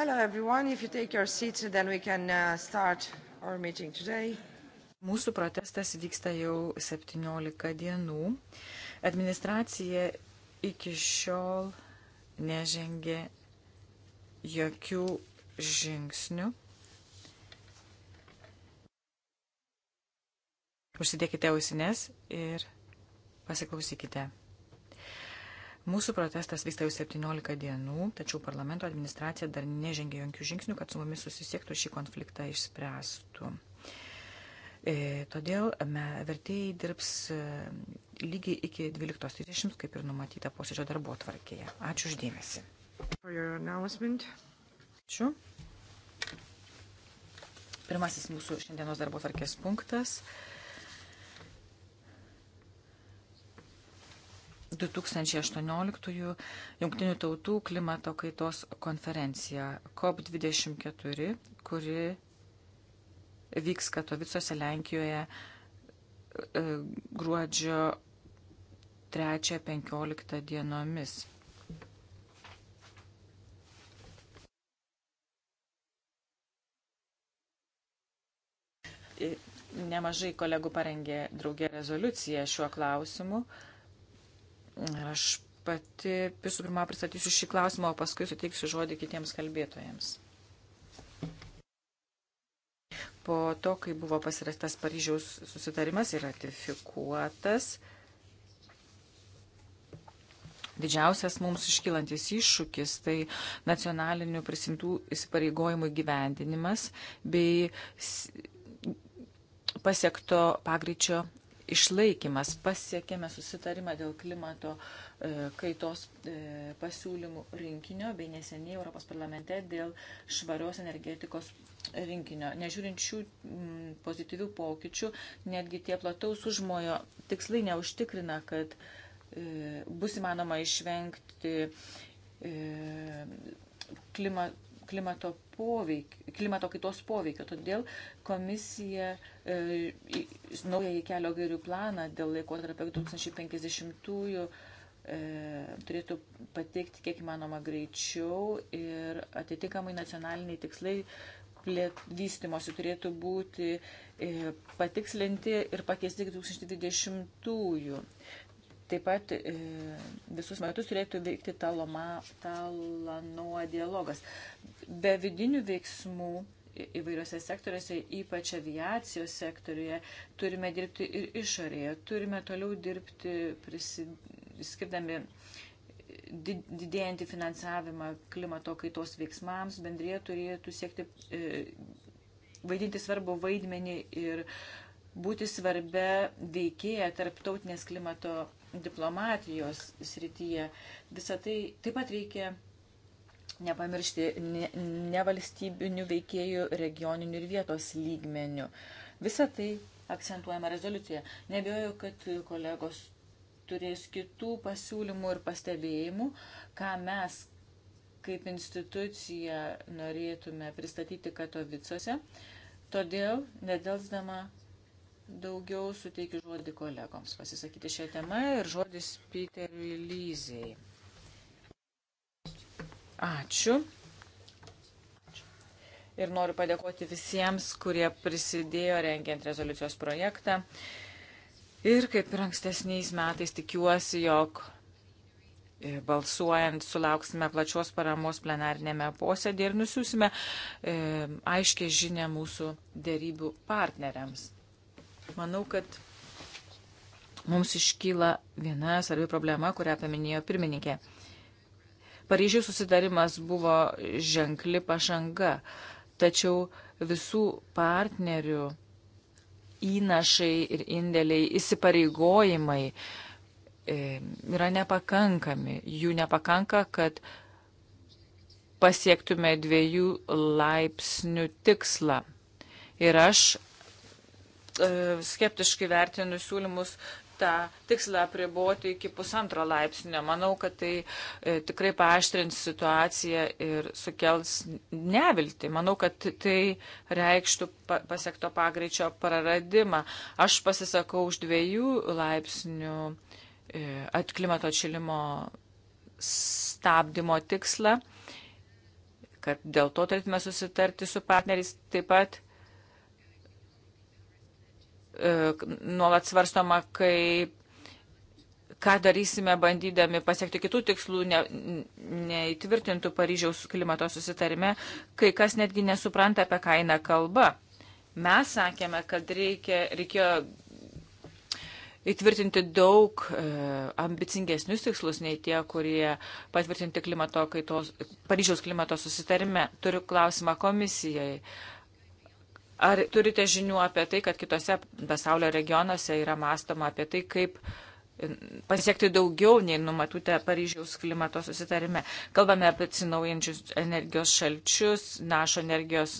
Hello everyone, if you take your seats, then we can uh, start our meeting today. Mūsų protestas vyksta jau 17 dienų. Administracija iki šiol nežengė jokių žingsnių. Užsidėkite ausines ir pasiklausykite. Mūsų protestas vyksta jau 17 dienų, tačiau parlamento administracija dar nežengė jokių žingsnių, kad su mumis susisiektų šį konfliktą išspręstų. E, todėl vertėjai dirbs e, lygiai iki 12.30, kaip ir numatyta posėdžio darbo tvarkėje. Ačiū uždėmesi. Ačiū. Pirmasis mūsų šiandienos darbo tvarkės punktas. 2018 Junktinių tautų klimato kaitos konferencija COP24, kuri vyks Katovicose Lenkijoje e, gruodžio 3-15 dienomis. Nemažai kolegų parengė draugė rezoliuciją šiuo klausimu. Uh, Ir aš pati visų pirma pristatysiu šį klausimą, o paskui suteiksiu žodį kitiems kalbėtojams. Po to, kai buvo pasirastas Paryžiaus susitarimas ir ratifikuotas, didžiausias mums iškylantis iššūkis tai nacionalinių prisimtų įsipareigojimų gyvendinimas bei pasiekto pagreičio išlaikimas. Pasiekėme susitarimą dėl klimato e, kaitos e, pasiūlymų rinkinio bei neseniai Europos parlamente dėl švarios energetikos rinkinio. Nežiūrint šių pozityvių pokyčių, netgi tie plataus užmojo tikslai neužtikrina, kad e, bus įmanoma išvengti klima, klimato, poveik, klimato kaitos poveikio. Todėl komisija e, naująjį kelio gairių planą dėl laikotarpio 2050-ųjų e, turėtų pateikti kiek įmanoma greičiau ir atitinkamai nacionaliniai tikslai vystimosi turėtų būti e, patikslinti ir pakeisti 2020-ųjų. Taip pat e, visus metus turėtų veikti taloma, talanoa dialogas. Be vidinių veiksmų įvairiose sektoriuose, ypač aviacijos sektoriuje, turime dirbti ir išorėje. Turime toliau dirbti priskirdami didėjantį finansavimą klimato kaitos veiksmams. Bendrėje turėtų siekti e, vaidinti svarbu vaidmenį ir būti svarbia veikėja tarptautinės klimato diplomatijos srityje. Visą tai taip pat reikia nepamiršti nevalstybinių ne veikėjų regioninių ir vietos lygmenių. Visą tai akcentuojama rezoliucija. Nebijoju, kad kolegos turės kitų pasiūlymų ir pastebėjimų, ką mes kaip institucija norėtume pristatyti Katovicuose. Todėl, nedelsdama, daugiau suteikiu žodį kolegoms pasisakyti šią temą ir žodis Peteriui Lyzei. Ačiū. Ir noriu padėkoti visiems, kurie prisidėjo rengiant rezoliucijos projektą. Ir kaip ir ankstesniais metais tikiuosi, jog e, balsuojant sulauksime plačios paramos plenarnėme posėdėje ir nusiusime e, aiškiai žinę mūsų dėrybių partneriams. Manau, kad mums iškyla viena svarbi problema, kurią paminėjo pirmininkė. Paryžiaus susidarimas buvo ženkli pažanga, tačiau visų partnerių įnašai ir indėliai, įsipareigojimai e, yra nepakankami. Jų nepakanka, kad pasiektume dviejų laipsnių tikslą. Ir aš E, skeptiškai vertinu siūlymus tą tikslą apriboti iki pusantro laipsnio. Manau, kad tai e, tikrai paaštrins situaciją ir sukels nevilti. Manau, kad tai reikštų pa, pasiekto pagreičio praradimą. Aš pasisakau už dviejų laipsnių e, atklimato atšilimo stabdymo tikslą, kad dėl to turėtume susitarti su partneriais taip pat E, nuolat svarstoma, kaip ką darysime bandydami pasiekti kitų tikslų, ne, neįtvirtintų Paryžiaus klimato susitarime, kai kas netgi nesupranta, apie ką eina kalba. Mes sakėme, kad reikia, reikėjo įtvirtinti daug e, ambicingesnius tikslus nei tie, kurie patvirtinti klimato kaitos, Paryžiaus klimato susitarime. Turiu klausimą komisijai. E, Ar turite žinių apie tai, kad kitose pasaulio regionuose yra mąstoma apie tai, kaip pasiekti daugiau nei numatyta Paryžiaus klimato susitarime? Kalbame apie atsinaujančius energijos šalčius, našo energijos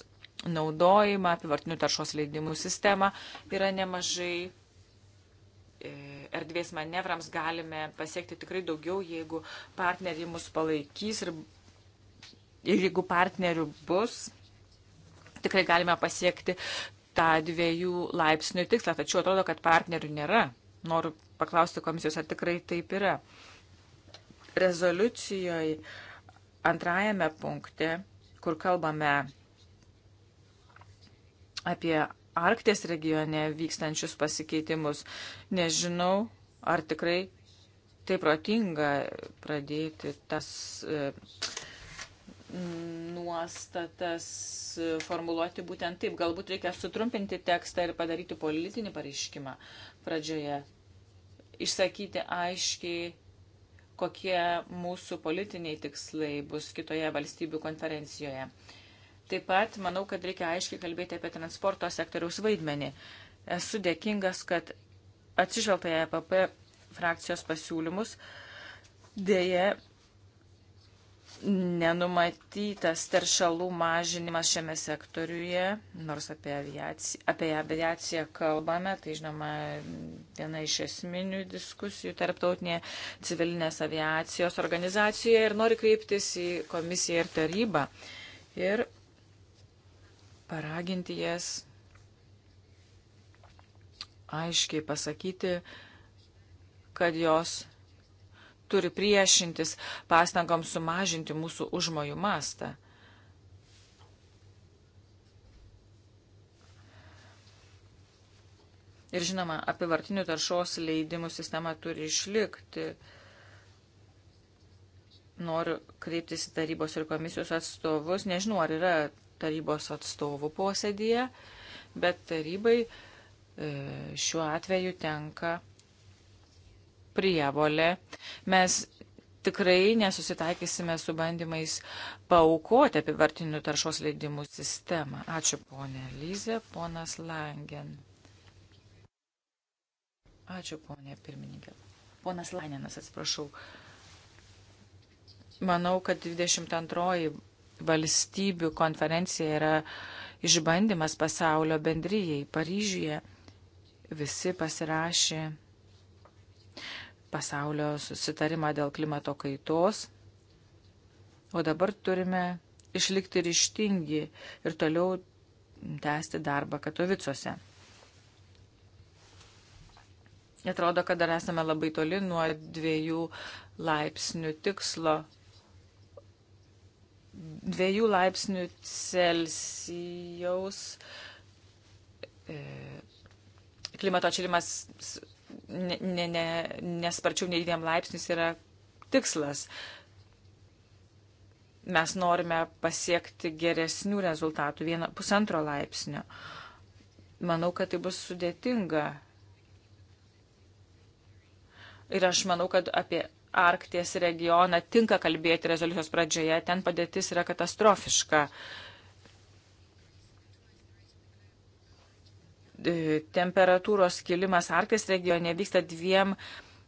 naudojimą, apivartinių taršos leidimų sistemą. Yra nemažai e, erdvės manevrams, galime pasiekti tikrai daugiau, jeigu partneriai mus palaikys ir, ir jeigu partnerių bus tikrai galime pasiekti tą dviejų laipsnių tikslą, tačiau atrodo, kad partnerių nėra. Noriu paklausti komisijos, ar tikrai taip yra. Rezoliucijoje antrajame punkte, kur kalbame apie Arkties regione vykstančius pasikeitimus, nežinau, ar tikrai tai protinga pradėti tas e, nuostatas formuluoti būtent taip. Galbūt reikia sutrumpinti tekstą ir padaryti politinį pareiškimą pradžioje. Išsakyti aiškiai, kokie mūsų politiniai tikslai bus kitoje valstybių konferencijoje. Taip pat manau, kad reikia aiškiai kalbėti apie transporto sektoriaus vaidmenį. Esu dėkingas, kad atsižvelgta į EPP frakcijos pasiūlymus. Dėje nenumatytas teršalų mažinimas šiame sektoriuje, nors apie aviaciją, apie aviaciją kalbame, tai žinoma viena iš esminių diskusijų tarptautinėje civilinės aviacijos organizacijoje ir noriu kreiptis į komisiją ir tarybą ir paraginti jas aiškiai pasakyti, kad jos turi priešintis pastangoms sumažinti mūsų užmojų mastą. Ir žinoma, apivartinių taršos leidimų sistema turi išlikti. Noriu kreiptis į tarybos ir komisijos atstovus. Nežinau, ar yra tarybos atstovų posėdėje, bet tarybai e, šiuo atveju tenka prievolė. Mes tikrai nesusitaikysime su bandymais paukoti apivartinių taršos leidimų sistemą. Ačiū ponė Lyzė, ponas Langen. Ačiū ponė pirmininkė. Ponas Lanenas, atsiprašau. Manau, kad 22 valstybių konferencija yra išbandymas pasaulio bendryjei Paryžiuje. Visi pasirašė pasaulio susitarimą dėl klimato kaitos, o dabar turime išlikti ryštingi ir toliau tęsti darbą Katovicuose. Atrodo, kad dar esame labai toli nuo dviejų laipsnių tikslo. Dviejų laipsnių Celsijaus e, klimato atšilimas nesparčiau ne, ne, ne nei dviem laipsnius yra tikslas. Mes norime pasiekti geresnių rezultatų, vieno pusantro laipsnio. Manau, kad tai bus sudėtinga. Ir aš manau, kad apie Arkties regioną tinka kalbėti rezoliucijos pradžioje. Ten padėtis yra katastrofiška. Uh, E, temperatūros kilimas Arktis regione vyksta dviem,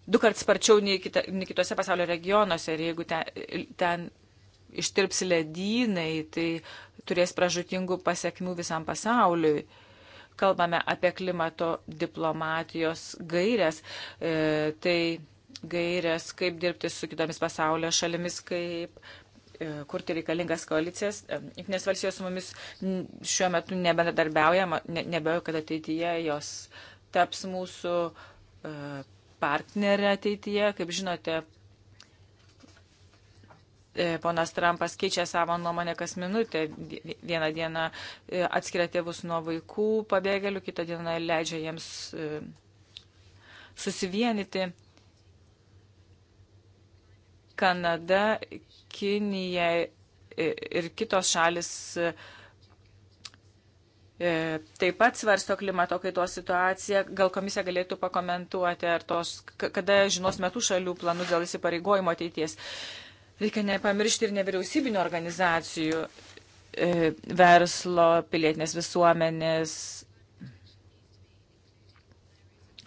du kart sparčiau nei, kita, nei kitose pasaulio regionuose ir jeigu ten, ten ištirps ledynai, tai turės pražutingų pasiekmių visam pasauliui. Kalbame apie klimato diplomatijos gairias, e, tai gairias, kaip dirbti su kitomis pasaulio šalimis, kaip E, kurti reikalingas koalicijas. E, Jungtinės valstijos su mumis šiuo metu nebendradarbiauja, nebejoju, kad ateityje jos taps mūsų e, partnerė ateityje. Kaip žinote, ponas Trumpas keičia savo nuomonę kas minutę. Vieną dieną atskiria tėvus nuo vaikų pabėgėlių, kitą dieną leidžia jiems susivienyti. Kanada, Kinija ir kitos šalis e, taip pat svarsto klimato kaitos situaciją. Gal komisija galėtų pakomentuoti, ar tos, kada žinos metų šalių planus dėl įsipareigojimo ateities. Reikia nepamiršti ir nevyriausybinio organizacijų, e, verslo, pilietinės visuomenės.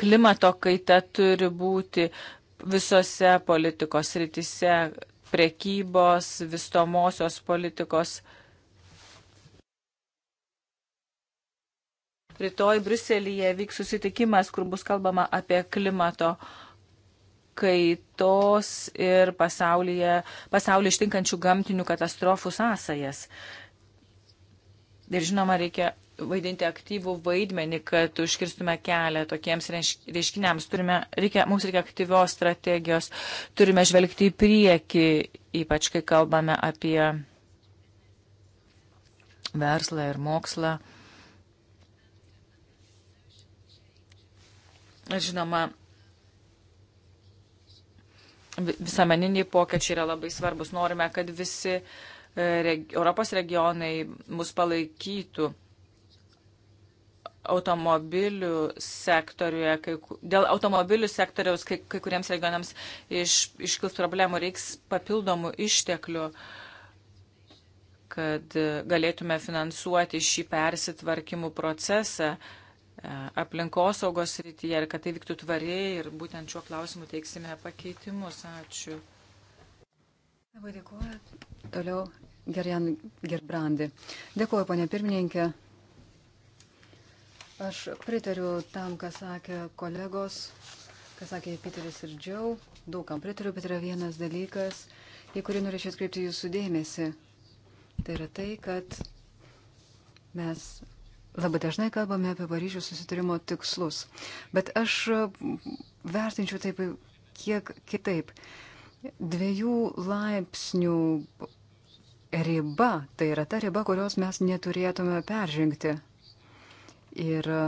Klimato kaita turi būti visose politikos rytise - prekybos, vystomosios politikos. Rytoj Bruselėje vyks susitikimas, kur bus kalbama apie klimato kaitos ir pasaulyje, pasaulyje ištinkančių gamtinių katastrofų sąsajas. Ir žinoma, reikia vaidinti aktyvų vaidmenį, kad užkirstume kelią tokiems reiškiniams. Turime, reikia, mums reikia aktyvios strategijos, turime žvelgti į priekį, ypač kai kalbame apie verslą ir mokslą. Žinoma, visuomeniniai pokyčiai yra labai svarbus. Norime, kad visi e, reg Europos regionai mus palaikytų automobilių sektoriuje, kai, dėl automobilių sektoriaus kai, kai kuriems regionams iš, iškils problemų, reiks papildomų išteklių, kad e, galėtume finansuoti šį persitvarkymų procesą e, aplinkosaugos rytyje ir kad tai vyktų tvariai ir būtent šiuo klausimu teiksime pakeitimus. Ačiū. Labai dėkuoju. Toliau Gerjan Gerbrandi. Dėkuoju, ponė pirmininkė. Aš pritariu tam, ką sakė kolegos, ką sakė Piteris ir Džiau. Daugam pritariu, bet yra vienas dalykas, į kurį norėčiau atkreipti jūsų dėmesį. Tai yra tai, kad mes labai dažnai kalbame apie Paryžių susitarimo tikslus. Bet aš vertinčiau taip kiek kitaip. Dviejų laipsnių riba tai yra ta riba, kurios mes neturėtume peržengti. Ir e,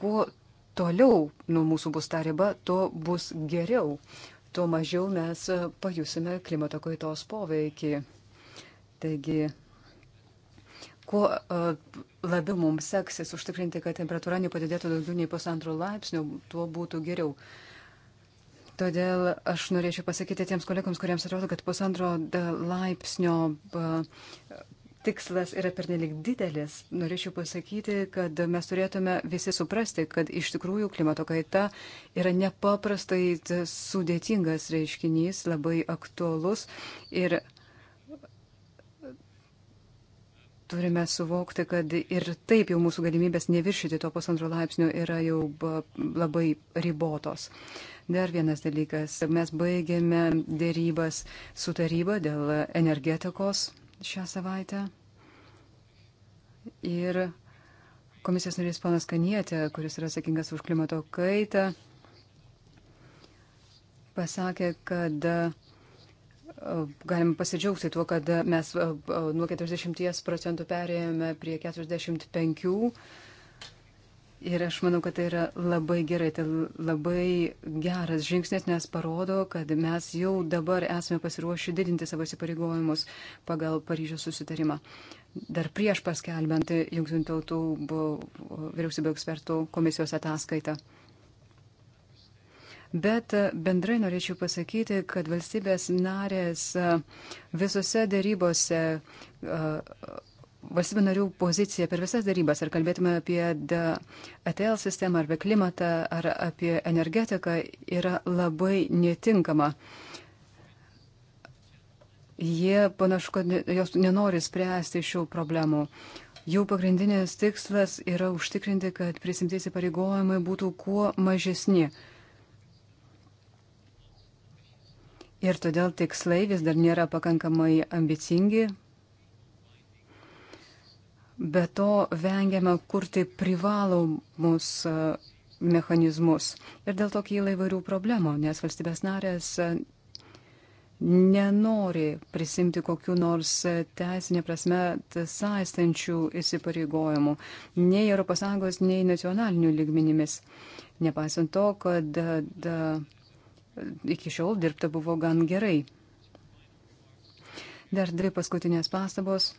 kuo toliau nuo mūsų bus ta riba, tuo bus geriau, tuo mažiau mes e, pajusime klimato kaitos poveikį. Taigi, kuo e, labiau mums seksis užtikrinti, kad temperatūra nepadidėtų daugiau nei pusantro laipsnio, tuo būtų geriau. Todėl aš norėčiau pasakyti tiems kolegams, kuriems atrodo, kad pusantro laipsnio tikslas yra pernelik didelis, norėčiau pasakyti, kad mes turėtume visi suprasti, kad iš tikrųjų klimato kaita yra nepaprastai sudėtingas reiškinys, labai aktuolus ir turime suvokti, kad ir taip jau mūsų galimybės neviršyti to pusantro laipsnio yra jau labai ribotos. Dar vienas dalykas, mes baigėme dėrybas su taryba dėl energetikos šią savaitę ir komisijos narys ponas Kanietė, kuris yra atsakingas už klimato kaitą, pasakė, kad galim pasidžiaugti tuo, kad mes nuo 40 procentų perėjome prie 45. Ir aš manau, kad tai yra labai gerai, tai labai geras žingsnis, nes parodo, kad mes jau dabar esame pasiruošę didinti savo įsipareigojimus pagal Paryžiaus susitarimą. Uh, dar prieš paskelbent Junktinių tautų vyriausybių ekspertų komisijos ataskaitą. Bet e, bendrai norėčiau pasakyti, kad valstybės narės e, visose darybose, e, valstybių narių pozicija per visas darybas, ar kalbėtume apie ATL sistemą, ar apie klimatą, ar apie energetiką, yra labai netinkama. Uh, jie panašu, kad jos nenori spręsti šių problemų. Jų pagrindinis tikslas yra užtikrinti, kad prisimties įpareigojimai būtų kuo mažesni. Ir todėl tikslai vis dar nėra pakankamai ambicingi. Be to vengiama kurti privalomus e, mechanizmus. Ir dėl to kyla įvairių problemų, nes valstybės narės nenori prisimti kokiu nors teisinė prasme saistančių įsipareigojimų nei ES, nei nacionalinių lygminimis. Nepaisant to, kad da, e, da, iki šiol dirbta buvo gan gerai. Dar dvi paskutinės pastabos.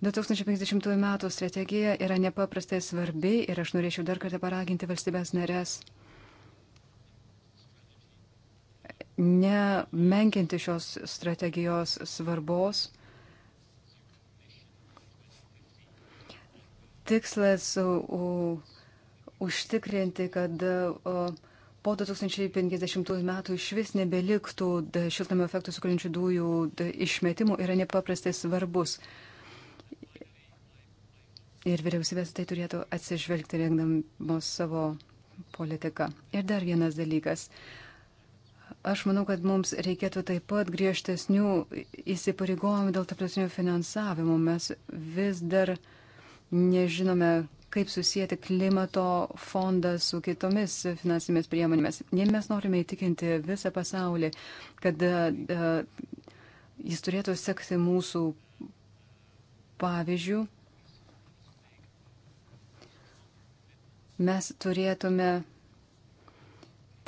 2050 m. strategija yra nepaprastai svarbi ir aš norėčiau dar kartą paraginti valstybės narės nemenkinti šios strategijos svarbos. Tikslas užtikrinti, kad po 2050 metų iš vis nebeliktų šiltnamio efektų sukeliančių dujų išmetimų yra nepaprastai svarbus. Ir vyriausybės tai turėtų atsižvelgti rengdamos savo politiką. Ir dar vienas dalykas. Uh, Aš manau, kad mums reikėtų taip pat griežtesnių įsipareigojimų dėl tarptautinio finansavimo. Mes vis dar nežinome, kaip susijęti klimato fondą su kitomis finansinėmis priemonėmis. Jei mes norime įtikinti visą pasaulį, kad uh, jis turėtų sekti mūsų pavyzdžių, mes turėtume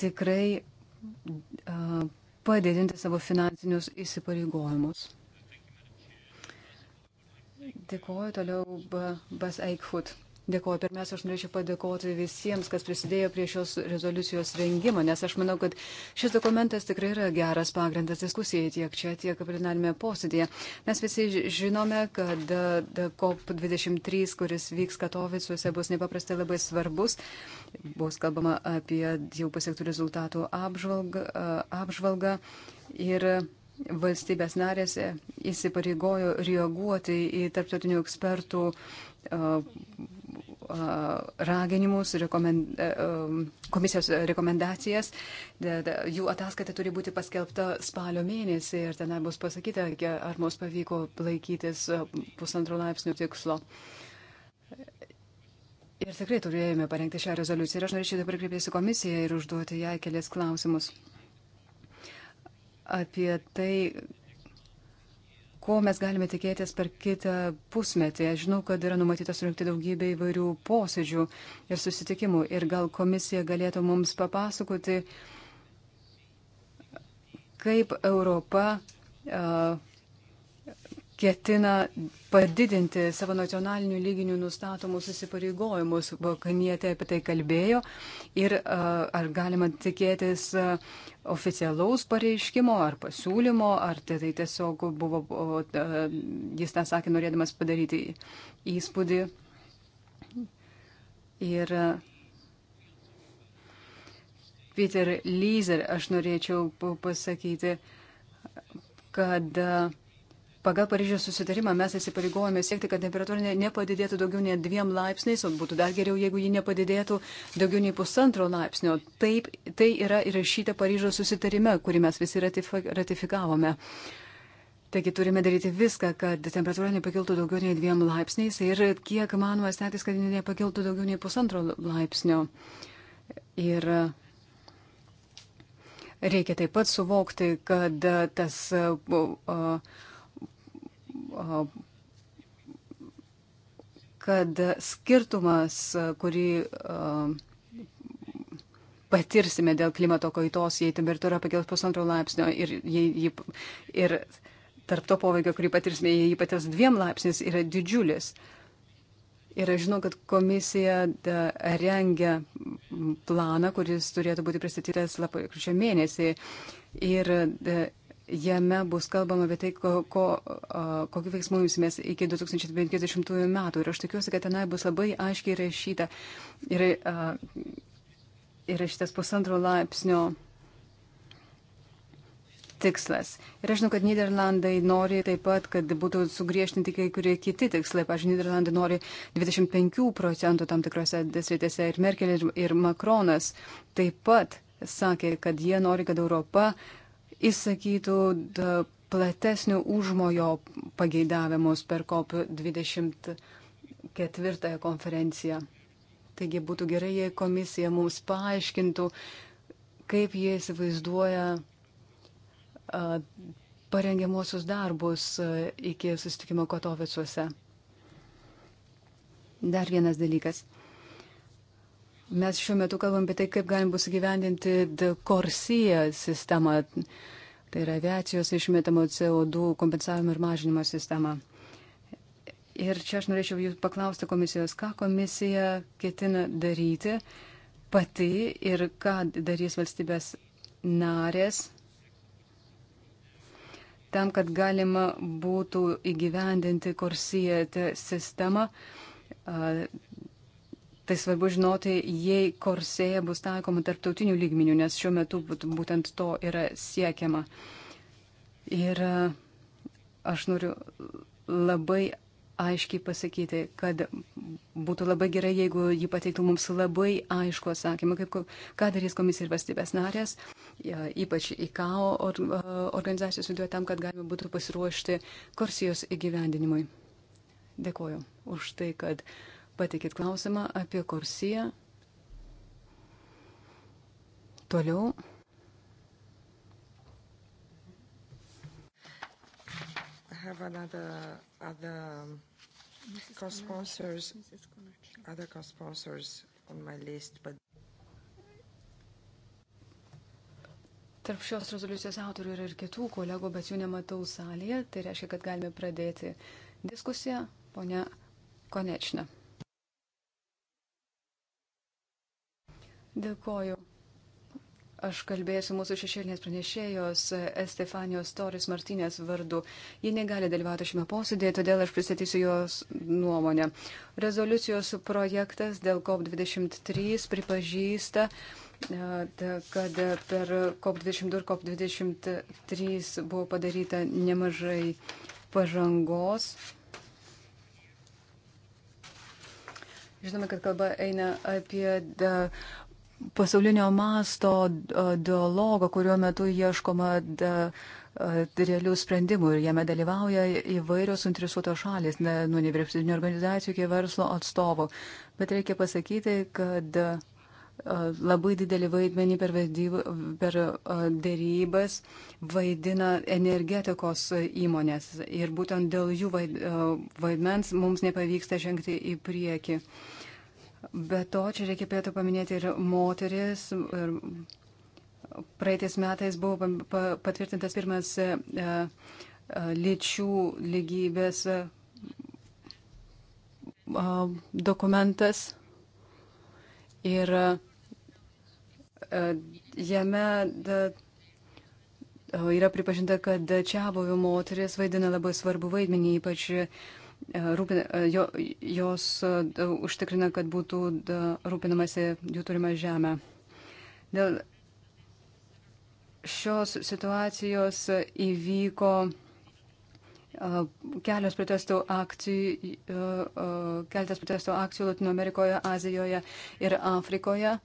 tikrai padidinti savo finansinius įsipareigojimus. Dėkuoju toliau Bas Eichhut. Dėkuoju. Pirmiausia, aš norėčiau padėkoti visiems, kas prisidėjo prie šios rezoliucijos rengimo, nes aš manau, kad šis dokumentas tikrai yra geras pagrindas diskusijai tiek čia, tiek plenarinėme posėdėje. Mes visi žinome, kad COP23, kuris vyks Katovicuose, bus nepaprastai labai svarbus. Bus kalbama apie jau pasiektų rezultatų apžvalgą. apžvalgą ir valstybės narėse įsipareigojo reaguoti į tarptautinių ekspertų uh, raginimus, rekomend, e, e, komisijos rekomendacijas. Jų ataskaita turi būti paskelbta spalio mėnesį ir ten bus pasakyta, ar mums pavyko laikytis e, pusantro laipsnių tikslo. Ir tikrai turėjome parengti šią rezoliuciją. Ir aš norėčiau dabar kreipėsi komisiją ir užduoti jai kelias klausimus apie tai, ko mes galime tikėtis per kitą pusmetį. Aš žinau, kad yra numatyta surinkti daugybę įvairių posėdžių ir susitikimų ir gal komisija galėtų mums papasakoti, kaip Europa uh, ketina padidinti savo nacionalinių lyginių nustatomus įsipareigojimus. Balkanietė apie tai kalbėjo. Ir ar galima tikėtis oficialaus pareiškimo ar pasiūlymo, ar tai, tai tiesiog buvo, jis tą sakė, norėdamas padaryti įspūdį. Ir Peter Lyzer, aš norėčiau pasakyti, kad uh, Pagal Paryžiaus susitarimą mes įsipareigojame siekti, kad temperatūra nepadidėtų daugiau nei dviem laipsniais, o būtų dar geriau, jeigu ji nepadidėtų daugiau nei pusantro laipsnio. Taip, tai yra įrašyta Paryžiaus susitarime, kurį mes visi ratifikavome. Taigi turime daryti viską, kad temperatūra nepakiltų daugiau nei dviem laipsniais ir kiek manoma stengtis, kad ji nepakiltų daugiau nei pusantro laipsnio. Ir reikia taip pat suvokti, kad tas. Uh, uh, kad skirtumas, kurį patirsime dėl klimato kaitos, jei temperatūra pakils pusantro laipsnio ir, jei, ir tarp to poveikio, kurį patirsime, jei jį patirs dviem laipsnis, yra didžiulis. Ir aš žinau, kad komisija da, rengia planą, kuris turėtų būti pristatytas lapkričio mėnesį. Ir da, Jame bus kalbama apie tai, ko, ko, kokiu veiksmu imsimės iki 2050 metų. Ir aš tikiuosi, kad tenai bus labai aiškiai rašyta. Ir, ir šitas pusantro laipsnio tikslas. Ir aš žinau, kad Niderlandai nori taip pat, kad būtų sugriežtinti kai kurie kiti tikslai. Pavyzdžiui, Niderlandai nori 25 procentų tam tikrose sritėse ir Merkel ir, ir Makronas taip pat sakė, kad jie nori, kad Europa įsakytų platesnio užmojo pageidavimus per COP24 konferenciją. Taigi būtų gerai, jei komisija mums paaiškintų, kaip jie įsivaizduoja parengiamuosius darbus iki sustikimo Katovicuose. Dar vienas dalykas. Mes šiuo metu kalbam apie tai, kaip galim bus gyvendinti korsiją sistemą, tai yra aviacijos išmetamo CO2 kompensavimo ir mažinimo sistemą. Ir čia aš norėčiau jūs paklausti komisijos, ką komisija ketina daryti pati ir ką darys valstybės narės tam, kad galima būtų įgyvendinti korsijate sistemą Tai svarbu žinoti, jei korsėja bus taikoma tarptautinių lygminių, nes šiuo metu būtent to yra siekiama. Ir e, aš noriu labai aiškiai pasakyti, kad būtų labai gerai, jeigu ji pateiktų mums labai aišku atsakymą, kaip, ką darys komisija ir valstybės narės, e, ypač IKAO e, organizacijos viduje tam, kad galima būtų pasiruošti korsijos įgyvendinimui. Dėkuoju už tai, kad uh, patikėt klausimą apie Korsiją. Toliau. have another other co-sponsors other co-sponsors on my list but Tarp šios rezoliucijos autorių yra ir kitų kolegų, bet jų nematau salėje. Tai reiškia, kad galime pradėti diskusiją. Pone Konečna. Dėkoju. Aš kalbėsiu mūsų šešėlinės pranešėjos e, Estefanijos Toris Martinės vardu. Ji negali dalyvauti šiame posėdėje, todėl aš pristatysiu jos nuomonę. Rezoliucijos projektas dėl COP23 pripažįsta, e, kad per COP22 ir COP23 buvo padaryta nemažai pažangos. Žinome, kad kalba eina apie pasaulinio masto dialogo, kuriuo metu ieškoma didelių sprendimų ir jame dalyvauja įvairios suinteresuotos šalis, ne, nuo nevyriausybinio organizacijų iki verslo atstovų. Bet reikia pasakyti, kad labai didelį vaidmenį per, vaidybą, per dėrybas vaidina energetikos įmonės ir būtent dėl jų vaidmens mums nepavyksta žengti į priekį. Uh, Be to, čia reikėtų paminėti ir moteris. Ir praeitais metais buvo patvirtintas pirmas e, e, lyčių lygybės e, dokumentas. Ir jame yra pripažinta, kad čia buvių moteris vaidina labai svarbu vaidmenį, ypač E, rūpina, e, jo, jos e, užtikrina, kad būtų rūpinamasi jų turima žemė. Dėl šios situacijos įvyko kelios protestų akcijų, keltas protestų akcijų Latino Amerikoje, Azijoje ir Afrikoje.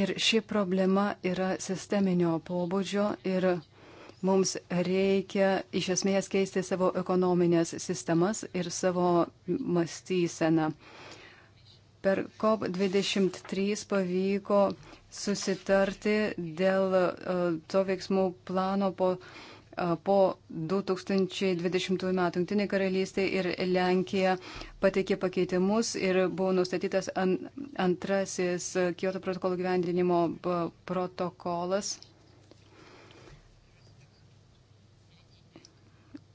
Ir ši problema yra sisteminio pobūdžio ir Mums reikia iš esmės keisti savo ekonominės sistemas ir savo mąstyseną. Per COP23 pavyko susitarti dėl e, to veiksmų plano po e, po 2020 metų Junktinė karalystė ir Lenkija pateikė pakeitimus ir buvo nustatytas antrasis Kyoto protokolo gyvendinimo e, protokolas.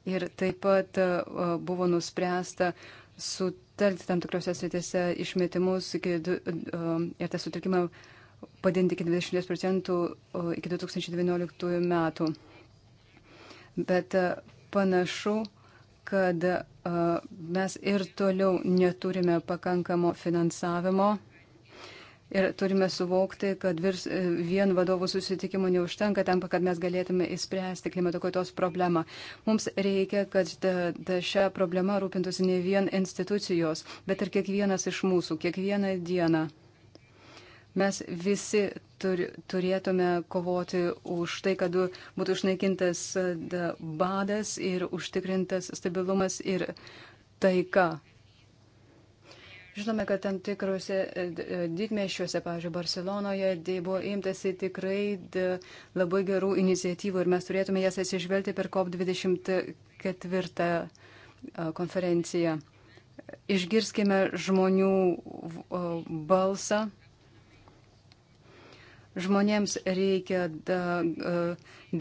Ir taip pat buvo nuspręsta sutelkti tam tikrose sritise išmetimus iki, ir tą sutrikimą padinti iki 20 procentų iki 2019 metų. Bet panašu, kad mes ir toliau neturime pakankamo finansavimo Ir turime suvokti, kad virs, e, vien vadovų susitikimų neužtenka tam, kad mes galėtume įspręsti klimato kaitos problemą. Mums reikia, kad da, da šią problemą rūpintųsi ne vien institucijos, bet ir kiekvienas iš mūsų, kiekvieną dieną. Mes visi tur, turėtume kovoti už tai, kad būtų išnaikintas e, da, badas ir užtikrintas stabilumas ir taika Žinome, kad tam tikrose e, e, didmešiuose, pavyzdžiui, Barcelonoje, buvo imtasi tikrai labai gerų iniciatyvų ir mes turėtume jas atsižvelgti per COP24 e, konferenciją. Išgirskime žmonių balsą žmonėms reikia da,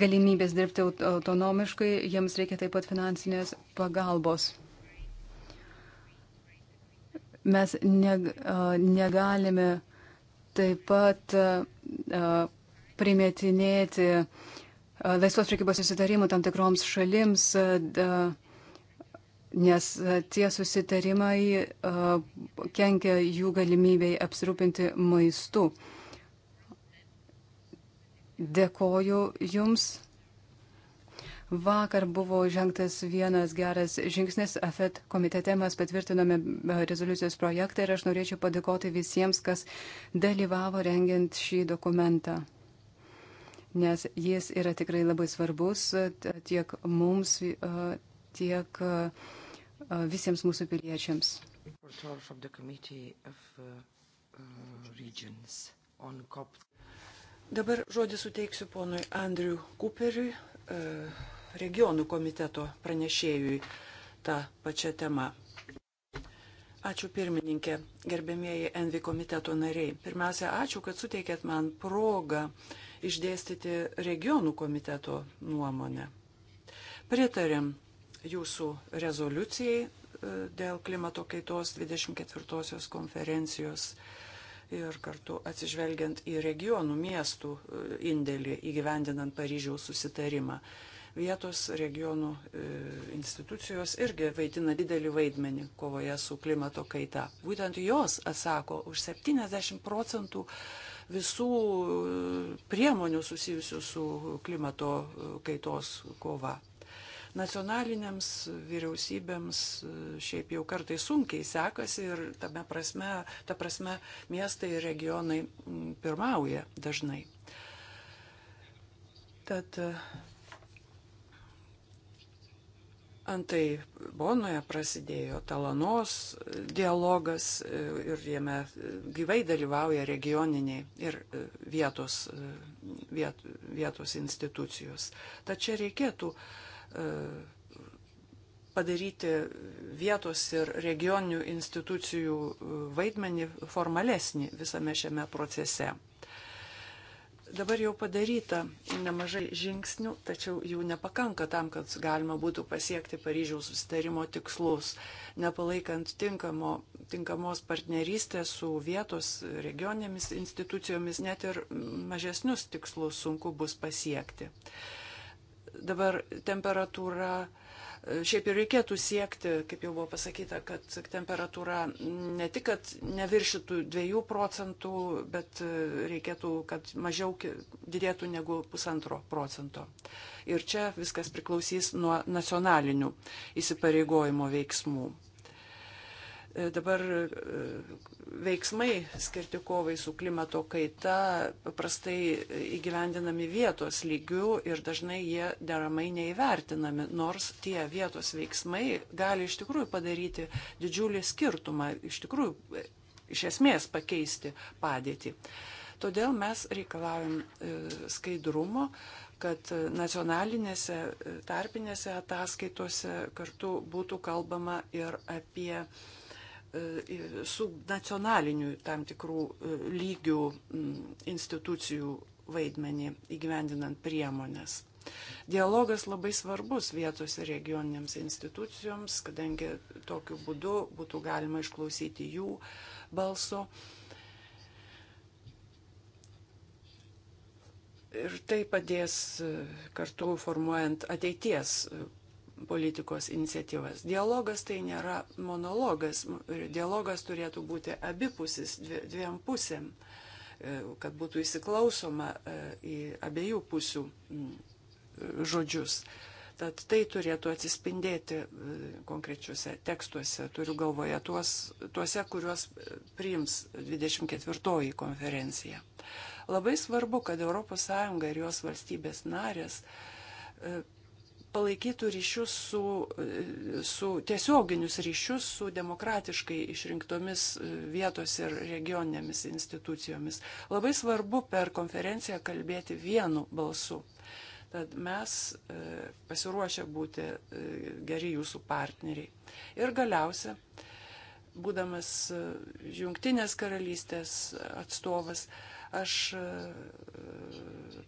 galimybės dirbti autonomiškai, jiems reikia taip pat finansinės pagalbos. Mes negalime taip pat primetinėti laisvos prekybos susitarimų tam tikroms šalims, nes tie susitarimai kenkia jų galimybei apsirūpinti maistu. Dėkoju Jums. Vakar buvo žengtas vienas geras žingsnis. AFET komitete mes patvirtinome e, rezoliucijos projektą ir aš norėčiau padėkoti visiems, kas dalyvavo rengiant šį dokumentą. Nes jis yra tikrai labai svarbus e, tiek mums, e, tiek visiems mūsų piliečiams. Uh, Dabar žodį suteiksiu ponui Andriu Kuperiui, regionų komiteto pranešėjui tą pačią temą. Ačiū pirmininkė, gerbėmieji Envi komiteto nariai. Pirmiausia, ačiū, kad suteikėt man progą išdėstyti regionų komiteto nuomonę. Pritarėm jūsų rezoliucijai e, dėl klimato kaitos 24-osios konferencijos ir kartu atsižvelgiant į regionų miestų e, indėlį įgyvendinant Paryžiaus susitarimą vietos regionų e, institucijos irgi vaidina didelį vaidmenį kovoje su klimato kaita. Būtent jos atsako už 70 procentų visų e, priemonių susijusių su klimato e, kaitos kova. Nacionalinėms vyriausybėms šiaip jau kartai sunkiai sekasi ir tame prasme, ta prasme miestai ir regionai pirmauja dažnai. Tad Antai Bonoje prasidėjo Talanos dialogas ir jame gyvai dalyvauja regioniniai ir e, vietos, e, viet, vietos institucijos. Tačiau reikėtų e, padaryti vietos ir regioninių institucijų vaidmenį formalesnį visame šiame procese. Dabar jau padaryta nemažai žingsnių, tačiau jų nepakanka tam, kad galima būtų pasiekti Paryžiaus sustarimo tikslus, nepalaikant tinkamo, tinkamos partnerystės su vietos regioninėmis institucijomis, net ir mažesnius tikslus sunku bus pasiekti. Dabar temperatūra Šiaip ir reikėtų siekti, kaip jau buvo pasakyta, kad temperatūra ne tik, kad neviršytų 2 procentų, bet reikėtų, kad mažiau didėtų negu 1,5 procento. Ir čia viskas priklausys nuo nacionalinių įsipareigojimo veiksmų. E, dabar e, veiksmai skirti kovai su klimato kaita paprastai įgyvendinami vietos lygių ir dažnai jie deramai neįvertinami, nors tie vietos veiksmai gali iš tikrųjų padaryti didžiulį skirtumą, iš tikrųjų e, iš esmės pakeisti padėtį. Todėl mes reikalavom skaidrumo, kad nacionalinėse tarpinėse ataskaitose kartu būtų kalbama ir apie uh, E, subnacionalinių tam tikrų e, lygių institucijų vaidmenį įgyvendinant priemonės. Dialogas labai svarbus vietos ir regioninėms institucijoms, kadangi tokiu būdu būtų galima išklausyti jų balso. Ir tai padės e, kartu formuojant ateities politikos iniciatyvas. Dialogas tai nėra monologas. Dialogas turėtų būti abipusis, dviem pusėm, e, kad būtų įsiklausoma e, į abiejų pusių žodžius. Tad tai turėtų atsispindėti e, konkrečiuose tekstuose, turiu galvoje tuos, tuose, kuriuos priims 24-oji konferencija. Labai svarbu, kad ES ir jos valstybės narės palaikytų ryšius su, su tiesioginius ryšius su demokratiškai išrinktomis e, vietos ir regioninėmis institucijomis. Labai svarbu per konferenciją kalbėti vienu balsu. Tad mes e, pasiruošę būti e, geri jūsų partneriai. Ir galiausia, būdamas Junktinės karalystės atstovas, Aš e,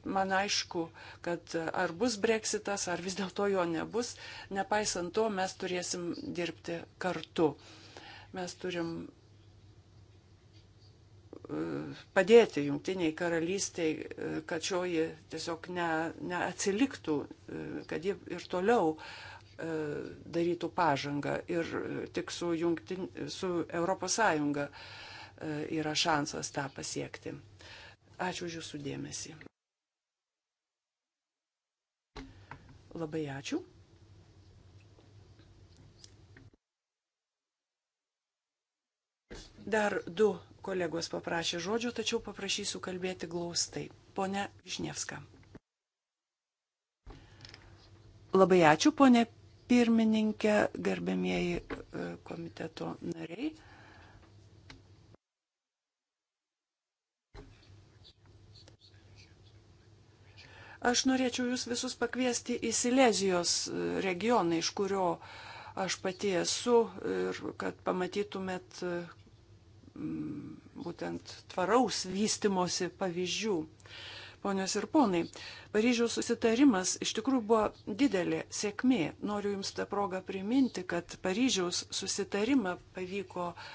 man aišku, kad ar bus breksitas, ar vis dėlto jo nebus, nepaisant to mes turėsim dirbti kartu. Mes turim e, padėti jungtiniai karalystiai, e, kad šioji tiesiog ne, neatsiliktų, kad ji ir toliau darytų pažangą ir tik su, jungtin, su ES yra šansas tą pasiekti. Ačiū už Jūsų dėmesį. Labai ačiū. Dar du kolegos paprašė žodžio, tačiau paprašysiu kalbėti glaustai. Pone Višnievska. Labai ačiū, ponė pirmininkė, garbėmieji e, komiteto nariai. Aš norėčiau jūs visus pakviesti į Silezijos e, regioną, iš kurio aš pati esu, ir kad pamatytumėt e, būtent tvaraus vystimosi pavyzdžių. Ponios ir ponai, Paryžiaus susitarimas iš tikrųjų buvo didelė sėkmė. Noriu Jums tą progą priminti, kad Paryžiaus susitarimą pavyko uh,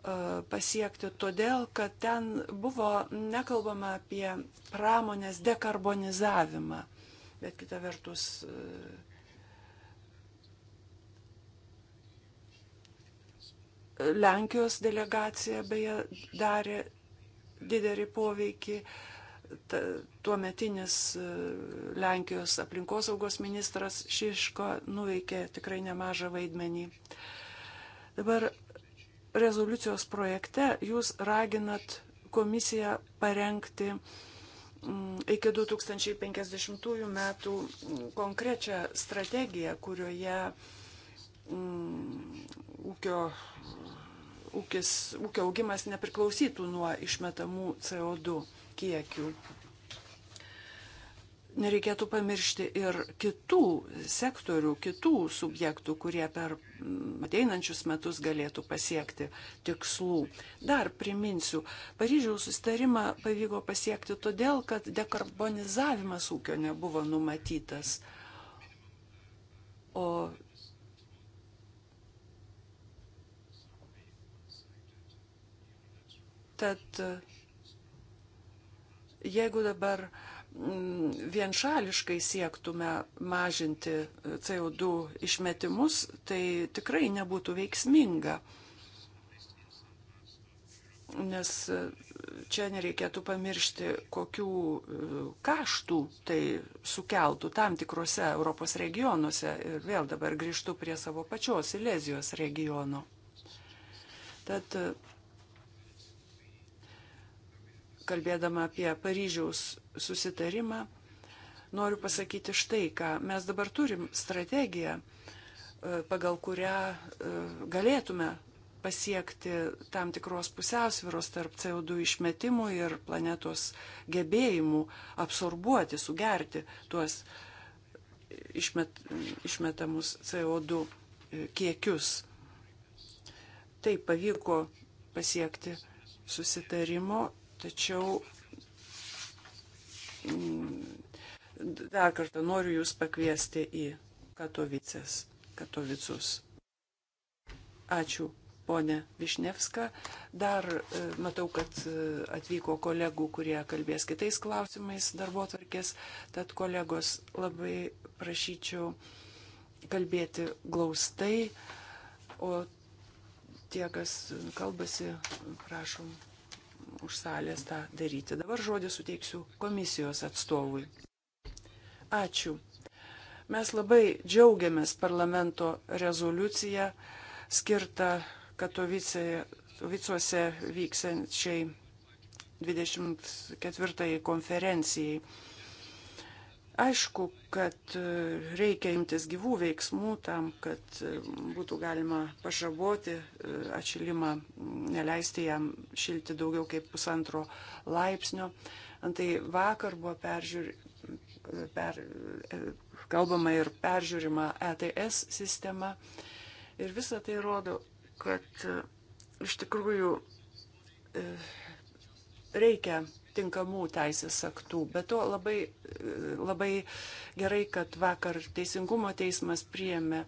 E, pasiekti, todėl kad ten buvo nekalbama apie pramonės dekarbonizavimą, bet kita vertus. E, Lenkijos delegacija beje darė didelį poveikį. Tuometinis e, Lenkijos aplinkosaugos ministras Šiško nuveikė tikrai nemažą vaidmenį. Dabar rezoliucijos projekte jūs raginat komisiją parengti mm, iki 2050 metų mm, konkrečią strategiją, kurioje mm, ūkio, ūkis, ūkio augimas nepriklausytų nuo išmetamų CO2 kiekių nereikėtų pamiršti ir kitų sektorių, kitų subjektų, kurie per mm, ateinančius metus galėtų pasiekti tikslų. Dar priminsiu, Paryžiaus sustarimą pavyko pasiekti todėl, kad dekarbonizavimas ūkio nebuvo numatytas. O tad jeigu dabar uh, vienšališkai siektume mažinti e, CO2 išmetimus, tai tikrai nebūtų veiksminga. Nes e, čia nereikėtų pamiršti, kokių e, kaštų tai sukeltų tam tikrose Europos regionuose. Ir vėl dabar grįžtu prie savo pačios Silezijos regiono. Tad kalbėdama apie Paryžiaus susitarimą, noriu pasakyti štai ką. Mes dabar turim strategiją, e, pagal kurią e, galėtume pasiekti tam tikros pusiausviros tarp CO2 išmetimų ir planetos gebėjimų absorbuoti, sugerti tuos išmet, išmetamus CO2 e, kiekius. Taip pavyko pasiekti susitarimo Tačiau mm, dar kartą noriu Jūs pakviesti į Katovicės, Katovicus. Ačiū, ponė Višnevska. Dar e, matau, kad e, atvyko kolegų, kurie kalbės kitais klausimais darbo tvarkės. Tad kolegos, labai prašyčiau kalbėti glaustai, o tie, kas kalbasi, prašom už salės tą daryti. Dabar žodį suteiksiu komisijos atstovui. Ačiū. Mes labai džiaugiamės parlamento rezoliuciją skirtą Katovicuose vyksiančiai 24 konferencijai Aišku, kad e, reikia imtis gyvų veiksmų tam, kad e, būtų galima pažaboti e, atšilimą, neleisti jam šilti daugiau kaip pusantro laipsnio. Antai vakar buvo peržiūri, per, kalbama ir peržiūrima ETS sistema. Ir visa tai rodo, kad iš tikrųjų reikia tinkamų teisės aktų. Bet to labai, labai gerai, kad vakar Teisingumo teismas priėmė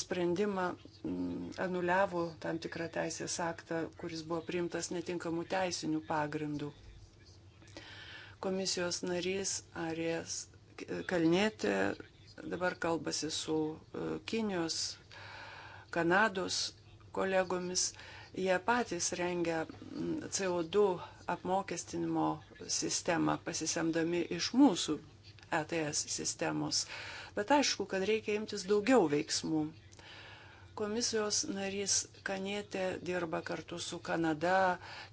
sprendimą, mm, anuliavo tam tikrą teisės aktą, kuris buvo priimtas netinkamų teisinių pagrindų. Komisijos narys Arijas Kalnėtė dabar kalbasi su e, Kinijos, Kanados kolegomis Jie patys rengia mm, CO2 apmokestinimo sistemą, pasisemdami iš mūsų ETS sistemos. Bet aišku, kad reikia imtis daugiau veiksmų. Komisijos narys Kanietė dirba kartu su Kanada,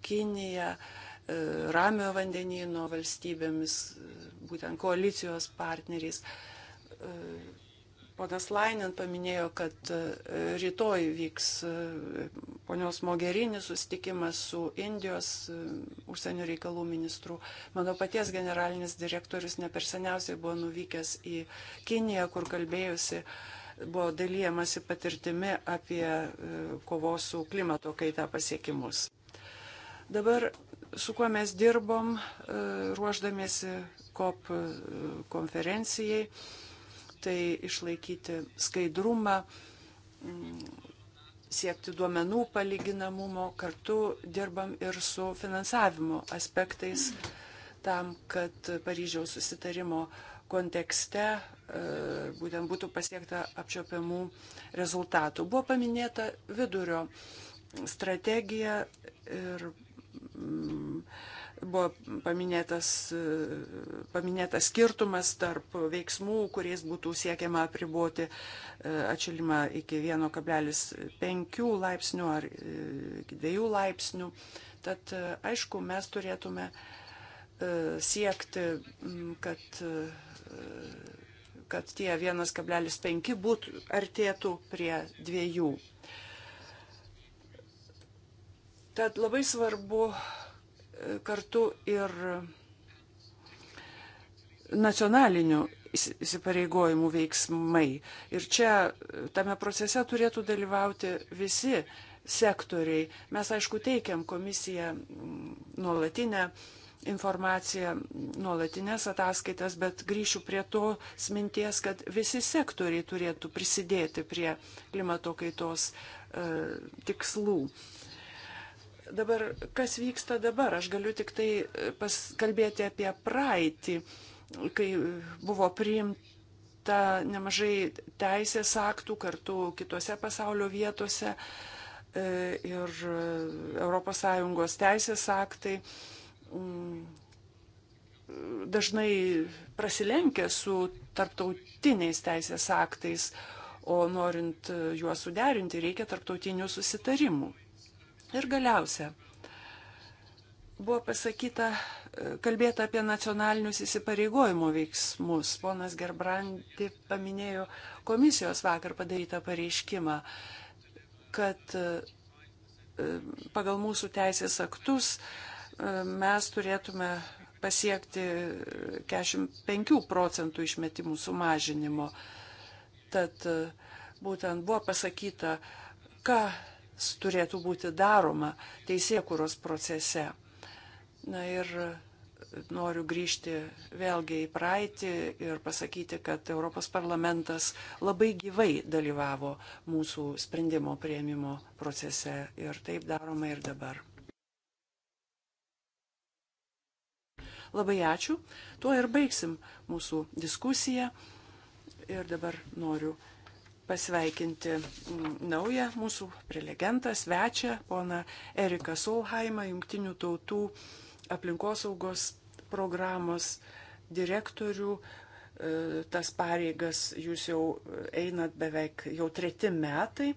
Kinija, e, Ramio vandenino valstybėmis, e, būtent koalicijos partneriais. E, Ponas Lainin paminėjo, kad e, rytoj vyks e, ponios Mogerinis susitikimas su Indijos e, užsienio reikalų ministru. Mano paties generalinis direktorius ne per seniausiai buvo nuvykęs į Kiniją, kur kalbėjusi buvo dalyjamasi patirtimi apie kovos su klimato kaita pasiekimus. Dabar su kuo mes dirbom, ruoždamiesi COP konferencijai tai išlaikyti skaidrumą, mm, siekti duomenų palyginamumo, kartu dirbam ir su finansavimo aspektais tam, kad Paryžiaus susitarimo kontekste e, būtent būtų pasiekta apčiopiamų rezultatų. Buvo paminėta vidurio strategija ir mm, Buvo paminėtas, paminėtas skirtumas tarp veiksmų, kuriais būtų siekiama apriboti e, atšilimą iki 1,5 laipsnių ar e, iki 2 laipsnių. Tad e, aišku, mes turėtume siekti, kad kad tie 1,5 būtų artėtų prie dviejų. Tad labai svarbu kartu ir nacionalinių įsipareigojimų veiksmai. Ir čia tame procese turėtų dalyvauti visi sektoriai. Mes, aišku, teikiam komisiją mm, nuolatinę informaciją, nuolatinės ataskaitas, bet grįšiu prie to minties, kad visi sektoriai turėtų prisidėti prie klimato kaitos e, tikslų. E, Dabar, kas vyksta dabar, aš galiu tik tai e, kalbėti apie praeitį, kai buvo priimta nemažai teisės aktų kartu kitose pasaulio vietose e, ir ES teisės aktai mm, dažnai prasilenkia su tarptautiniais teisės aktais, o norint juos suderinti, reikia tarptautinių susitarimų. Ir galiausia, buvo pasakyta, kalbėta apie nacionalinius įsipareigojimo veiksmus. Ponas Gerbrandi paminėjo komisijos vakar padarytą pareiškimą, kad e, pagal mūsų teisės aktus e, mes turėtume pasiekti 45 procentų išmetimų sumažinimo. Tad e, būtent buvo pasakyta, ką turėtų būti daroma teisėkuros procese. Na ir noriu grįžti vėlgi į praeitį ir pasakyti, kad Europos parlamentas labai gyvai dalyvavo mūsų sprendimo prieimimo procese ir taip daroma ir dabar. Labai ačiū. Tuo ir baigsim mūsų diskusiją. Ir dabar noriu pasveikinti mm, naują mūsų prelegentą, svečią, poną Eriką Solheimą, Junktinių tautų aplinkosaugos programos direktorių. E, tas pareigas jūs jau einat beveik jau treti metai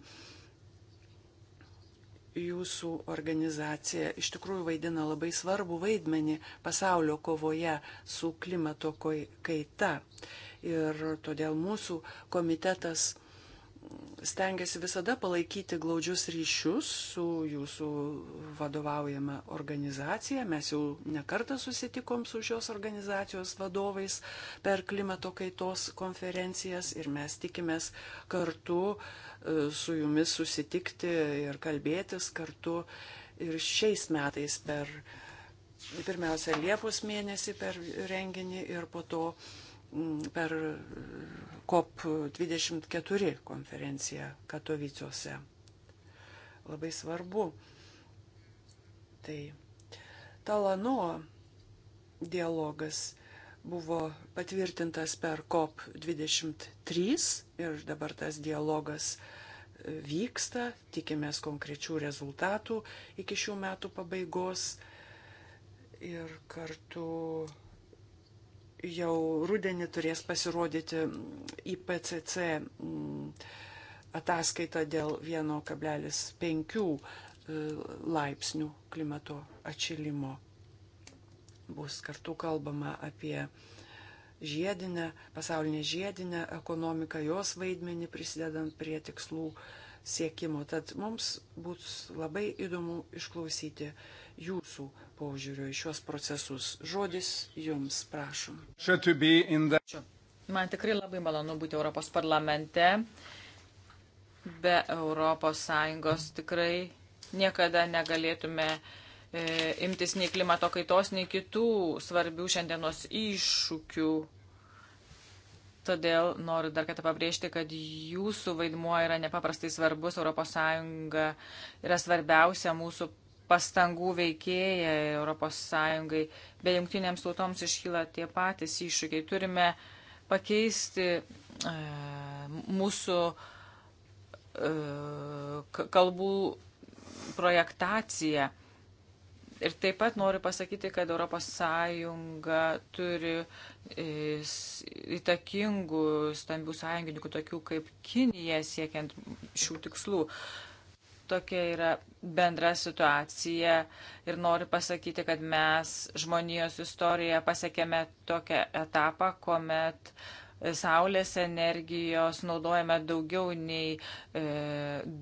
jūsų organizacija iš tikrųjų vaidina labai svarbų vaidmenį pasaulio kovoje su klimato kaita. Ir todėl mūsų komitetas stengiasi visada palaikyti glaudžius ryšius su jūsų vadovaujama organizacija. Mes jau nekartą susitikom su šios organizacijos vadovais per klimato kaitos konferencijas ir mes tikimės kartu e, su jumis susitikti ir kalbėtis kartu ir šiais metais per, pirmiausia, Liepos mėnesį per renginį ir po to per COP24 konferenciją Katovicuose. Labai svarbu. Tai Talanoa dialogas buvo patvirtintas per COP23 ir dabar tas dialogas e, vyksta, tikimės konkrečių rezultatų iki šių metų pabaigos ir kartu jau rudenį turės pasirodyti IPCC mm, ataskaita dėl 1,5 e, laipsnių klimato atšilimo. Bus kartu kalbama apie žiedinę, pasaulinę žiedinę ekonomiką, jos vaidmenį prisidedant prie tikslų siekimo. Tad mums bus labai įdomu išklausyti jūsų požiūrio į šios procesus. Žodis jums, prašom. Man tikrai labai malonu būti Europos parlamente. Be Europos Sąjungos tikrai niekada negalėtume e, imtis nei klimato kaitos, nei kitų svarbių šiandienos iššūkių Todėl noriu dar kartą pabrėžti, kad jūsų vaidmuo yra nepaprastai svarbus. ES yra svarbiausia mūsų pastangų veikėja ES. Be jungtinėms tautoms iškyla tie patys iššūkiai. Turime pakeisti e, mūsų e, kalbų projektaciją. Ir taip pat noriu pasakyti, kad ES turi e, įtakingų stambių sąjungininkų, tokių kaip Kinija, siekiant šių tikslų. Tokia yra bendra situacija ir noriu pasakyti, kad mes žmonijos istorijoje pasiekėme tokią etapą, kuomet uh, saulės energijos naudojame daugiau nei e,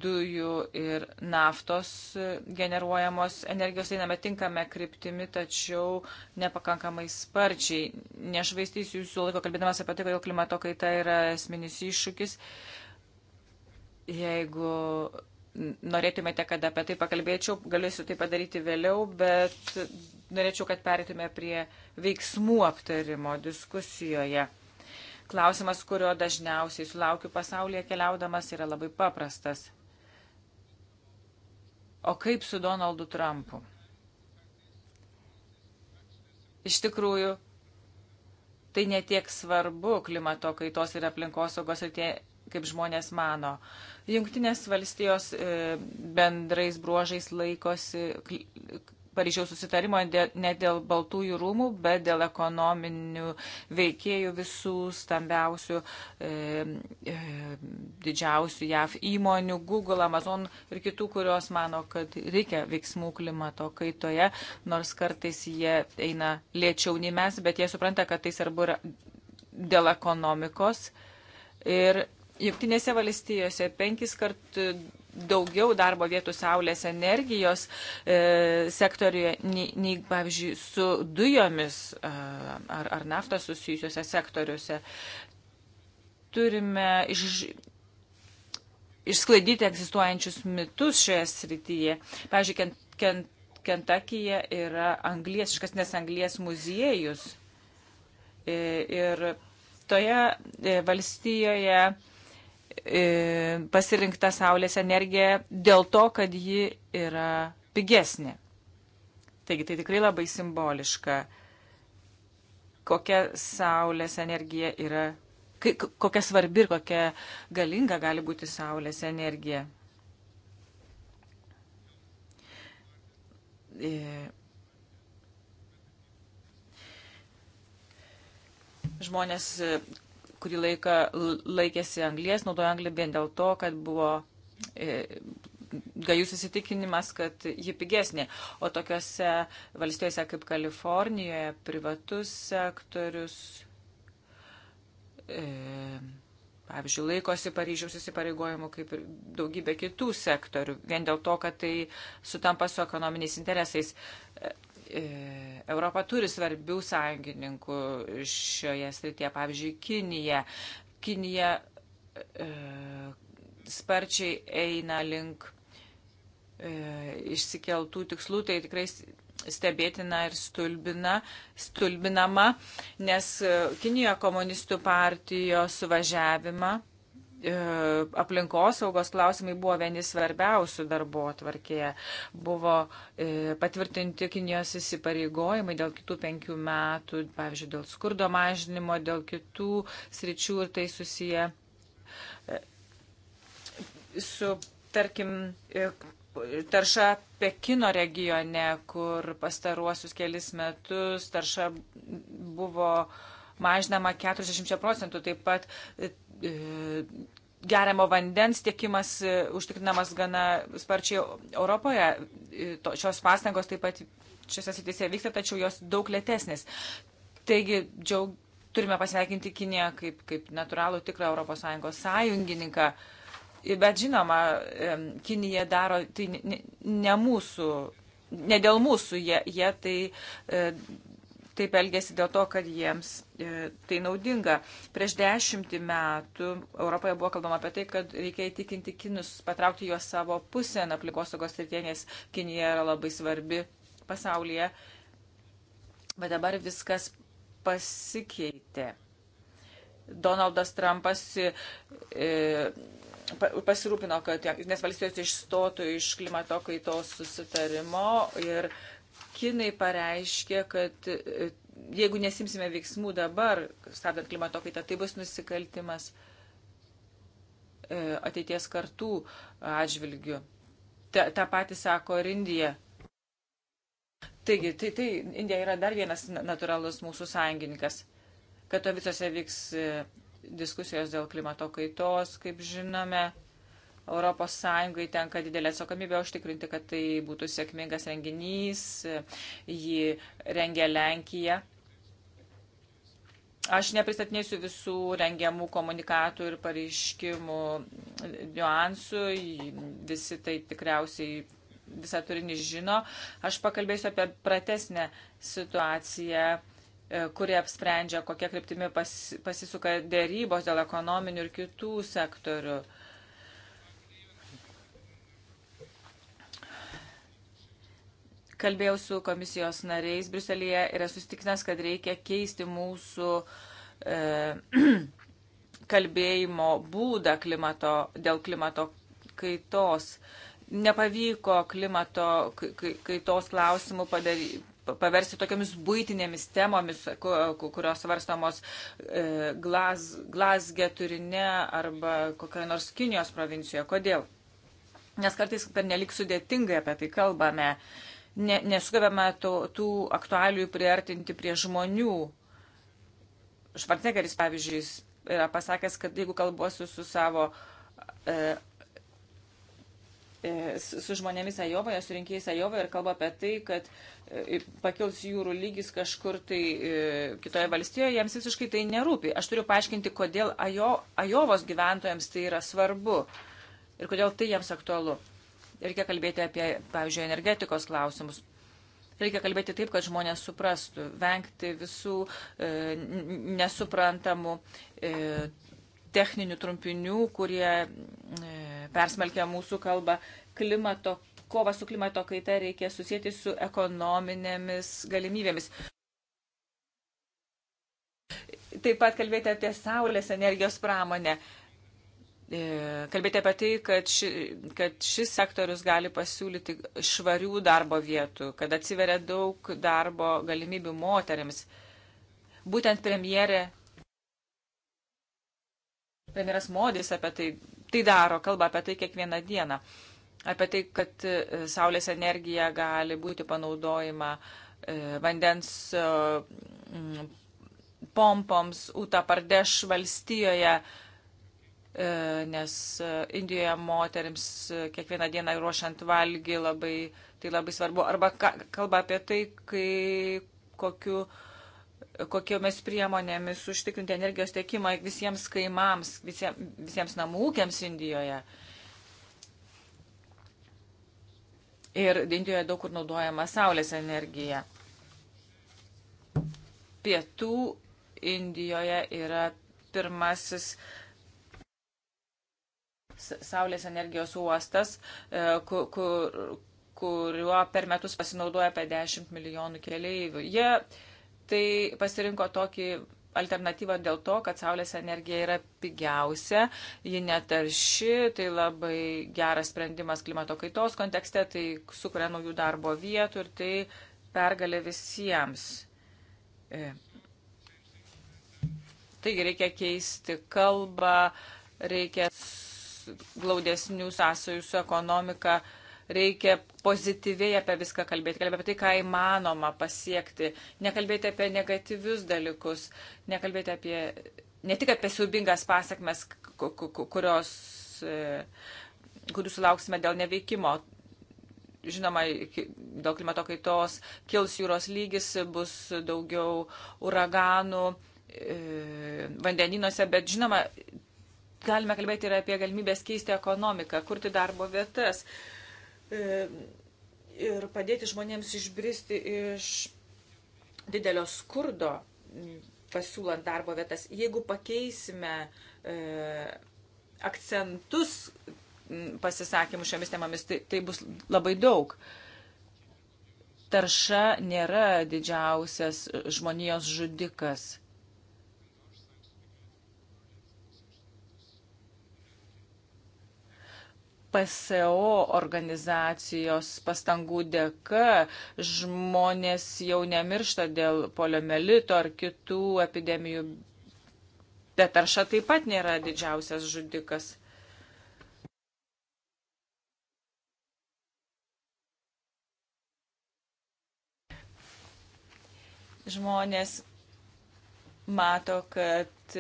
dujų ir naftos e, generuojamos energijos. Einame tinkame kryptimi, tačiau nepakankamai sparčiai. Nešvaistysiu jūsų laiko kalbėdamas apie tai, kodėl klimato kaita yra esminis iššūkis. Jeigu norėtumėte, kad apie tai pakalbėčiau, galėsiu tai padaryti vėliau, bet norėčiau, kad perėtume prie veiksmų aptarimo diskusijoje. Klausimas, kurio dažniausiai sulaukiu pasaulyje keliaudamas, yra labai paprastas. O kaip su Donaldu Trumpu? Iš tikrųjų, tai netiek svarbu klimato kaitos ir aplinkosaugos ir tie, kaip žmonės mano. Junktinės valstijos e, bendrais bruožais laikosi Paryžiaus susitarimo ne dėl baltųjų rūmų, bet dėl ekonominių veikėjų visų stambiausių, e, e, didžiausių JAV įmonių, Google, Amazon ir kitų, kurios mano, kad reikia veiksmų klimato kaitoje, nors kartais jie eina lėčiau nei mes, bet jie supranta, kad tai svarbu yra dėl ekonomikos. Ir Junktinėse valstijose penkis kart daugiau darbo vietų saulės energijos e, sektoriuje, nei, nei, pavyzdžiui, su dujomis e, ar, ar naftos susijusiuose sektoriuose. Turime iš, išsklaidyti egzistuojančius mitus šioje srityje. Pavyzdžiui, kent, kent, Kentakija yra anglies, iškasnės anglies muziejus. E, ir toje e, valstijoje E, pasirinkta saulės energija dėl to, kad ji yra pigesnė. Taigi tai tikrai labai simboliška, kokia saulės energija yra, kokia svarbi ir kokia galinga gali būti saulės energija. E, žmonės kurį laiką laikėsi anglies, naudojo anglį vien dėl to, kad buvo e, gajus įsitikinimas, kad ji pigesnė. O tokiuose valstijose kaip Kalifornijoje privatus sektorius, e, pavyzdžiui, laikosi Paryžiaus įsipareigojimų kaip ir daugybė kitų sektorių, vien dėl to, kad tai sutampa su ekonominiais interesais. E, E, Europa turi svarbių sąjungininkų šioje srityje, pavyzdžiui, Kinija. Kinija e, sparčiai eina link e, išsikeltų tikslų, tai tikrai stebėtina ir stulbina, stulbinama, nes e, Kinija komunistų partijos suvažiavimą E, aplinkosaugos klausimai buvo vieni svarbiausių darbo tvarkėje. Buvo e, patvirtinti Kinijos įsipareigojimai dėl kitų penkių metų, pavyzdžiui, dėl skurdo mažinimo, dėl kitų sričių ir tai susiję e, su, tarkim, tarša Pekino regione, kur pastaruosius kelis metus tarša buvo uh, mažinama 40 procentų, taip pat e, e, geriamo vandens tiekimas e, užtikrinamas gana sparčiai Europoje. Šios pastangos taip pat šiose sitise vyksta, tačiau jos daug lėtesnės. Taigi džiaug, turime pasveikinti Kiniją kaip, kaip natūralų tikrą ES sąjungininką. Bet žinoma, Kinija daro tai ne, ne mūsų, ne dėl mūsų, jie, jie tai taip elgesi dėl to, kad jiems e, tai naudinga. Prieš dešimtį metų Europoje buvo kalbama apie tai, kad reikia įtikinti kinus, patraukti juos savo pusę aplinkosaugos srityje, nes Kinija yra labai svarbi pasaulyje. Bet dabar viskas pasikeitė. Donaldas Trumpas e, pasirūpino, kad Junktinės valstijos išstotų iš klimato kaitos susitarimo ir e, Kinai pareiškė, kad e, jeigu nesimsime veiksmų dabar, stabdant klimato kaitą, tai bus nusikaltimas e, ateities kartų atžvilgių. Ta, ta pati sako ir Indija. Taigi, tai, tai Indija yra dar vienas natūralus mūsų sąjungininkas. Kad to visose vyks e, diskusijos dėl klimato kaitos, kaip žinome, Europos Sąjungai tenka didelė atsakomybė užtikrinti, kad tai būtų sėkmingas renginys, jį rengia Lenkija. Aš nepristatinėsiu visų rengiamų komunikatų ir pareiškimų niuansų, visi tai tikriausiai visą turinį žino. Aš pakalbėsiu apie pratesnę situaciją e, kurie apsprendžia, kokia kryptimi pas, pasisuka dėrybos dėl ekonominių ir kitų sektorių. Uh, Kalbėjau su komisijos nariais Briuselėje ir esu stiknas, kad reikia keisti mūsų e, kalbėjimo būdą klimato, dėl klimato kaitos. Nepavyko klimato kaitos klausimų padary, paversti tokiamis būtinėmis temomis, kurios svarstamos e, glas, Glasge turine arba kokioje nors Kinijos provincijoje. Kodėl? Nes kartais per nelik sudėtingai apie tai kalbame ne, nesugebame to, tų aktualių priartinti prie žmonių. Švartnegeris, pavyzdžiui, yra pasakęs, kad jeigu kalbuosiu su savo e, e su žmonėmis Ajovoje, su rinkėjais Ajovoje ir kalba apie tai, kad e, pakils jūrų lygis kažkur tai e, kitoje valstijoje, jiems visiškai tai nerūpi. Aš turiu paaiškinti, kodėl Ajo, Ajovos gyventojams tai yra svarbu ir kodėl tai jiems aktualu. Reikia kalbėti apie, pavyzdžiui, energetikos klausimus. Reikia kalbėti taip, kad žmonės suprastų, vengti visų e, nesuprantamų e, techninių trumpinių, kurie e, persmelkia mūsų kalbą klimato. Kova su klimato kaita reikia susijęti su ekonominėmis galimybėmis. Taip pat kalbėti apie saulės energijos pramonę. E, E, kalbėti apie tai, kad, ši, kad šis sektorius gali pasiūlyti švarių darbo vietų, kad atsiveria daug darbo galimybių moteriams. Būtent premjerė, premjeras Modis apie tai, tai daro, kalba apie tai kiekvieną dieną. Apie tai, kad e, saulės energija gali būti panaudojama e, vandens pompoms Utah Pardesh valstijoje E, nes e, Indijoje moteriams e, kiekvieną dieną ruošiant valgy labai, tai labai svarbu. Arba kalba apie tai, kai, kokiu, kokiomis priemonėmis užtikrinti energijos tiekimą visiems kaimams, visiems, visiems namų ūkiams Indijoje. Ir Indijoje daug kur naudojama saulės energija. Pietų Indijoje yra pirmasis uh, Saulės energijos uostas, kur, e, kur, kuriuo per metus pasinaudoja apie 10 milijonų keleivių. Jie tai pasirinko tokį alternatyvą dėl to, kad saulės energija yra pigiausia, ji netarši, tai labai geras sprendimas klimato kaitos kontekste, tai sukuria naujų darbo vietų ir tai pergalė visiems. E. Taigi reikia keisti kalbą, reikia glaudesnių sąsajų su ekonomika. Reikia pozityviai apie viską kalbėti, kalbėti apie tai, ką įmanoma pasiekti, nekalbėti apie negatyvius dalykus, nekalbėti apie, ne tik apie siubingas pasiekmes, kurios, e, kurių sulauksime dėl neveikimo, žinoma, dėl klimato kaitos kils jūros lygis, bus daugiau uraganų e, vandeninuose, bet žinoma, Galime kalbėti ir apie galimybės keisti ekonomiką, kurti darbo vietas e, ir padėti žmonėms išbristi iš didelio skurdo, pasiūlant darbo vietas. Jeigu pakeisime e, akcentus pasisakymų šiomis temomis, tai, tai bus labai daug tarša nėra didžiausias žmonijos žudikas. PSO organizacijos pastangų dėka žmonės jau nemiršta dėl poliomelito ar kitų epidemijų, bet tarša taip pat nėra didžiausias žudikas. Žmonės mato, kad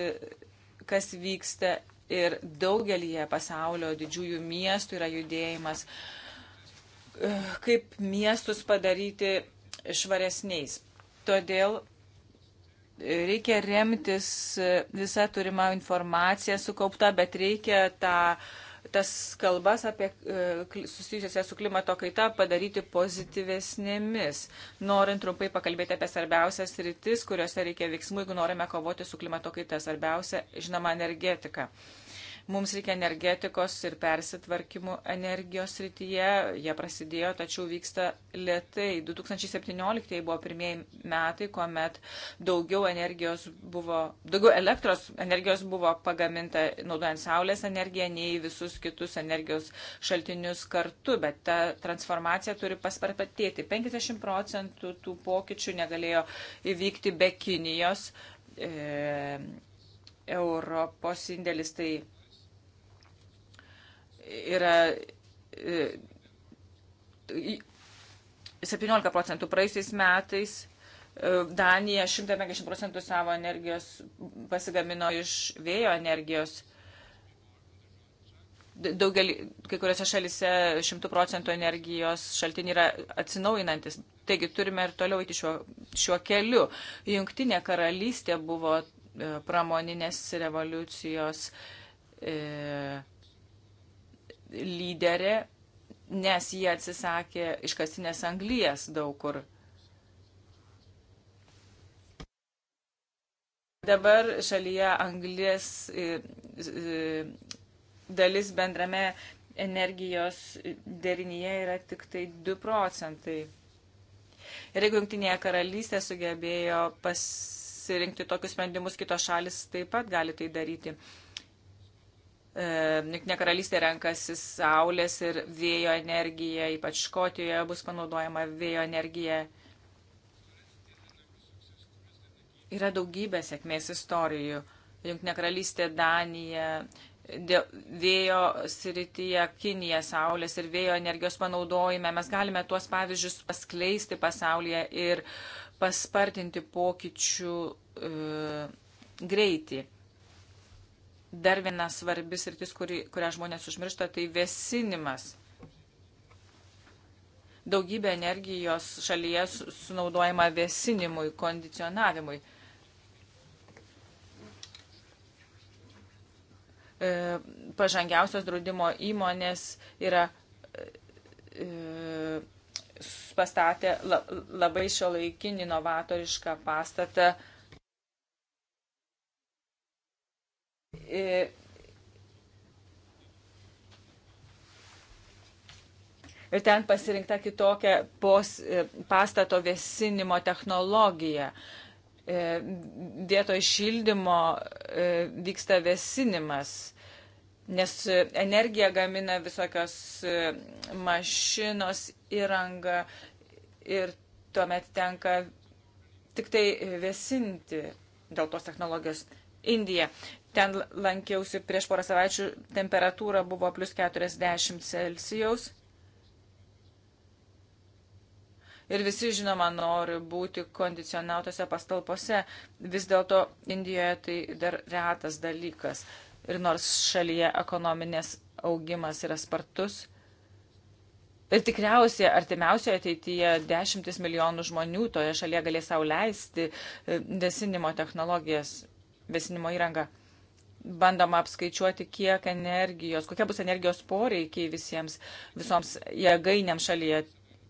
kas vyksta ir daugelie pasaulio didžiųjų miestų yra judėjimas, e, kaip miestus padaryti švaresniais. Todėl reikia remtis visą turimą informaciją sukauptą, bet reikia tą, tas kalbas apie e, susijusiuose su klimato kaita padaryti pozityvesnėmis. Norint trumpai pakalbėti apie svarbiausias rytis, kuriuose reikia veiksmų, jeigu norime kovoti su klimato kaita, svarbiausia, žinoma, energetika. Uh, Mums reikia energetikos ir persitvarkymų energijos rytyje. Jie prasidėjo, tačiau vyksta lietai. 2017 buvo pirmieji metai, kuomet daugiau, buvo, daugiau elektros energijos buvo pagaminta naudojant saulės energiją nei visus kitus energijos šaltinius kartu, bet ta transformacija turi paspartėti. 50 procentų tų pokyčių negalėjo įvykti be Kinijos. E, Europos indėlis tai yra 17 e, procentų praeisiais metais. E, Danija 150 procentų savo energijos pasigamino iš vėjo energijos. Daugelį, kai kuriuose šalise 100 procentų energijos šaltiniai yra atsinaujinantis. Taigi turime ir toliau eiti šiuo, šiuo keliu. Jungtinė karalystė buvo e, pramoninės revoliucijos. E, lyderė, nes jie atsisakė iškastinės anglijas daug kur. Dabar šalyje anglės e, e, dalis bendrame energijos derinyje yra tik tai 2 procentai. Ir jeigu Junktinėje karalystė sugebėjo pasirinkti tokius sprendimus, kitos šalis taip pat gali tai daryti. Uh, E, Jungtinė karalystė renkasi saulės ir vėjo energiją, ypač Škotijoje bus panaudojama vėjo energija. Yra daugybė sėkmės istorijų. Jungtinė karalystė, Danija, vėjo srityje, Kinija, saulės ir vėjo energijos panaudojime. Mes galime tuos pavyzdžius paskleisti pasaulyje ir paspartinti pokyčių e, greitį. Dar viena svarbis rytis, kurią žmonės užmiršta, tai vėsinimas daugybė energijos šalyje sunaudojama vėsinimui, kondicionavimui. E, pažangiausios draudimo įmonės yra e, pastatė labai šio laikinį novatorišką pastatą Ir ten pasirinkta kitokia pos, e, pastato vėsinimo technologija. E, vietoj šildymo e, vyksta vėsinimas nes energiją gamina visokios mašinos įranga ir tuomet tenka tik tai vėsinti dėl tos technologijos Indija. Ten lankiausi prieš porą savaičių, temperatūra buvo plus 40 Celsijaus. Ir visi, žinoma, nori būti kondicionautose pastalpose. Vis dėlto Indijoje tai dar retas dalykas. Ir nors šalyje ekonominės augimas yra spartus, Ir tikriausiai artimiausioje ateityje dešimtis milijonų žmonių toje šalyje galės sau leisti e, vesinimo technologijas, vesinimo įrangą bandoma apskaičiuoti, kiek energijos, kokie bus energijos poreikiai visiems, visoms jėgainėms šalyje.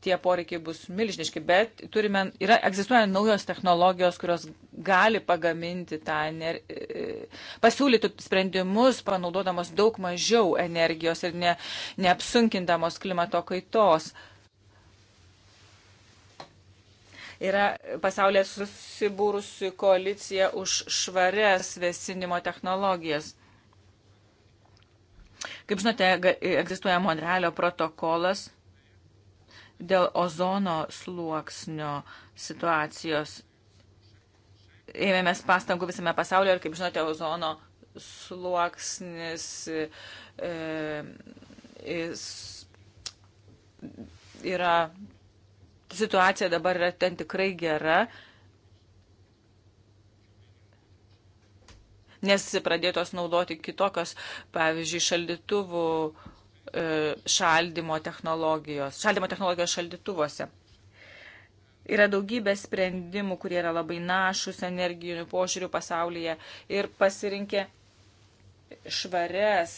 Tie poreikiai bus milžiniški, bet turime, yra, egzistuoja naujos technologijos, kurios gali pagaminti tą energiją, pasiūlyti sprendimus, panaudodamos daug mažiau energijos ir ne, neapsunkindamos klimato kaitos. Uh, Yra pasaulyje susibūrusi koalicija už švarias vėsinimo technologijas. Kaip žinote, egzistuoja Monrealio protokolas dėl ozono sluoksnio situacijos. Ėmėmės pastangų visame pasaulyje ir, kaip žinote, ozono sluoksnis e, yra situacija dabar yra ten tikrai gera, nes pradėtos naudoti kitokios, pavyzdžiui, šaldytuvų e, šaldimo technologijos, šaldimo technologijos šaldytuvuose. Yra daugybė sprendimų, kurie yra labai našus energijų požiūrių pasaulyje ir pasirinkė švarias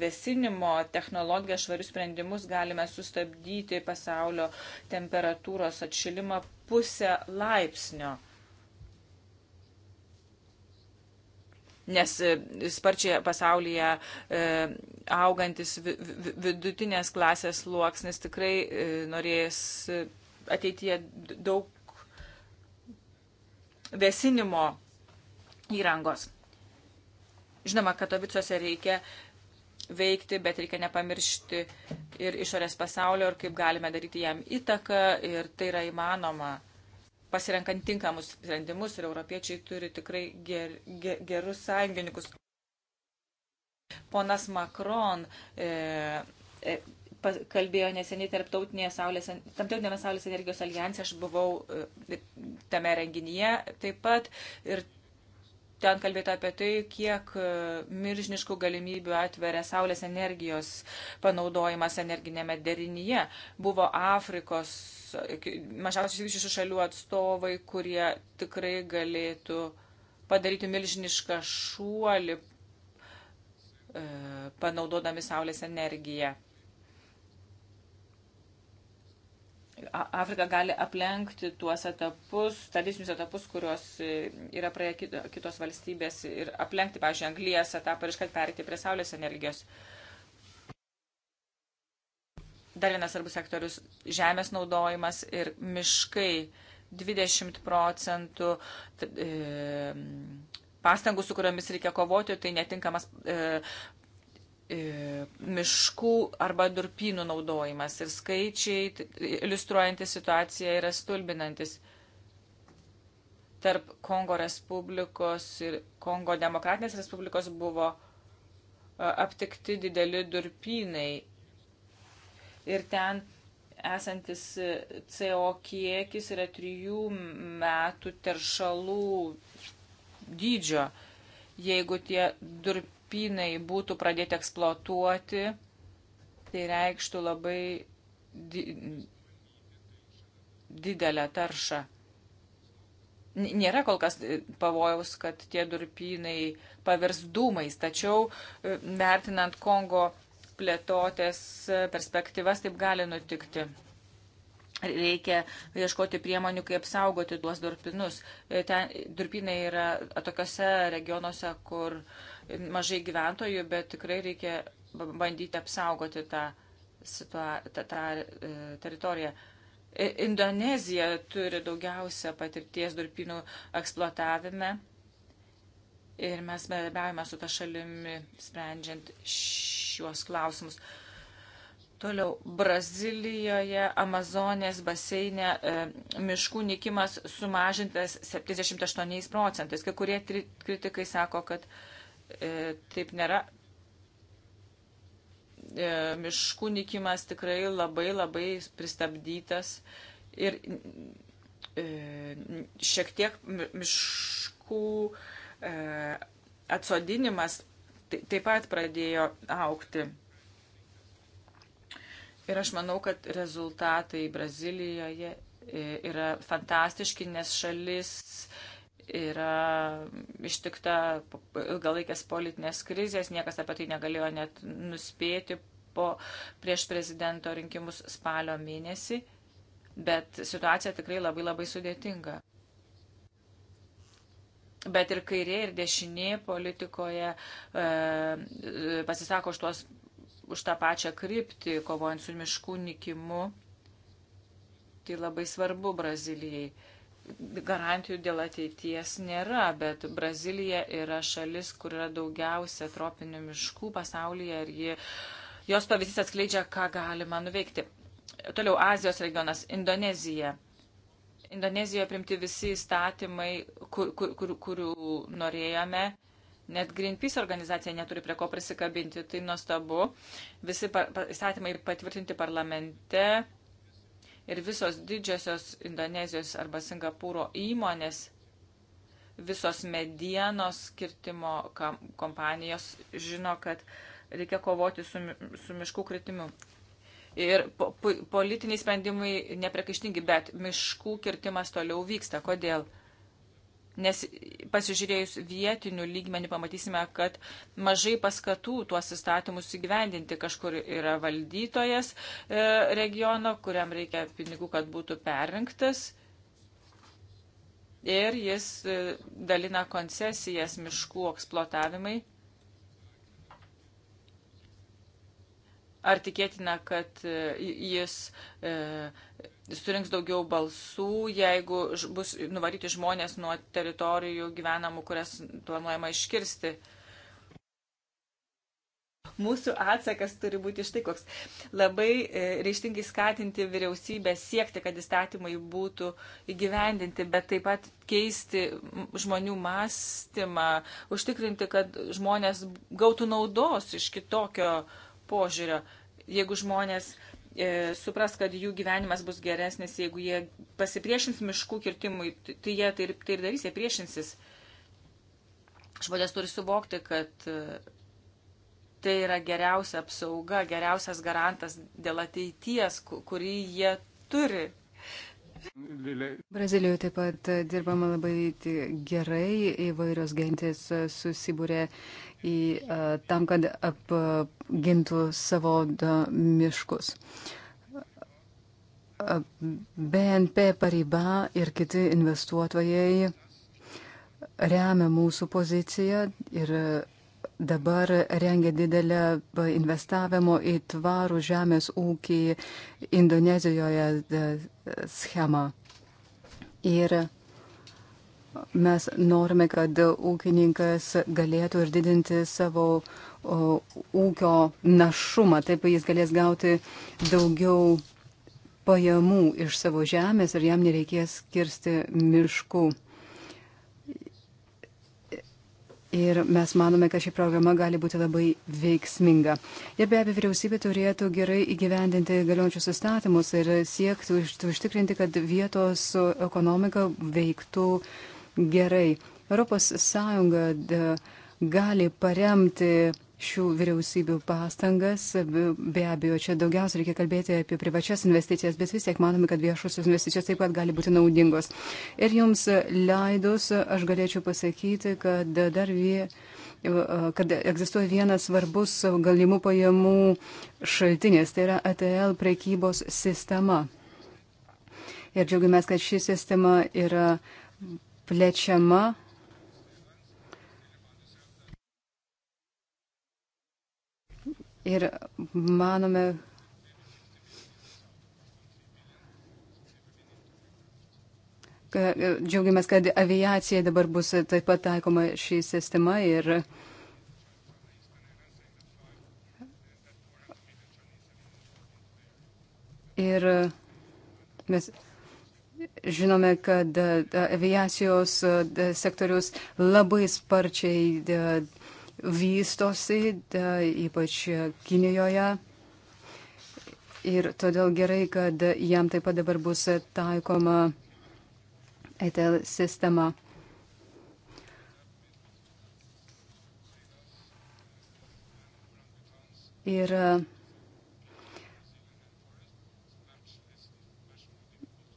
vėsinimo technologijas, švarius sprendimus galime sustabdyti pasaulio temperatūros atšilimą pusę laipsnio. nes e, sparčiai pasaulyje e, augantis vidutinės klasės sluoksnis tikrai e, norės e, ateityje daug vesinimo įrangos. Žinoma, Katovicuose reikia veikti, bet reikia nepamiršti ir išorės pasaulio, ir kaip galime daryti jam įtaką, ir tai yra įmanoma. Pasirenkant tinkamus sprendimus ir europiečiai turi tikrai ger, ger, gerus sąjungininkus. Ponas Macron e, e, kalbėjo neseniai tarptautinėje saulės, tarptautinėme saulės energijos alijanse, aš buvau e, tame renginyje taip pat ir ten kalbėta apie tai, kiek e, milžiniškų galimybių atveria Saulės energijos panaudojimas energinėme derinyje. Buvo Afrikos mažiausiai išvyščių šalių atstovai, kurie tikrai galėtų padaryti milžinišką šuolį e, panaudodami Saulės energiją. Afrika gali aplenkti tuos etapus, tradicinius etapus, kuriuos e, yra praėję kitos valstybės ir aplenkti, pavyzdžiui, Anglijos etapą ir iškart perėti prie saulės energijos. Dar vienas svarbus sektorius - žemės naudojimas ir miškai. 20 procentų e, pastangų, su kuriomis reikia kovoti, tai netinkamas e, E, miškų arba durpynų naudojimas ir skaičiai iliustruojantys situaciją yra stulbinantis. Tarp Kongo Respublikos ir Kongo Demokratinės Respublikos buvo e, aptikti dideli durpynai ir ten esantis e, CO kiekis yra trijų metų teršalų dydžio. Jeigu tie durpynai durpynai būtų pradėti eksploatuoti, tai reikštų labai di didelę taršą. Nėra kol kas pavojaus, kad tie durpynai pavirs dūmais, tačiau e, vertinant Kongo plėtotės perspektyvas taip gali nutikti. Reikia ieškoti priemonių, kaip apsaugoti tuos durpinus. E, ten durpinai yra tokiuose regionuose, kur mažai gyventojų, bet tikrai reikia bandyti apsaugoti tą, situa, tą, tą e, teritoriją. E, Indonezija turi daugiausia patirties durpinų eksploatavime ir mes bendradarbiavime su ta šalimi sprendžiant šiuos klausimus. Uh, Toliau Brazilijoje, Amazonės baseinė e, miškų nikimas sumažintas 78 procentais. Kai kurie tri, kritikai sako, kad e, taip nėra. E, miškų nikimas tikrai labai labai pristabdytas ir e, šiek tiek miškų e, atsodinimas taip pat pradėjo aukti. Ir aš manau, kad rezultatai Brazilijoje e, yra fantastiški, nes šalis yra ištikta ilgalaikės politinės krizės, niekas apie tai negalėjo net nuspėti po prieš prezidento rinkimus spalio mėnesį, bet situacija tikrai labai labai sudėtinga. Bet ir kairė, ir dešinė politikoje e, e pasisako už tuos už tą pačią kryptį, kovojant su miškų nikimu. Tai labai svarbu Brazilijai. Garantijų dėl ateities nėra, bet Brazilija yra šalis, kur yra daugiausia tropinių miškų pasaulyje ir ji, jos pavyzdys atskleidžia, ką galima nuveikti. Toliau Azijos regionas - Indonezija. Indonezijoje primti visi įstatymai, kur, kur, kur, kurių norėjome Net Greenpeace organizacija neturi prie ko prisikabinti, tai nuostabu. Visi pa, pa, įstatymai patvirtinti parlamente ir visos didžiosios Indonezijos arba Singapūro įmonės, visos medienos kirtimo kam, kompanijos žino, kad reikia kovoti su, su miškų kritimu. Ir po, po, politiniai sprendimai nepriekaištingi, bet miškų kirtimas toliau vyksta. Kodėl? Nes pasižiūrėjus vietinių lygmenį pamatysime, kad mažai paskatų tuos įstatymus įgyvendinti. Kažkur yra valdytojas e, regiono, kuriam reikia pinigų, kad būtų perrinktas. Ir jis e, dalina koncesijas miškų eksploatavimai Ar tikėtina, kad e, jis e, surinks daugiau balsų, jeigu bus nuvaryti žmonės nuo teritorijų gyvenamų, kurias planuojama iškirsti? Mūsų atsakas turi būti štai koks. Labai e, reištingai skatinti vyriausybę siekti, kad įstatymai būtų įgyvendinti, bet taip pat keisti žmonių mąstymą, užtikrinti, kad žmonės gautų naudos iš kitokio uh, požiūrio. Jeigu žmonės e, supras, kad jų gyvenimas bus geresnis, jeigu jie pasipriešins miškų kirtimui, tai jie tai ir, tai ir darys, jie priešinsis. Žmonės turi suvokti, kad e, tai yra geriausia apsauga, geriausias garantas dėl ateities, kurį jie turi. Brazilijoje taip pat dirbama labai gerai, įvairios gentis susibūrė į, e, tam, kad apgintų savo da, miškus. E, BNP Pariba ir kiti investuotojai remia mūsų poziciją ir dabar rengia didelę investavimo į tvarų žemės ūkį Indonezijoje e, schemą. Ir mes norime, kad ūkininkas galėtų ir didinti savo o, ūkio našumą. Taip jis galės gauti daugiau pajamų iš savo žemės ir jam nereikės kirsti miškų. Ir mes manome, kad ši programa gali būti labai veiksminga. Ir be abejo, vyriausybė turėtų gerai įgyvendinti galiojančius įstatymus ir siekti užtikrinti, kad vietos ekonomika veiktų uh, gerai. ES e, gali paremti šių vyriausybių pastangas. Be abejo, čia daugiausia reikia kalbėti apie privačias investicijas, bet vis tiek manome, kad viešosios investicijos taip pat gali būti naudingos. Ir jums leidus aš galėčiau pasakyti, kad dar vie, e, kad egzistuoja vienas svarbus galimų pajamų šaltinis, tai yra ATL prekybos sistema. Ir džiaugiamės, kad ši sistema yra uh, plečiama. Ir manome, džiaugiamės, kad aviacija dabar bus taip pat taikoma šį sistemą ir Ir mes Žinome, kad e, e, aviacijos e, sektorius labai sparčiai vystosi, ypač Kinijoje. Ir todėl gerai, kad jam taip pat dabar bus taikoma ETL sistema. Ir uh,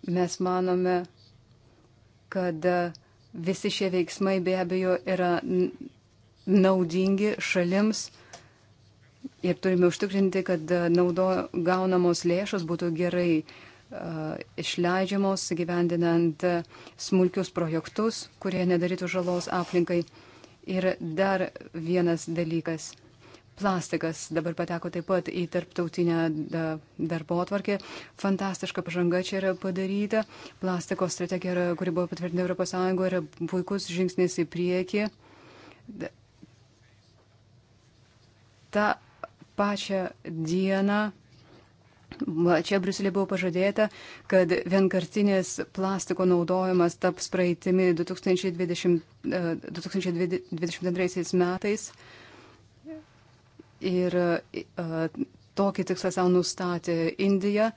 Mes manome, kad visi šie veiksmai be abejo yra naudingi šalims ir turime užtikrinti, kad naudo gaunamos lėšos būtų gerai uh, išleidžiamos, gyvendinant smulkius projektus, kurie nedarytų žalos aplinkai. Ir dar vienas dalykas. Plastikas dabar pateko taip pat į tarptautinę darbo atvarkę. Fantastiška pažanga čia yra padaryta. Plastiko strategija, kuri buvo patvirtinta ES, yra puikus žingsnis į priekį. Ta pačią dieną Čia Bruselė buvo pažadėta, kad vienkartinės plastiko naudojimas taps praeitimi 2020, 2022 e, metais. Ir e, tokį tikslą savo nustatė Indija.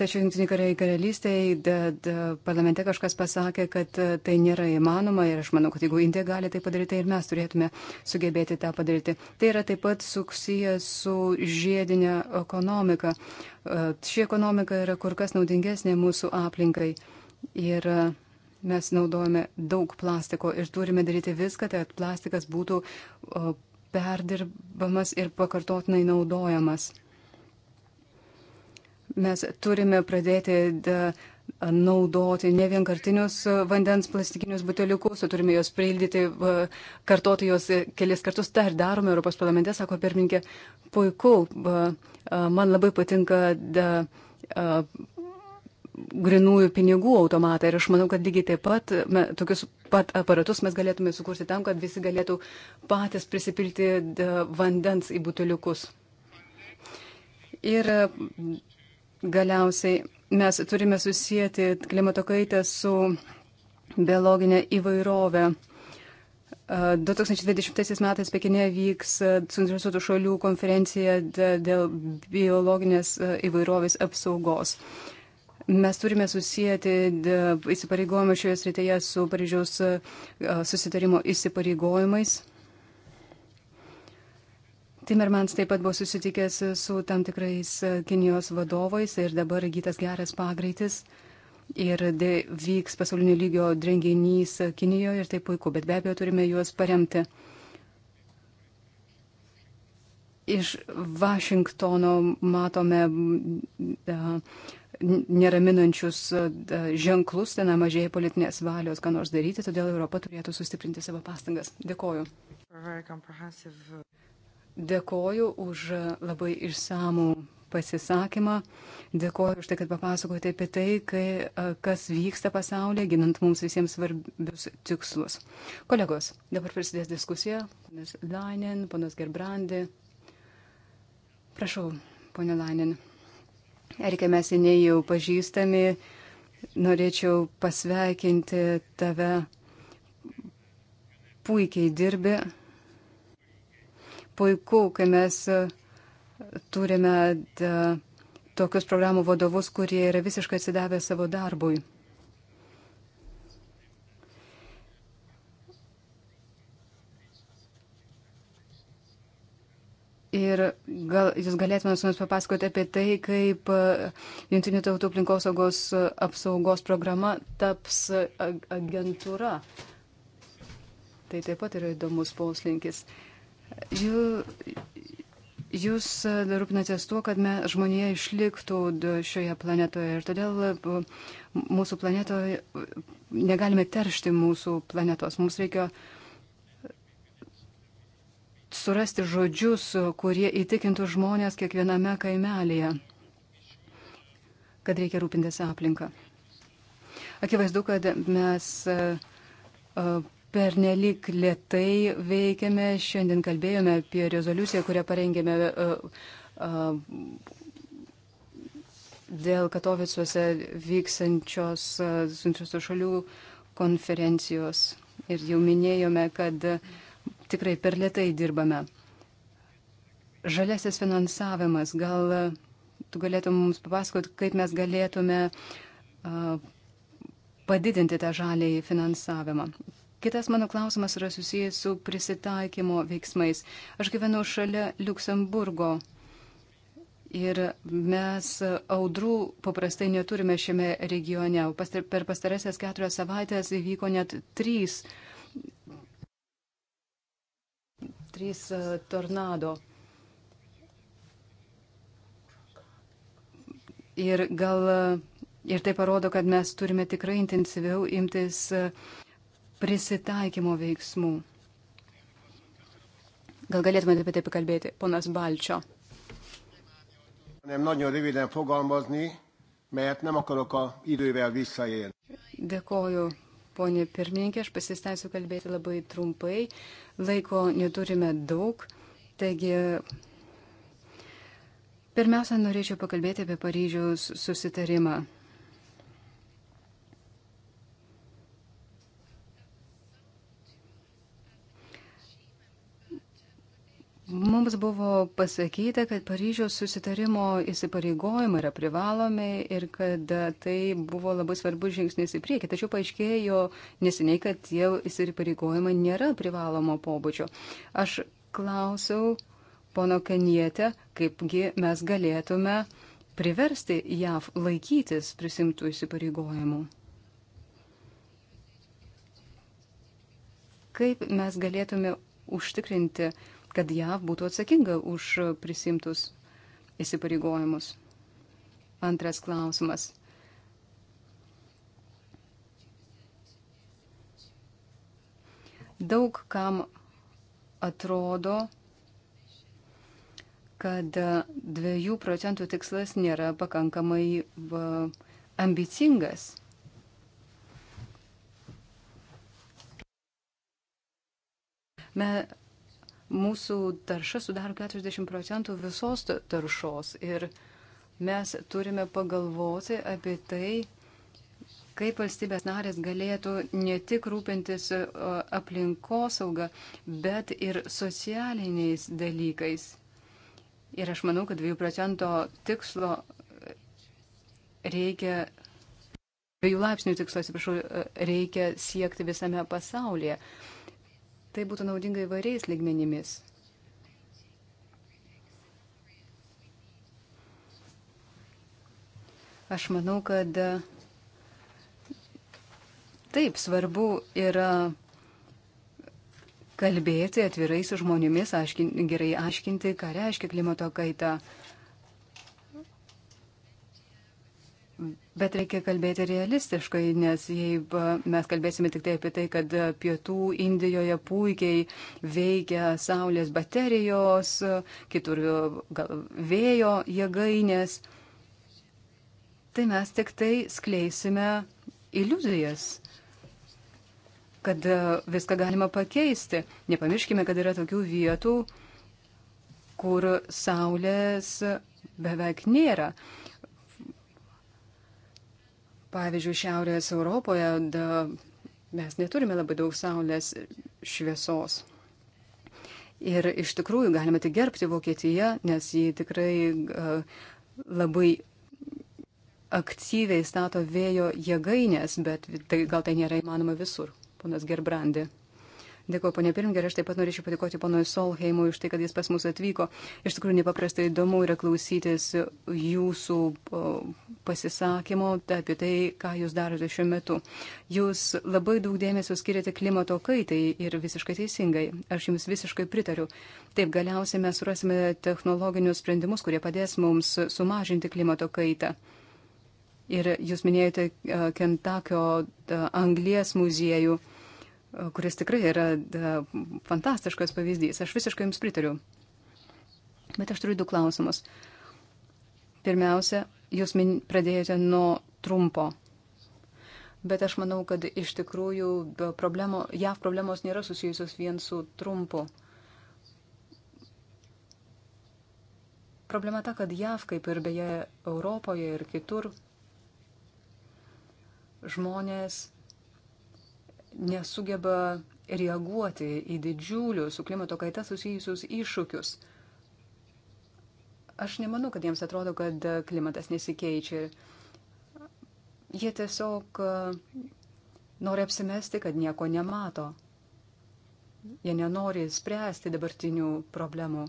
Tačiau Junktinė karalystėje parlamente kažkas pasakė, kad e, tai nėra įmanoma ir aš manau, kad jeigu Indija gali tai padaryti, tai ir mes turėtume sugebėti tą padaryti. Tai yra taip pat susiję su žiedinė ekonomika. E, ši ekonomika yra kur kas naudingesnė mūsų aplinkai ir mes naudojame daug plastiko ir turime daryti viską, kad plastikas būtų perdirbamas ir pakartotinai naudojamas. Mes turime pradėti naudoti ne vienkartinius e, vandens plastikinius buteliukus, o turime juos prildyti, e, kartoti juos e, kelis kartus. Ta ir darome Europos parlamente, sako pirmininkė. Puiku, man labai patinka da, grinųjų pinigų automatą. Ir aš manau, kad lygiai taip pat me, tokius pat aparatus mes galėtume sukurti tam, kad visi galėtų patys prisipilti e, vandens į buteliukus. Ir e, galiausiai mes turime susijęti klimato kaitę su biologinė įvairovė. 2020 e, metais Pekinė vyks suinteresuotų šalių konferencija dėl biologinės įvairovės apsaugos. Uh, Mes turime susijęti įsipareigojimą šioje srityje su Paryžiaus e, susitarimo įsipareigojimais. Timermans taip pat buvo susitikęs su tam tikrais e, Kinijos vadovais ir dabar gytas geras pagreitis. Ir vyks pasaulinio lygio renginys Kinijoje ir tai puiku, bet be abejo turime juos paremti. Iš Vašingtono matome. Da, uh, neraminančius e, ženklus, ten mažėja politinės valios, ką nors daryti, todėl Europa turėtų sustiprinti savo pastangas. Dėkoju. Uh, Dėkoju už labai išsamų pasisakymą. Dėkoju už tai, kad papasakote apie tai, kai, e, kas vyksta pasaulyje, ginant mums visiems svarbius tikslus. Kolegos, dabar prasidės diskusija. Ponas Lainin, ponas Gerbrandi. Prašau, ponė Lainin. Erika, mes seniai jau pažįstami. Norėčiau pasveikinti tave. Puikiai dirbi. Puiku, kai mes e, turime tokius programų vadovus, kurie yra visiškai atsidavę savo darbui. Ir gal jūs galėtumėte mums papasakoti apie tai, kaip e, Junktinių tautų aplinkosaugos e, apsaugos programa taps e, agentūra. Tai taip pat yra įdomus poslinkis. Jūs rūpinatės tuo, kad me, žmonija išliktų šioje planetoje ir todėl mūsų planetoje negalime teršti mūsų planetos. Mums reikia uh, surasti žodžius, kurie įtikintų žmonės kiekviename kaimelėje, kad reikia rūpintis aplinką. Akivaizdu, kad mes e, pernelik lietai veikiame. Šiandien kalbėjome apie rezoliuciją, kurią parengėme e, e, dėl Katovicuose vyksančios sunčios šalių konferencijos. Ir jau minėjome, kad uh, tikrai per lietai dirbame. Žalėsis finansavimas, gal e, tu galėtum mums papasakoti, kaip mes galėtume e, padidinti tą žaliai finansavimą. Kitas mano klausimas yra susijęs su prisitaikymo veiksmais. Aš gyvenau šalia Luksemburgo ir mes audrų paprastai neturime šiame regione. Per pastarąsias keturias savaitės įvyko net trys 3 e, tornado. Ir gal e, ir tai parodo, kad mes turime tikrai intensyviau imtis e, prisitaikymo veiksmų. Gal galėtumėte apie tai pakalbėti, ponas Balčio? Nem nagyon röviden fogalmazni, mert nem akarok a idővel visszaélni. Dėkoju. Pone pirmininkė, aš pasistengsiu kalbėti labai trumpai. Laiko neturime daug. Taigi, pirmiausia, norėčiau pakalbėti apie Paryžiaus susitarimą. Mums buvo pasakyta, kad Paryžiaus susitarimo įsipareigojimai yra privalomi ir kad e, tai buvo labai svarbus žingsnis į priekį. Tačiau paaiškėjo neseniai, kad tie įsipareigojimai nėra privalomo pobūdžio. Aš klausiau pono Kenietę, kaipgi mes galėtume priversti JAV laikytis prisimtų įsipareigojimų. Kaip mes galėtume užtikrinti, kad JAV būtų atsakinga už prisimtus įsipareigojimus. Antras klausimas. Daug kam atrodo, kad dviejų procentų tikslas nėra pakankamai ambicingas. Me, Mūsų tarša sudaro 40 procentų visos taršos ir mes turime pagalvoti apie tai, kaip valstybės narės galėtų ne tik rūpintis aplinkosauga, bet ir socialiniais dalykais. Ir aš manau, kad 2 procento tikslo e, reikia, 2 laipsnių tikslo, atsiprašau, e, reikia siekti visame pasaulyje. Tai būtų naudinga įvairiais ligmenimis. Aš manau, kad taip svarbu yra kalbėti atvirai su žmonėmis, aiškin, gerai aiškinti, ką reiškia klimato kaita. Bet reikia kalbėti realistiškai, nes jei mes kalbėsime tik tai apie tai, kad pietų Indijoje puikiai veikia saulės baterijos, kitur e, gal vėjo jėgainės, tai mes tik tai skleisime iliuzijas kad e, viską galima pakeisti. Nepamirškime, kad yra tokių vietų, kur saulės beveik nėra. Pavyzdžiui, Šiaurės Europoje da, mes neturime labai daug saulės šviesos. Ir iš tikrųjų galime tik gerbti Vokietiją, nes ji tikrai uh, labai aktyviai stato vėjo jėgainės, bet tai, gal tai nėra įmanoma visur, ponas Gerbrandi. Dėkuoju, ponė Pirmingė, ir aš taip pat norėčiau padėkoti ponui Solheimui už tai, kad jis pas mus atvyko. Iš tikrųjų, nepaprastai įdomu yra klausytis jūsų pasisakymo apie tai, ką jūs darote šiuo metu. Jūs labai daug dėmesio skiriate klimato kaitai ir visiškai teisingai. Aš jums visiškai pritariu. Taip, galiausiai mes surasime technologinius sprendimus, kurie padės mums sumažinti klimato kaitą. Ir jūs minėjote Kentakio anglies muziejų kuris tikrai yra da, fantastiškas pavyzdys. Aš visiškai jums pritariu. Bet aš turiu du klausimus. Pirmiausia, jūs min, pradėjote nuo trumpo. Bet aš manau, kad iš tikrųjų problemo, JAV problemos nėra susijusios vien su trumpu. Problema ta, kad JAV, kaip ir beje Europoje ir kitur, žmonės nesugeba reaguoti į didžiulius su klimato kaita susijusius iššūkius. Aš nemanau, kad jiems atrodo, kad klimatas nesikeičia. Jie tiesiog e, nori apsimesti, kad nieko nemato. Jie nenori spręsti dabartinių problemų.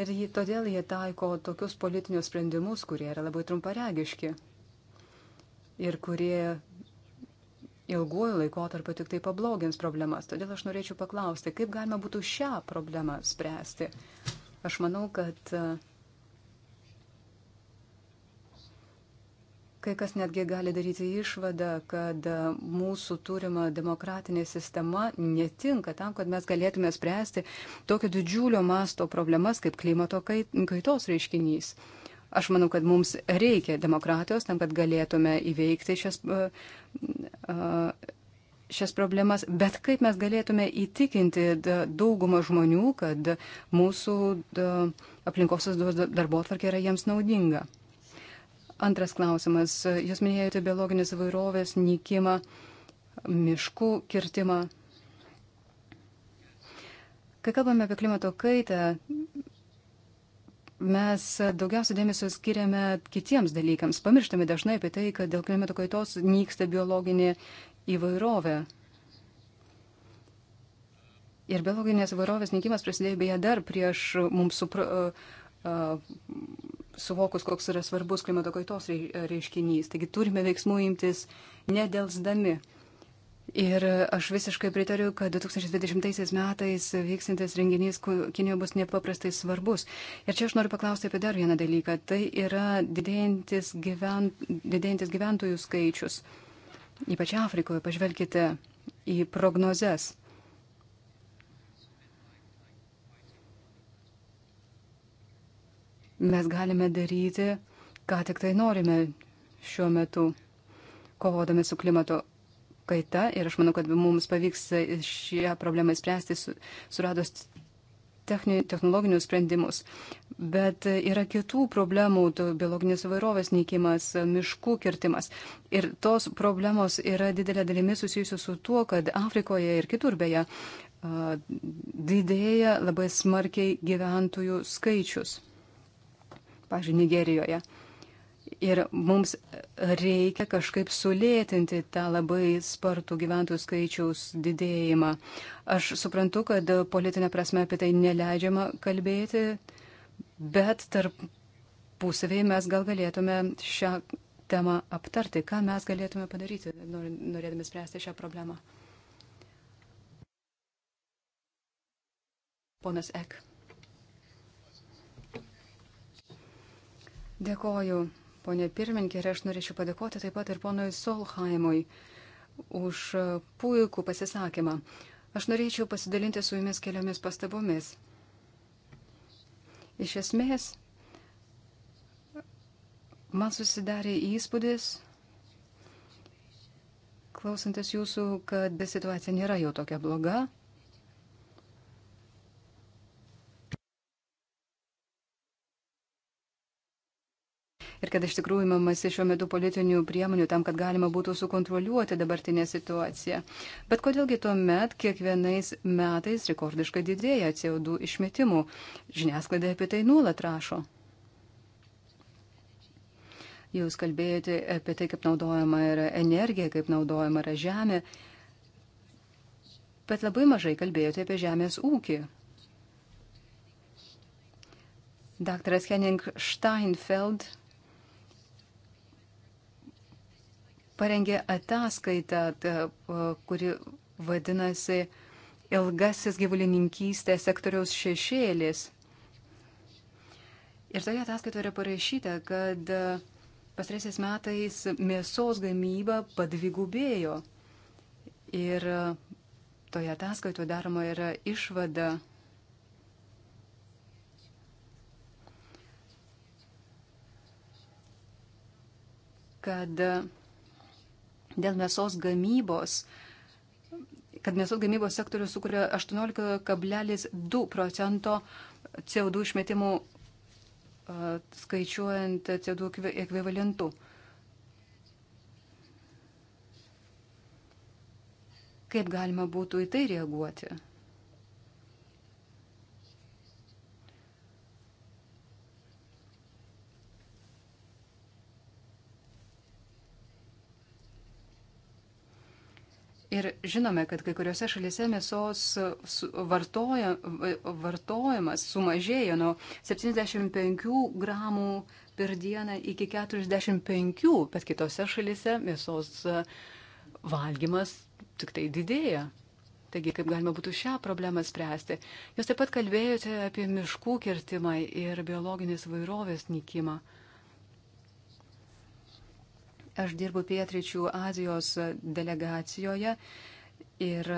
Ir jį, todėl jie taiko tokius politinius sprendimus, kurie yra labai trumparegiški ir kurie ilguoju laikotarpiu tik tai pablogins problemas. Todėl aš norėčiau paklausti, kaip galima būtų šią problemą spręsti. Aš manau, kad e, kai kas netgi gali daryti išvadą, kad e, mūsų turima demokratinė sistema netinka tam, kad mes galėtume spręsti tokio didžiulio masto problemas kaip klimato kaitos reiškinys. Aš manau, kad mums reikia demokratijos tam, kad galėtume įveikti šias, e, e, šias problemas, bet kaip mes galėtume įtikinti daugumą žmonių, kad mūsų aplinkosios darbo atvarkė yra jiems naudinga. Antras klausimas. Jūs minėjote biologinės įvairovės nykimą, miškų kirtimą. Kai kalbame apie klimato kaitą, mes daugiausia dėmesio skiriame kitiems dalykams. Pamirštame dažnai apie tai, kad dėl klimato kaitos nyksta biologinė įvairovė. Ir biologinės įvairovės nykimas prasidėjo beje dar prieš mums supra, uh, suvokus, koks yra svarbus klimato kaitos reiškinys. Taigi turime veiksmų imtis nedelsdami. Uh, Ir aš visiškai pritariu, kad 2020 metais vyksintis renginys Kinijoje bus nepaprastai svarbus. Ir čia aš noriu paklausti apie dar vieną dalyką. Tai yra didėjantis, gyvent, didėjantis gyventojų skaičius. Ypač Afrikoje, pažvelkite į prognozes. Mes galime daryti, ką tik tai norime šiuo metu, kovodami su klimato kaita ir aš manau, kad mums pavyks šią problemą spręsti suradus technologinius sprendimus. Bet yra kitų problemų - biologinės įvairovės nykimas, miškų kirtimas. Ir tos problemos yra didelė dalimi susijusios su tuo, kad Afrikoje ir kitur beje didėja labai smarkiai gyventojų skaičius. Pavyzdžiui, Nigerijoje. Ir mums reikia kažkaip sulėtinti tą labai spartų gyventojų skaičiaus didėjimą. Aš suprantu, kad politinė prasme apie tai neleidžiama kalbėti, bet tarp pusavėje mes gal galėtume šią temą aptarti, ką mes galėtume padaryti, norėdami spręsti šią problemą. Ponas Ek. Dėkoju ponė pirmininkė, ir aš norėčiau padėkoti taip pat ir ponui Solheimui už puikų pasisakymą. Aš norėčiau pasidalinti su jumis keliomis pastabomis. Iš esmės, man susidarė įspūdis, klausantis jūsų, kad situacija nėra jau tokia bloga ir kad iš tikrųjų imamasi šiuo metu politinių priemonių tam, kad galima būtų sukontroliuoti dabartinę situaciją. Bet kodėlgi tuomet kiekvienais metais rekordiškai didėja CO2 išmetimų? Žiniasklaida apie tai nuolat rašo. Jūs kalbėjote apie tai, kaip naudojama yra energija, kaip naudojama yra žemė, bet labai mažai kalbėjote apie žemės ūkį. Daktaras Henning Steinfeld parengė ataskaitą, kuri vadinasi Ilgasis gyvulininkystės sektoriaus šešėlis. Ir toje ataskaitoje yra parašyta, kad pastarėsiais metais mėsos gamyba padvigubėjo. Ir toje ataskaitoje daroma yra išvada, kad dėl mėsos gamybos, kad mėsos gamybos sektorius sukuria 18,2 procento CO2 išmetimų skaičiuojant CO2 ekvivalentų. Kaip galima būtų į tai reaguoti? Ir žinome, kad kai kuriuose šalise mėsos vartoja, vartojimas sumažėjo nuo 75 gramų per dieną iki 45, bet kitose šalise mėsos valgymas tik tai didėja. Taigi, kaip galima būtų šią problemą spręsti? Jūs taip pat kalbėjote apie miškų kirtimą ir biologinės vairovės nykimą. Uh, Aš dirbu Pietričių Azijos delegacijoje ir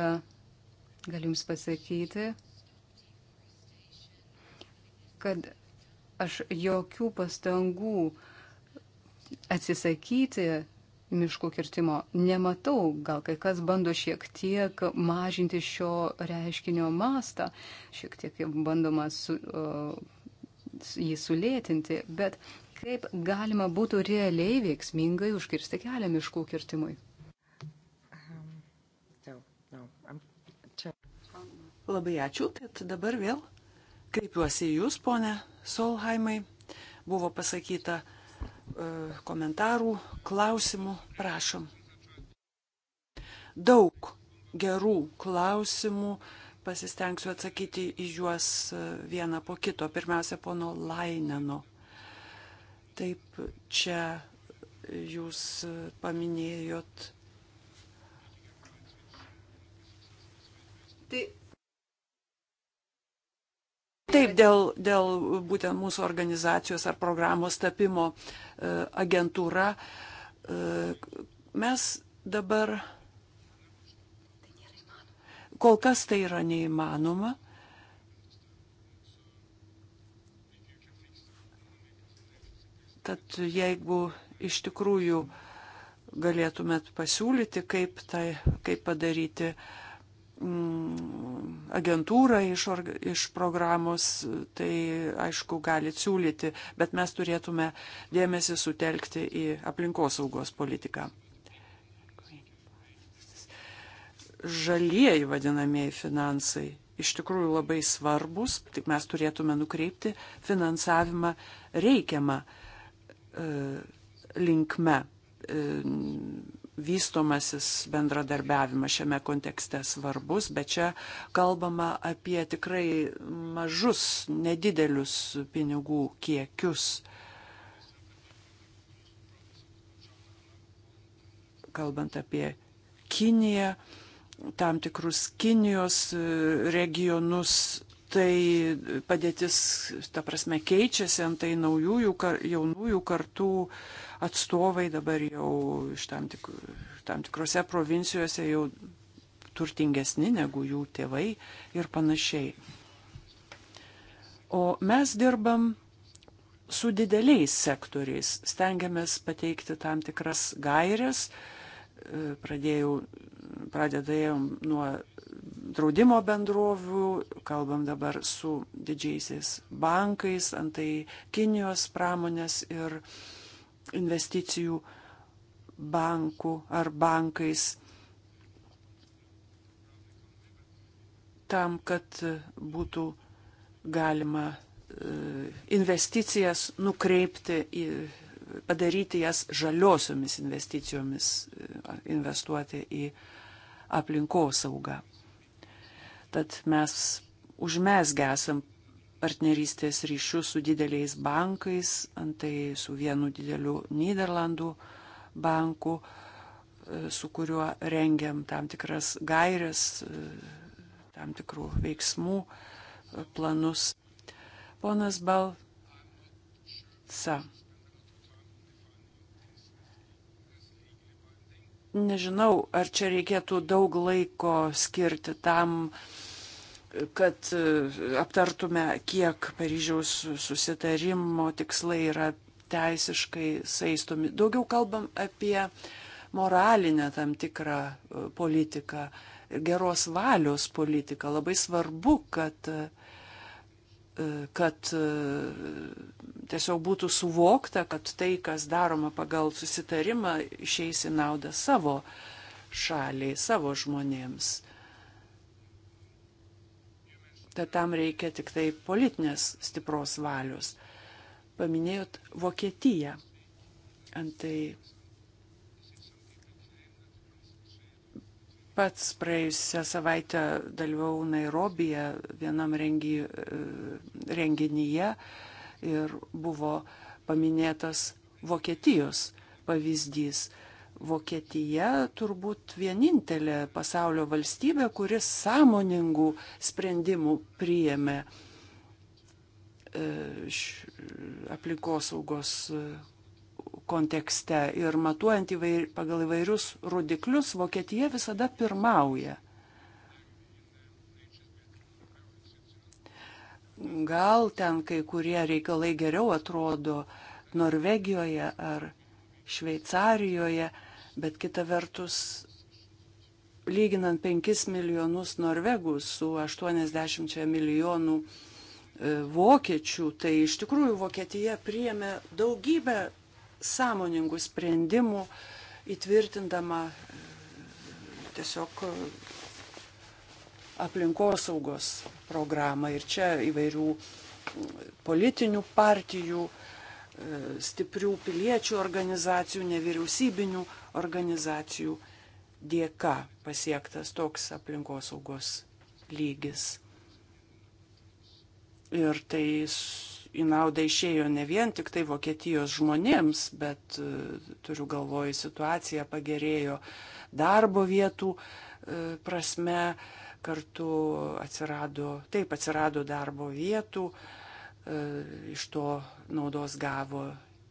galiu Jums pasakyti, kad aš jokių pastangų atsisakyti miškų kirtimo nematau. Gal kai kas bando šiek tiek mažinti šio reiškinio mastą, šiek tiek bandoma su, uh, jį sulėtinti, bet Kaip galima būtų realiai veiksmingai užkirsti kelią miškų kirtimui? Labai ačiū, tad dabar vėl kreipiuosi į Jūs, ponė Solheimai. Buvo pasakyta e, komentarų, klausimų, prašom. Daug gerų klausimų, pasistengsiu atsakyti į juos e, vieną po kito. Pirmiausia, pono Laineno Taip, čia jūs paminėjot. Tai Taip, dėl, dėl būtent mūsų organizacijos ar programos tapimo e, agentūra e, mes dabar tai kol kas tai yra neįmanoma, Tad jeigu iš tikrųjų galėtumėt pasiūlyti, kaip, tai, kaip padaryti mm, agentūrą iš, iš programos, tai aišku, galit siūlyti, bet mes turėtume dėmesį sutelkti į aplinkosaugos politiką. Žalieji vadinamieji finansai iš tikrųjų labai svarbus, tik mes turėtume nukreipti finansavimą reikiamą E, linkme e, vystomasis bendradarbiavimas šiame kontekste svarbus, bet čia kalbama apie tikrai mažus, nedidelius pinigų kiekius. Kalbant apie Kiniją, tam tikrus Kinijos e, regionus tai padėtis, ta prasme, keičiasi, antai naujųjų, jaunųjų kartų atstovai dabar jau iš tam, tik, tam tikrose provincijose jau turtingesni negu jų tėvai ir panašiai. O mes dirbam su dideliais sektoriais, stengiamės pateikti tam tikras gairias, pradėjau, pradedėjom nuo draudimo bendrovių, kalbam dabar su didžiaisiais bankais, antai Kinijos pramonės ir investicijų bankų ar bankais. Tam, kad būtų galima e, investicijas nukreipti į padaryti jas žaliosiomis investicijomis, e, investuoti į aplinkosaugą. Tad mes užmesgę esam partnerystės ryšius su dideliais bankais, antai su vienu dideliu Niderlandų banku, e, su kuriuo rengiam tam tikras gairias, e, tam tikrų veiksmų e, planus. Ponas Balsa. Nežinau, ar čia reikėtų daug laiko skirti tam, uh, kad e, aptartume, kiek Paryžiaus susitarimo tikslai yra teisiškai saistomi. Daugiau kalbam apie moralinę tam tikrą e, politiką, geros valios politiką. Labai svarbu, kad e, kad tiesiog būtų suvokta, kad tai, kas daroma pagal susitarimą, išeis į naudą savo šaliai, savo žmonėms. Tad tam reikia tik tai politinės stipros valios. Paminėjot Vokietiją. Antai pats praėjusią savaitę dalyvau Nairobije vienam rengi, e, renginyje ir buvo paminėtas Vokietijos pavyzdys. Vokietija turbūt vienintelė pasaulio valstybė, kuris sąmoningų sprendimų priėmė e, aplinkosaugos kontekste ir matuojant įvair, pagal įvairius rodiklius, Vokietija visada pirmauja. Gal ten kai kurie reikalai geriau atrodo Norvegijoje ar Šveicarijoje, Bet kita vertus, lyginant 5 milijonus norvegų su 80 milijonų e, vokiečių, tai iš tikrųjų Vokietija priėmė daugybę sąmoningų sprendimų, įtvirtindama e, tiesiog e, aplinkosaugos programą. Ir čia įvairių politinių partijų stiprių piliečių organizacijų, nevyriausybinių organizacijų dėka pasiektas toks aplinkosaugos lygis. Ir tai į naudą išėjo ne vien tik tai Vokietijos žmonėms, bet e, turiu galvoj situacija pagerėjo darbo vietų e, prasme, kartu atsirado, taip atsirado darbo vietų, uh, E, iš to naudos gavo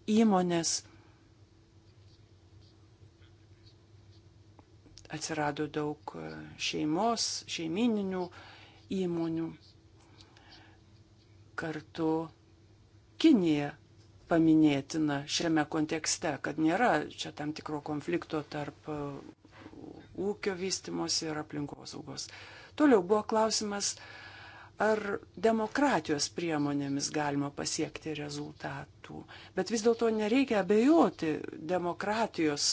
įmonės. Atsirado daug e, šeimos, šeimininių įmonių. Kartu Kinija paminėtina šiame kontekste, kad nėra čia tam tikro konflikto tarp e, ūkio vystimosi ir aplinkosaugos. Toliau buvo klausimas, uh, ar demokratijos priemonėmis galima pasiekti rezultatų. Bet vis dėlto nereikia abejoti demokratijos,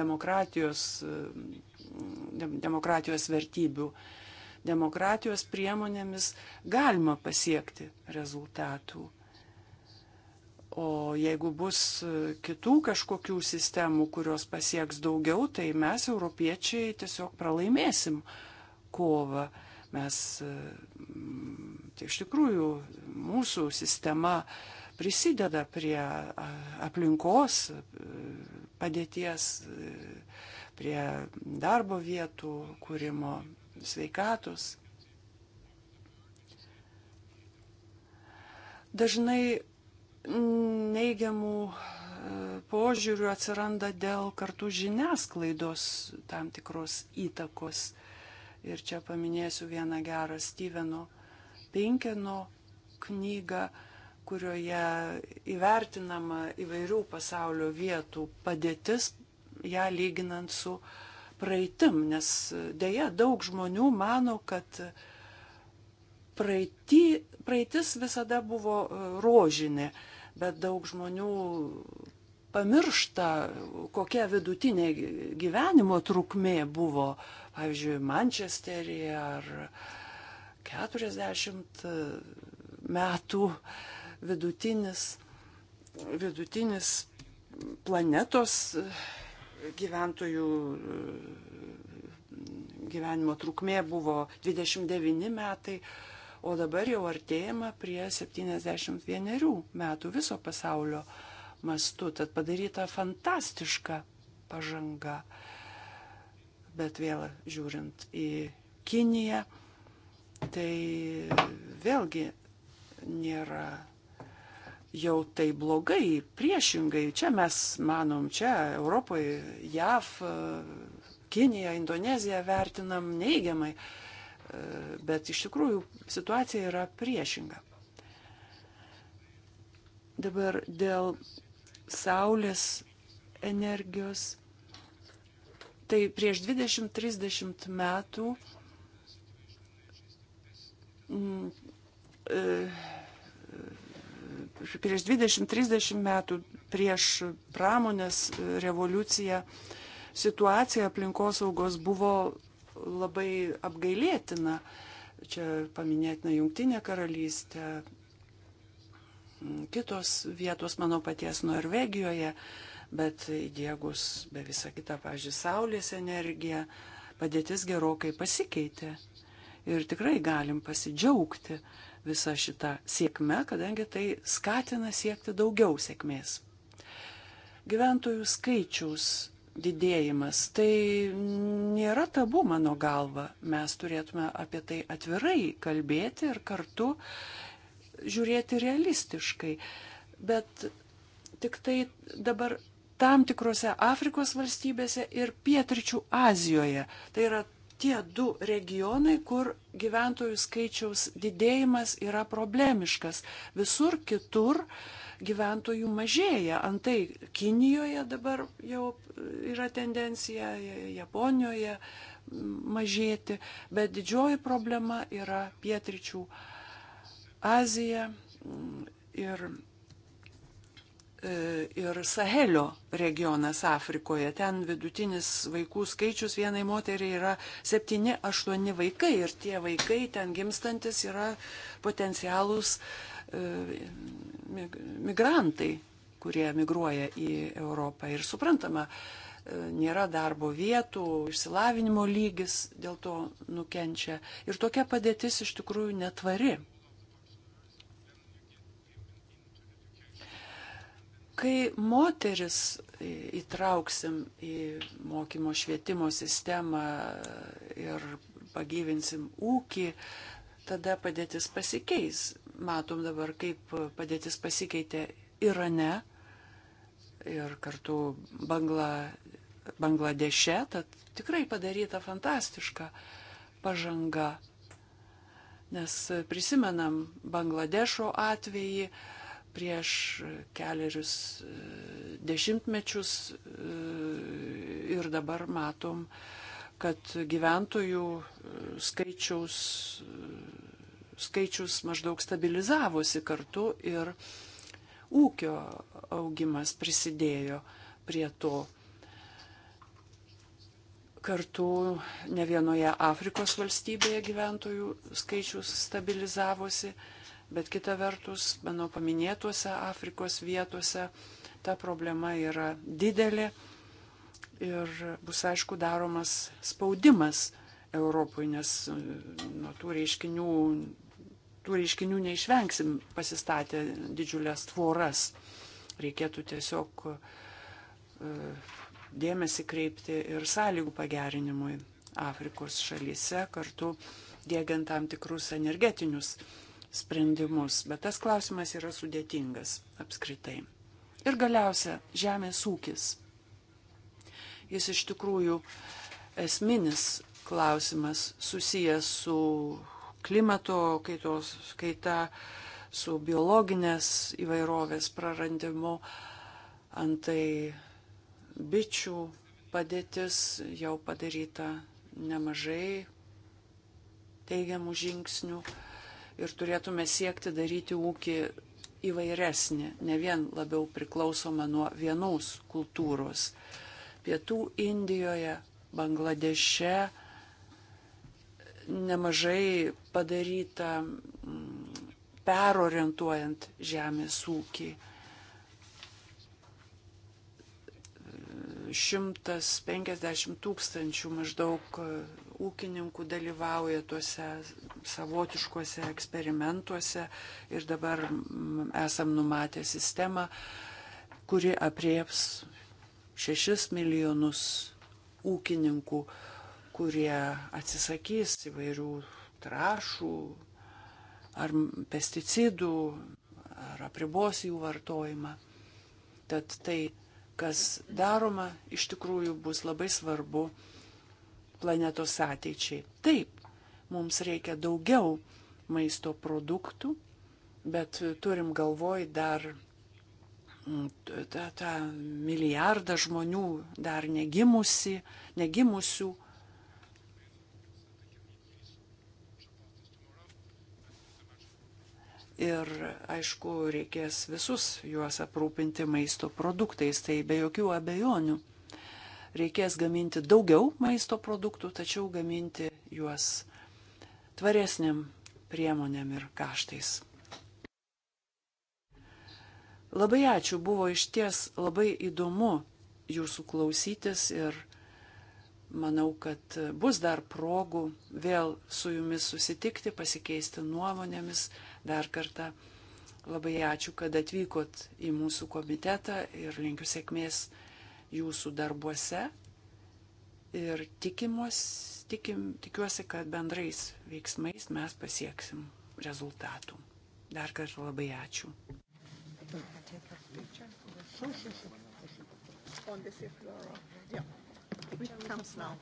demokratijos, demokratijos vertybių. Demokratijos priemonėmis galima pasiekti rezultatų. O jeigu bus kitų kažkokių sistemų, kurios pasieks daugiau, tai mes, europiečiai, tiesiog pralaimėsim kovą. Mes, e, tai iš tikrųjų, mūsų sistema prisideda prie aplinkos e, padėties, e, prie darbo vietų kūrimo, sveikatos. Dažnai neigiamų požiūrių atsiranda dėl kartu žiniasklaidos tam tikros įtakos Ir čia paminėsiu vieną gerą Steveno Pinkeno knygą, kurioje įvertinama įvairių pasaulio vietų padėtis, ją lyginant su praeitim, nes dėja daug žmonių mano, kad praeity, praeitis visada buvo e, rožinė, bet daug žmonių pamiršta, kokia vidutinė gyvenimo trukmė buvo pavyzdžiui, Mančesterį ar 40 e, metų vidutinis, vidutinis planetos e, gyventojų e, gyvenimo trukmė buvo 29 metai, o dabar jau artėjama prie 71 metų viso pasaulio mastu. Tad padaryta fantastiška pažanga. Bet vėl žiūrint į Kiniją, tai vėlgi nėra jau tai blogai, priešingai, čia mes manom, čia Europoje, JAV, Kinija, Indonezija vertinam neigiamai, bet iš tikrųjų situacija yra priešinga. Dabar dėl Saulės energijos Tai prieš 20-30 metų mm, e, prieš 20-30 metų prieš pramonės revoliuciją situacija aplinkosaugos buvo labai apgailėtina. Čia paminėtina Jungtinė karalystė, mm, kitos vietos mano paties Norvegijoje. Nu, bet įdėgus be visą kitą, pažiūrėjau, saulės energiją, padėtis gerokai pasikeitė. Ir tikrai galim pasidžiaugti visą šitą sėkmę, kadangi tai skatina siekti daugiau sėkmės. Gyventojų skaičiaus didėjimas. Tai nėra tabu mano galva. Mes turėtume apie tai atvirai kalbėti ir kartu žiūrėti realistiškai. Bet tik tai dabar tam tikrose Afrikos valstybėse ir Pietričių Azijoje. Tai yra tie du regionai, kur gyventojų skaičiaus didėjimas yra problemiškas. Visur kitur gyventojų mažėja. Antai Kinijoje dabar jau yra tendencija, Japonijoje mažėti, bet didžioji problema yra pietričių Azija ir E, ir Sahelio regionas Afrikoje. Ten vidutinis vaikų skaičius vienai moteriai yra 7-8 vaikai ir tie vaikai ten gimstantis yra potencialūs e, migrantai, kurie migruoja į Europą. Ir suprantama, e, nėra darbo vietų, išsilavinimo lygis dėl to nukenčia. Ir tokia padėtis iš tikrųjų netvari. Kai moteris e, įtrauksim į mokymo švietimo sistemą ir pagyvinsim ūkį, tada padėtis pasikeis. Matom dabar, kaip padėtis pasikeitė Irane ir kartu Bangla, Bangladeše, tad tikrai padaryta fantastiška pažanga. Nes prisimenam Bangladešo atvejį, prieš keliarius e, dešimtmečius e, ir dabar matom, kad gyventojų e, skaičiaus, skaičius maždaug stabilizavosi kartu ir ūkio augimas prisidėjo prie to kartu ne vienoje Afrikos valstybėje gyventojų skaičius stabilizavosi, bet kita vertus, mano paminėtuose Afrikos vietuose ta problema yra didelė ir bus aišku daromas spaudimas Europui, nes e, nuo tų reiškinių, tų reiškinių neišvengsim pasistatę didžiulės tvoras. Reikėtų tiesiog e, dėmesį kreipti ir sąlygų pagerinimui Afrikos šalyse, kartu dėgiant tam tikrus energetinius sprendimus, bet tas klausimas yra sudėtingas apskritai. Ir galiausia, žemės ūkis. Jis iš tikrųjų esminis klausimas susijęs su klimato kaitos kaita, su biologinės įvairovės prarandimu, antai bičių padėtis jau padaryta nemažai teigiamų žingsnių ir turėtume siekti daryti ūkį įvairesnį, ne vien labiau priklausomą nuo vienos kultūros. Pietų Indijoje, Bangladeše nemažai padaryta mm, perorientuojant žemės ūkį. 150 tūkstančių maždaug ūkininkų dalyvauja tuose savotiškuose eksperimentuose ir dabar mm, esam numatę sistemą, kuri aprieps 6 milijonus ūkininkų, kurie atsisakys įvairių trašų ar pesticidų, ar apribos jų vartojimą. Tad tai, kas daroma, iš tikrųjų bus labai svarbu planetos ateičiai. Taip, mums reikia daugiau maisto produktų, bet turim galvoj dar mm, tą, tą milijardą žmonių dar negimusi, negimusių. Ir aišku, reikės visus juos aprūpinti maisto produktais, tai be jokių abejonių reikės gaminti daugiau maisto produktų, tačiau gaminti juos tvaresniam priemonėm ir kaštais. Labai ačiū, buvo iš ties labai įdomu jūsų klausytis ir manau, kad bus dar progų vėl su jumis susitikti, pasikeisti nuomonėmis dar kartą. Labai ačiū, kad atvykot į mūsų komitetą ir linkiu sėkmės jūsų darbuose ir tikimos, tikim, tikiuosi, kad bendrais veiksmais mes pasieksim rezultatų. Dar kartą labai ačiū. On the floor. Yeah. Which comes now?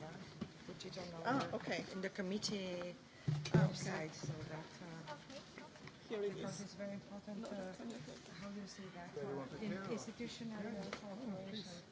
Put it on our ah, okay. in the committee website okay. so that uh, here it because is. it's very important uh, how you see that uh, in uh, institutional cooperation. Oh,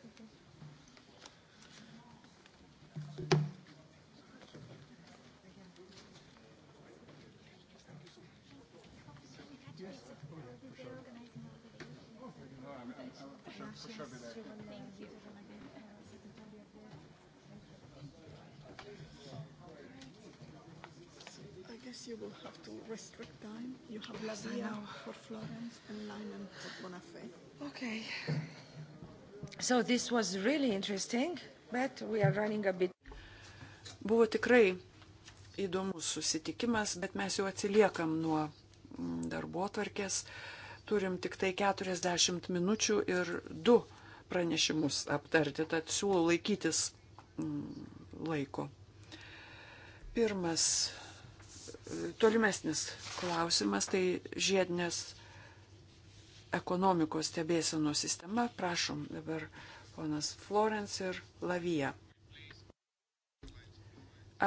she'll, she'll be there. Thank you. I guess you will have to restrict time. You have yes, Lavia for Florence and Lyman for Bonafé. Okay. So this was really interesting, but we are running a bit. Buvo tikrai įdomus susitikimas, bet mes jau atsiliekam nuo mm, darbo tvarkės. Uh, Turim tik tai 40 minučių ir du pranešimus aptarti, tad siūlau laikytis mm, laiko. Pirmas, tolimesnis klausimas, tai žiedinės ekonomikos stebėsenos sistema. Prašom dabar ponas Florence ir Lavija.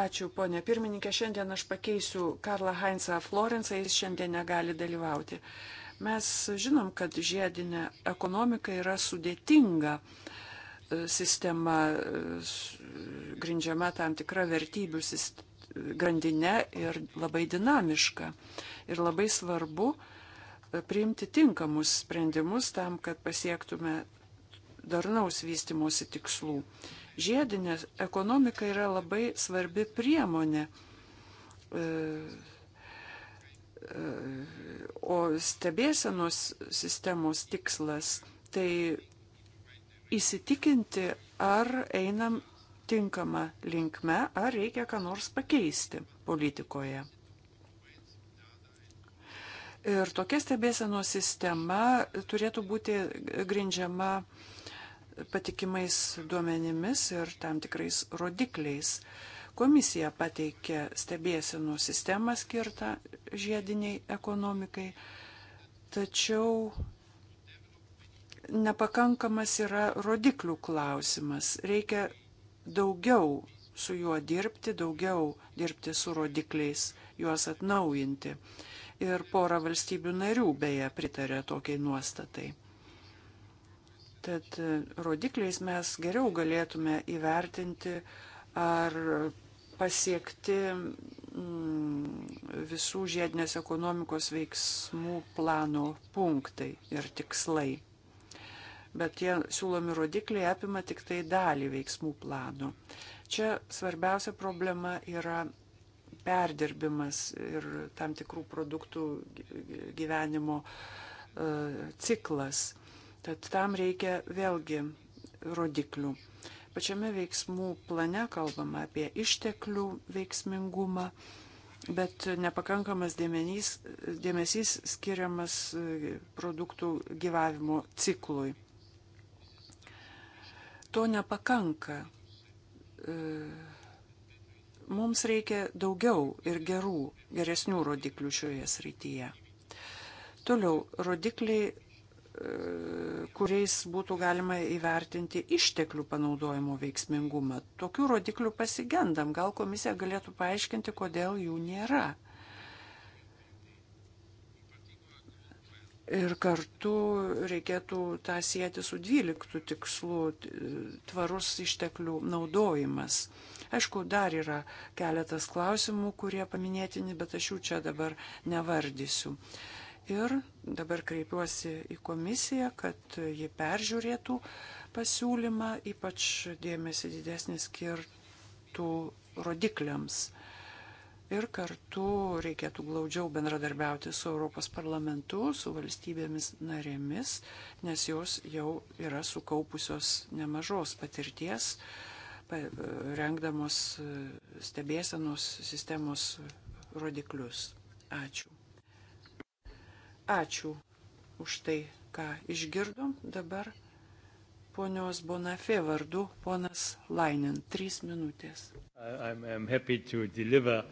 Ačiū, ponė pirmininkė. Šiandien aš pakeisiu Karlą Heinzą Florencą, jis šiandien negali dalyvauti. Mes žinom, kad žiedinė ekonomika yra sudėtinga e, sistema, e, grindžiama tam tikra vertybių grandinė ir labai dinamiška. Ir labai svarbu e, priimti tinkamus sprendimus tam, kad pasiektume darnaus vystimosi tikslų. Žiedinė ekonomika yra labai svarbi priemonė O stebėsenos sistemos tikslas tai įsitikinti, ar einam tinkama linkme, ar reikia ką nors pakeisti politikoje. Ir tokia stebėsenos sistema turėtų būti grindžiama patikimais duomenimis ir tam tikrais rodikliais. Uh, Komisija pateikė stebėsinų sistemą skirtą žiediniai ekonomikai, tačiau nepakankamas yra rodiklių klausimas. Reikia daugiau su juo dirbti, daugiau dirbti su rodikliais, juos atnaujinti. Ir pora valstybių narių beje pritarė tokiai nuostatai. Tad rodikliais mes geriau galėtume įvertinti, ar pasiekti mm, visų žiedinės ekonomikos veiksmų plano punktai ir tikslai. Bet tie siūlomi rodikliai apima tik tai dalį veiksmų plano. Čia svarbiausia problema yra perdirbimas ir tam tikrų produktų gyvenimo e, ciklas. Tad tam reikia vėlgi rodiklių. Pačiame veiksmų plane kalbama apie išteklių veiksmingumą, bet nepakankamas dėmenys, dėmesys skiriamas e, produktų gyvavimo ciklui. To nepakanka. E, mums reikia daugiau ir gerų, geresnių rodiklių šioje srityje. Toliau, rodikliai kuriais būtų galima įvertinti išteklių panaudojimo veiksmingumą. Tokių rodiklių pasigendam. Gal komisija galėtų paaiškinti, kodėl jų nėra. Ir kartu reikėtų tą sieti su dvyliktų tikslu - tvarus išteklių naudojimas. Aišku, dar yra keletas klausimų, kurie paminėtini, bet aš jų čia dabar nevardysiu. Uh, Ir dabar kreipiuosi į komisiją, kad ji peržiūrėtų pasiūlymą, ypač dėmesį didesnį skirtų rodikliams. Ir kartu reikėtų glaudžiau bendradarbiauti su Europos parlamentu, su valstybėmis narėmis, nes jos jau yra sukaupusios nemažos patirties, rengdamos stebėsenos sistemos rodiklius. Ačiū. Ačiū už tai, ką išgirdom. Dabar ponios Bonafė vardu ponas Lainin. Trys minutės. I'm, I'm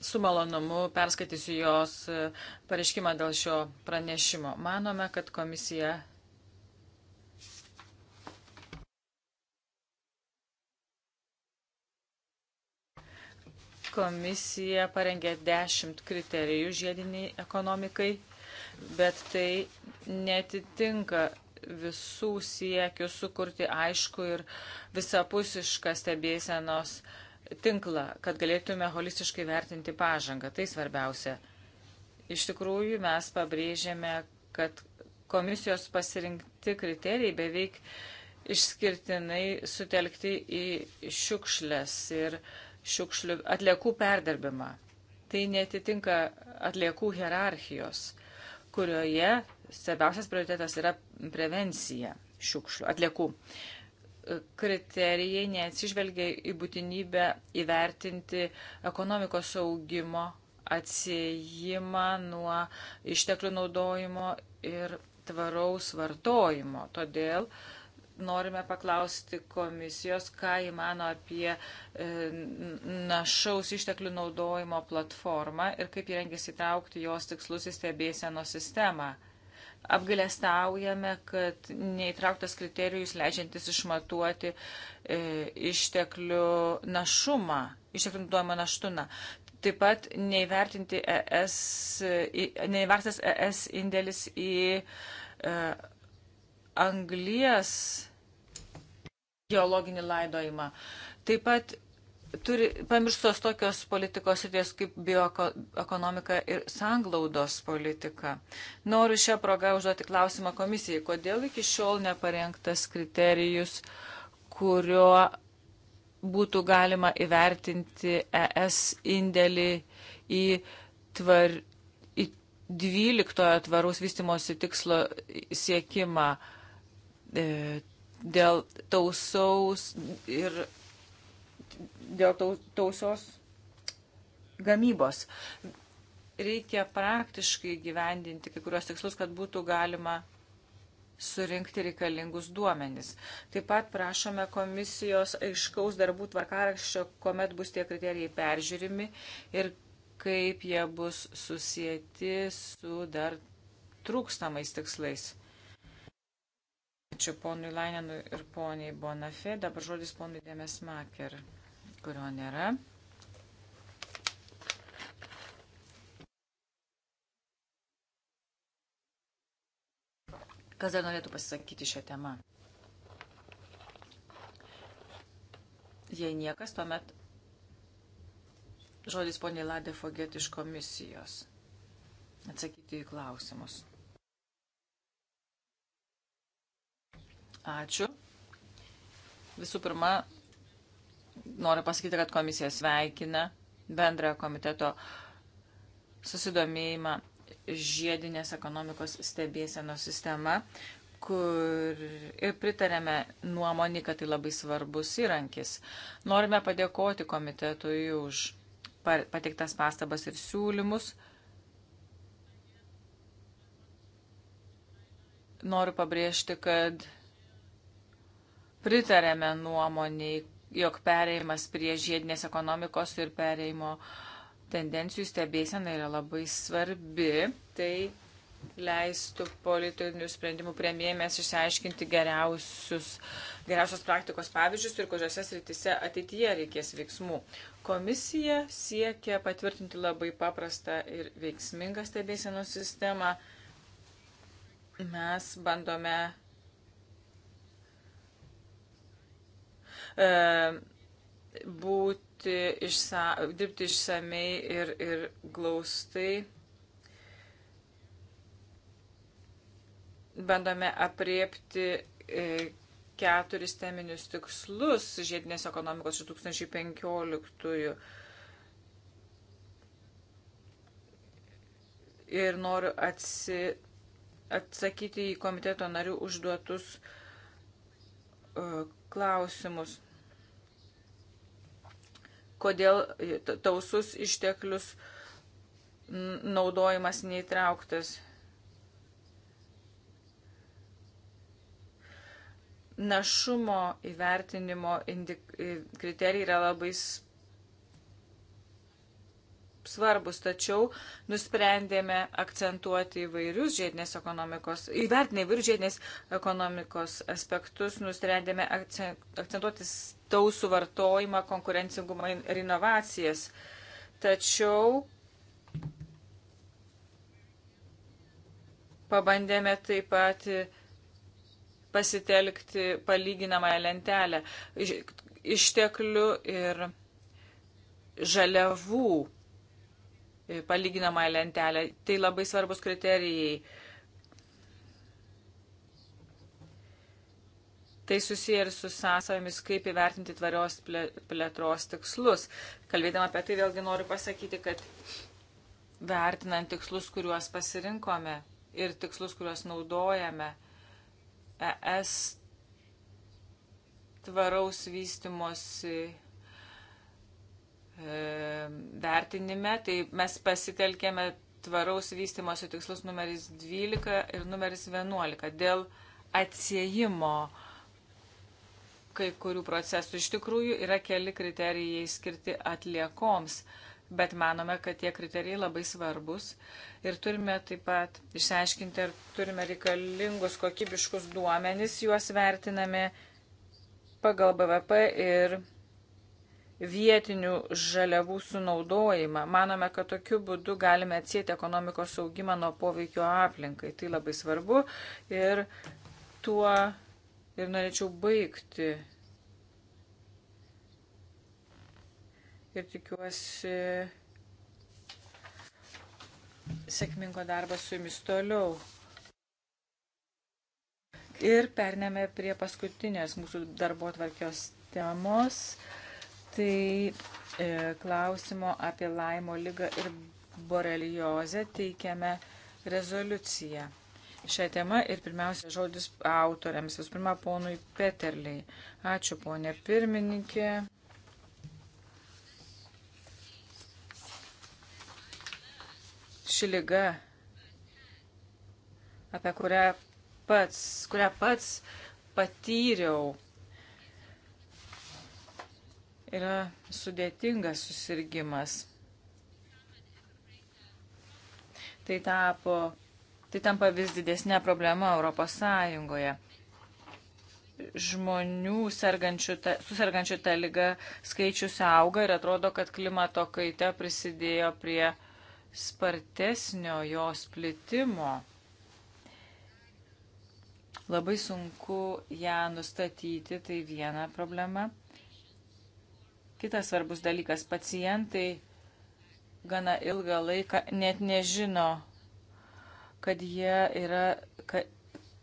su malonumu perskaitysiu jos e, pareiškimą dėl šio pranešimo. Manome, kad komisija komisija parengė dešimt kriterijų žiediniai ekonomikai bet tai netitinka visų siekių sukurti aišku ir visapusišką stebėsenos tinklą, kad galėtume holistiškai vertinti pažangą. Tai svarbiausia. Iš tikrųjų, mes pabrėžėme, kad komisijos pasirinkti kriterijai beveik išskirtinai sutelkti į šiukšlės ir šiukšlių atliekų perdarbimą. Tai netitinka atliekų hierarchijos kurioje svarbiausias prioritetas yra prevencija šiukšlių atliekų. Kriterijai neatsižvelgia į būtinybę įvertinti ekonomikos augimo atsijimą nuo išteklių naudojimo ir tvaraus vartojimo. Todėl uh, norime paklausti komisijos, ką įmano apie e, našaus išteklių naudojimo platformą ir kaip įrengėsi traukti jos tikslus į stebėsieno sistemą. Apgalėstaujame, kad neįtrauktas kriterijus leidžiantis išmatuoti e, išteklių našumą, išteklių naudojimo naštūną. Taip pat neįvertinti ES, neįvertas ES indėlis į e, anglijas geologinį laidojimą. Taip pat turi, pamirštos tokios politikos idėjos kaip bioekonomika ir sanglaudos politika. Noriu šią progą užduoti klausimą komisijai, kodėl iki šiol neparengtas kriterijus, kuriuo būtų galima įvertinti ES indėlį į, tvar, į 12 tvaraus vystimosi tikslo siekimą. E, dėl tausaus ir dėl tausios gamybos. Reikia praktiškai gyvendinti kai kurios tikslus, kad būtų galima surinkti reikalingus duomenis. Taip pat prašome komisijos aiškaus darbų tvarkaraščio, kuomet bus tie kriterijai peržiūrimi ir kaip jie bus susijęti su dar trūkstamais tikslais. Ačiū ponui Lainenui ir poniai Bonafė. Dabar žodis ponui Dėmes Maker, kurio nėra. Kas dar norėtų pasisakyti šią temą? Jei niekas, tuomet žodis poniai Ladė Foget iš komisijos. Atsakyti į klausimus. Ačiū. Visų pirma, noriu pasakyti, kad komisija sveikina bendrą komiteto susidomėjimą žiedinės ekonomikos stebėsenos sistema, kur ir pritarėme nuomonį, kad tai labai svarbus įrankis. Norime padėkoti komitetui už pateiktas pastabas ir siūlymus. Noriu pabrėžti, kad pritarėme nuomoniai, jog pereimas prie žiedinės ekonomikos ir pereimo tendencijų stebėsena yra labai svarbi. Tai leistų politinių sprendimų prieimėjimės išsiaiškinti geriausius, geriausios praktikos pavyzdžius ir kuriuose sritise ateityje reikės veiksmų. Komisija siekia patvirtinti labai paprastą ir veiksmingą stebėsenos sistemą. Mes bandome E, būti išsa, dirbti išsamei ir, ir glaustai. Bandome apriepti e, keturis teminius tikslus žiedinės ekonomikos 2015. Ir noriu atsi, atsakyti į komiteto narių užduotus uh, klausimus kodėl tausus išteklius naudojimas neįtrauktas. Našumo įvertinimo kriterijai yra labai svarbus, tačiau nusprendėme akcentuoti įvairius žiedinės ekonomikos, įvertinę įvairius žiedinės ekonomikos aspektus, nusprendėme akcentuoti tausų vartojimą, konkurencingumą ir inovacijas. Tačiau pabandėme taip pat pasitelkti palyginamąją lentelę išteklių ir žaliavų palyginamąją lentelę. Tai labai svarbus kriterijai Tai susiję ir su sąsajomis, kaip įvertinti tvarios plėtros tikslus. Kalbėdama apie tai vėlgi noriu pasakyti, kad vertinant tikslus, kuriuos pasirinkome ir tikslus, kuriuos naudojame, ES tvaraus vystimosi e, vertinime, tai mes pasitelkėme tvaraus vystimosi tikslus numeris 12 ir numeris 11 dėl atsiejimo uh, kai kurių procesų. Iš tikrųjų yra keli kriterijai skirti atliekoms, bet manome, kad tie kriterijai labai svarbus ir turime taip pat išsiaiškinti, ar turime reikalingus kokybiškus duomenis, juos vertiname pagal BVP ir vietinių žaliavų sunaudojimą. Manome, kad tokiu būdu galime atsėti ekonomikos augimą nuo poveikio aplinkai. Tai labai svarbu ir tuo ir norėčiau baigti. Ir tikiuosi sėkmingo darbo su jumis toliau. Ir perneme prie paskutinės mūsų darbo tvarkios temos. Tai e, klausimo apie laimo lygą ir boreliozę teikiame rezoliuciją šią temą ir pirmiausia žodis autoriams, visų pirma, ponui Peterliai. Ačiū, ponė pirmininkė. Ši lyga, apie kurią pats, kurią pats patyriau, yra sudėtingas susirgymas. Tai tapo Tai tampa vis didesnė problema Europos Sąjungoje. Žmonių sergančių ta, susirgančių tą lygą skaičius auga ir atrodo, kad klimato kaita prisidėjo prie spartesnio jos plitimo. Labai sunku ją nustatyti, tai viena problema. Kitas svarbus dalykas - pacientai gana ilgą laiką net nežino, kad jie, yra, kad,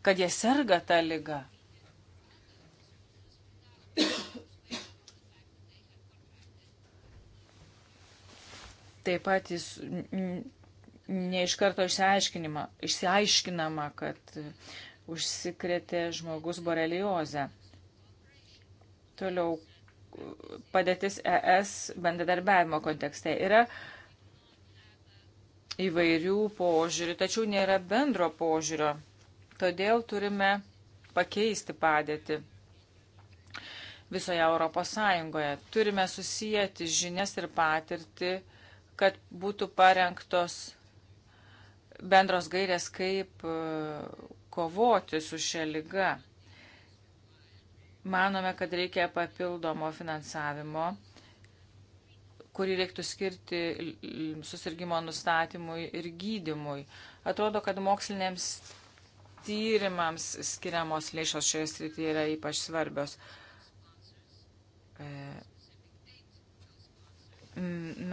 kad jie serga tą lygą. Taip pat jis neiš karto išsiaiškinama, kad užsikrėtė žmogus borelioze. Toliau padėtis ES bendradarbiavimo kontekste yra uh, įvairių požiūrių, tačiau nėra bendro požiūrio. Todėl turime pakeisti padėtį visoje Europos Sąjungoje. Turime susijęti žinias ir patirtį, kad būtų parengtos bendros gairės, kaip e, kovoti su šia lyga. Manome, kad reikia papildomo finansavimo kurį reiktų skirti susirgymo nustatymui ir gydimui. Atrodo, kad moksliniams tyrimams skiriamos lėšos šioje srityje yra ypač svarbios. E,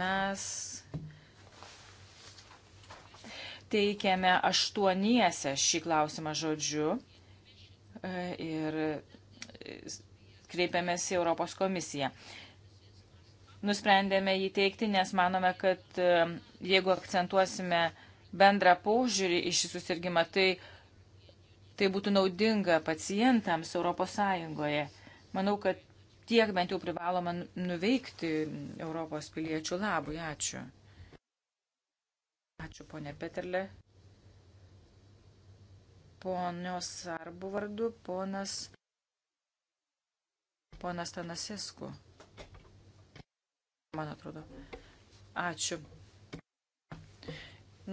mes teikėme aštuoniese šį klausimą žodžiu e, ir kreipėmės į Europos komisiją nusprendėme jį teikti, nes manome, kad e, jeigu akcentuosime bendrą paužiūrį į šį susirgymą, tai tai būtų naudinga pacientams ES. Manau, kad tiek bent jau privaloma nuveikti Europos piliečių labui. Ačiū. Ačiū, ponė Peterle. Ponios Sarbu vardu, ponas, ponas Tanasesku man atrodo. Ačiū.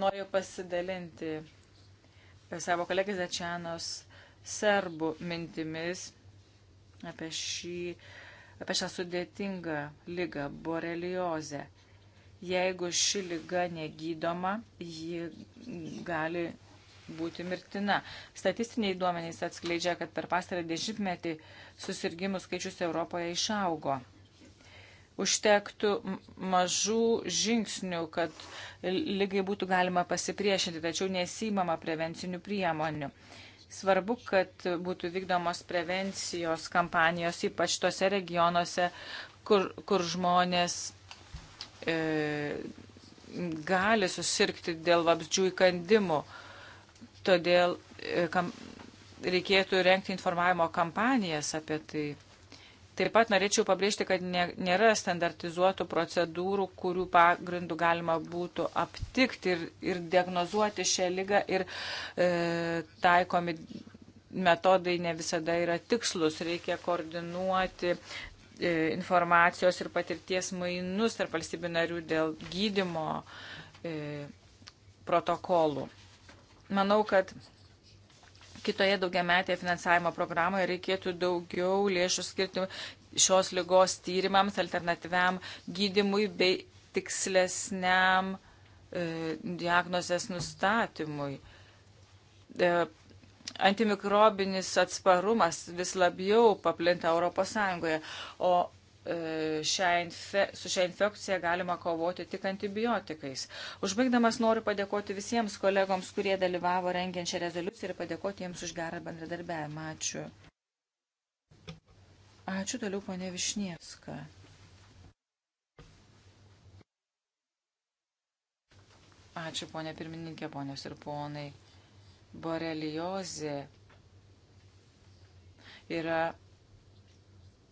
Noriu pasidalinti savo kolegės Dačianos serbų mintimis apie, šį, apie šią sudėtingą lygą - boreliozę. Jeigu ši lyga negydoma, ji gali būti mirtina. Statistiniai duomenys atskleidžia, kad per pastarą dešimtmetį susirgymų skaičius Europoje išaugo užtektų mažų žingsnių, kad lygai būtų galima pasipriešinti, tačiau nesimama prevencinių priemonių. Svarbu, kad būtų vykdomos prevencijos kampanijos, ypač tose regionuose, kur, kur žmonės e, gali susirgti dėl vabzdžių įkandimų. Todėl e, kam, reikėtų renkti informavimo kampanijas apie tai. Taip pat norėčiau pabrėžti, kad nėra standartizuotų procedūrų, kurių pagrindų galima būtų aptikti ir, ir diagnozuoti šią lygą ir e, taikomi metodai ne visada yra tikslus. Reikia koordinuoti e, informacijos ir patirties mainus tarp valstybių narių dėl gydimo e, protokolų. Manau, kad kitoje daugiametėje finansavimo programoje reikėtų daugiau lėšų skirti šios lygos tyrimams, alternatyviam gydimui bei tikslesniam e, diagnozės nustatymui. E, antimikrobinis atsparumas vis labiau paplinta Europos Sąjungoje, o E, šia infe, su šia infekcija galima kovoti tik antibiotikais. Užbaigdamas noriu padėkoti visiems kolegoms, kurie dalyvavo rengiant šią rezoliuciją ir padėkoti jiems už gerą bendradarbiavimą. Ačiū. Ačiū toliau, ponė Višnievska. Ačiū, ponė pirmininkė, ponios ir ponai. Boreliozė yra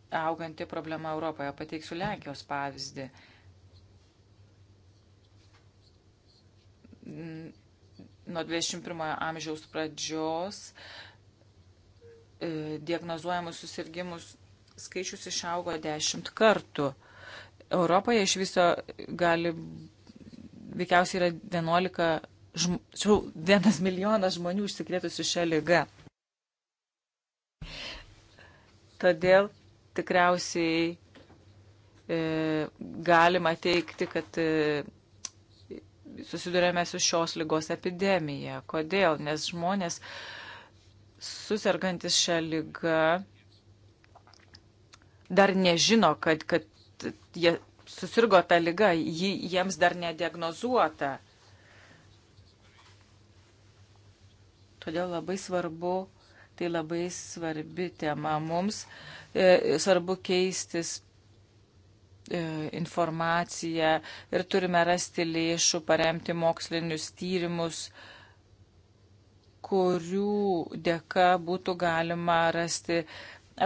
auganti problema Europoje. Pateiksiu Lenkijos pavyzdį. Nuo 21 amžiaus pradžios e, diagnozuojamus susirgymus skaičius išaugo dešimt kartų. Europoje iš viso gali, veikiausiai yra 11, žm, šiau, 1 milijonas žmonių užsikrėtusių šią ligą. Todėl tikriausiai e, galima teikti, kad e, susidurėme su šios lygos epidemija. Kodėl? Nes žmonės susirgantis šią lygą dar nežino, kad, kad jie susirgo tą lygą, ji, jiems dar nediagnozuota. Todėl labai svarbu, tai labai svarbi tema mums. E, E, svarbu keistis e, informaciją ir turime rasti lėšų paremti mokslinius tyrimus, kurių dėka būtų galima rasti,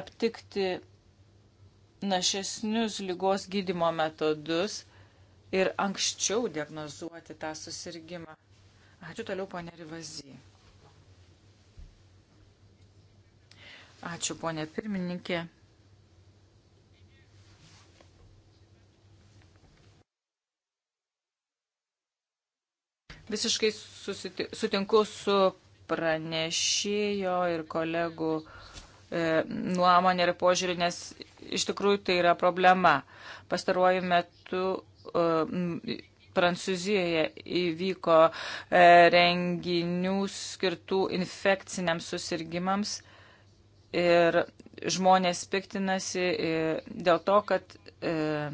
aptikti našesnius lygos gydimo metodus ir anksčiau diagnozuoti tą susirgymą. Ačiū toliau, ponė Rivazy. Ačiū, ponė pirmininkė. Visiškai susiti, sutinku su pranešėjo ir kolegų e, nuomonė ir požiūrį, nes iš tikrųjų tai yra problema. Pastaruoju metu e, Prancūzijoje įvyko e, renginių skirtų infekciniams susirgymams. E, ir žmonės piktinasi e, dėl to, kad e,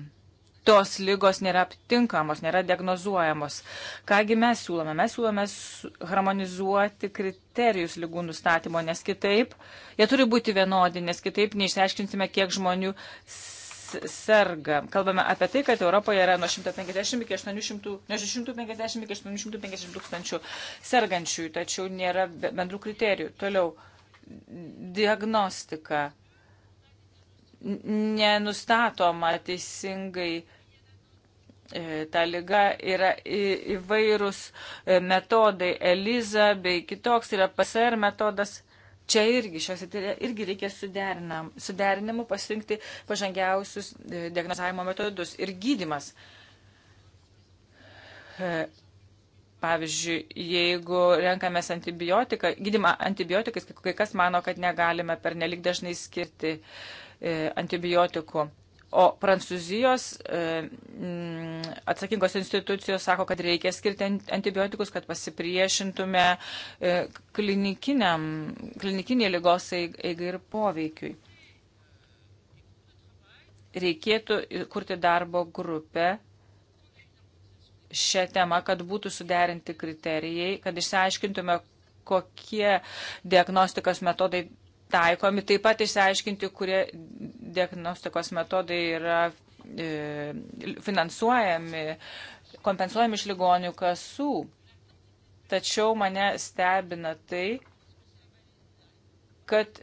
tos lygos nėra aptinkamos, nėra diagnozuojamos. Kągi mes siūlome? Mes siūlome harmonizuoti kriterijus lygų nustatymo, nes kitaip jie turi būti vienodi, nes kitaip neišsiaiškinsime, kiek žmonių serga. Kalbame apie tai, kad Europoje yra nuo 150 iki 800, nuo 650 iki 850 tūkstančių sergančiųjų, tačiau nėra bendrų kriterijų. Toliau diagnostika nenustatoma teisingai e, ta lyga yra įvairūs e, metodai, ELIZA bei kitoks yra PSR metodas. Čia irgi, šios, irgi reikia suderinimu pasirinkti pažangiausius e, diagnozavimo metodus ir gydimas. Pavyzdžiui, jeigu renkamės antibiotiką, gydimą antibiotikais, kai kas mano, kad negalime per nelik dažnai skirti e, antibiotikų. O prancūzijos e, atsakingos institucijos sako, kad reikia skirti antibiotikus, kad pasipriešintume e, klinikiniai lygos eigai ir poveikiui. Reikėtų kurti darbo grupę šią temą, kad būtų suderinti kriterijai, kad išsiaiškintume, kokie diagnostikos metodai taikomi, taip pat išsiaiškinti, kurie diagnostikos metodai yra e, finansuojami, kompensuojami iš ligonių kasų. Tačiau mane stebina tai, kad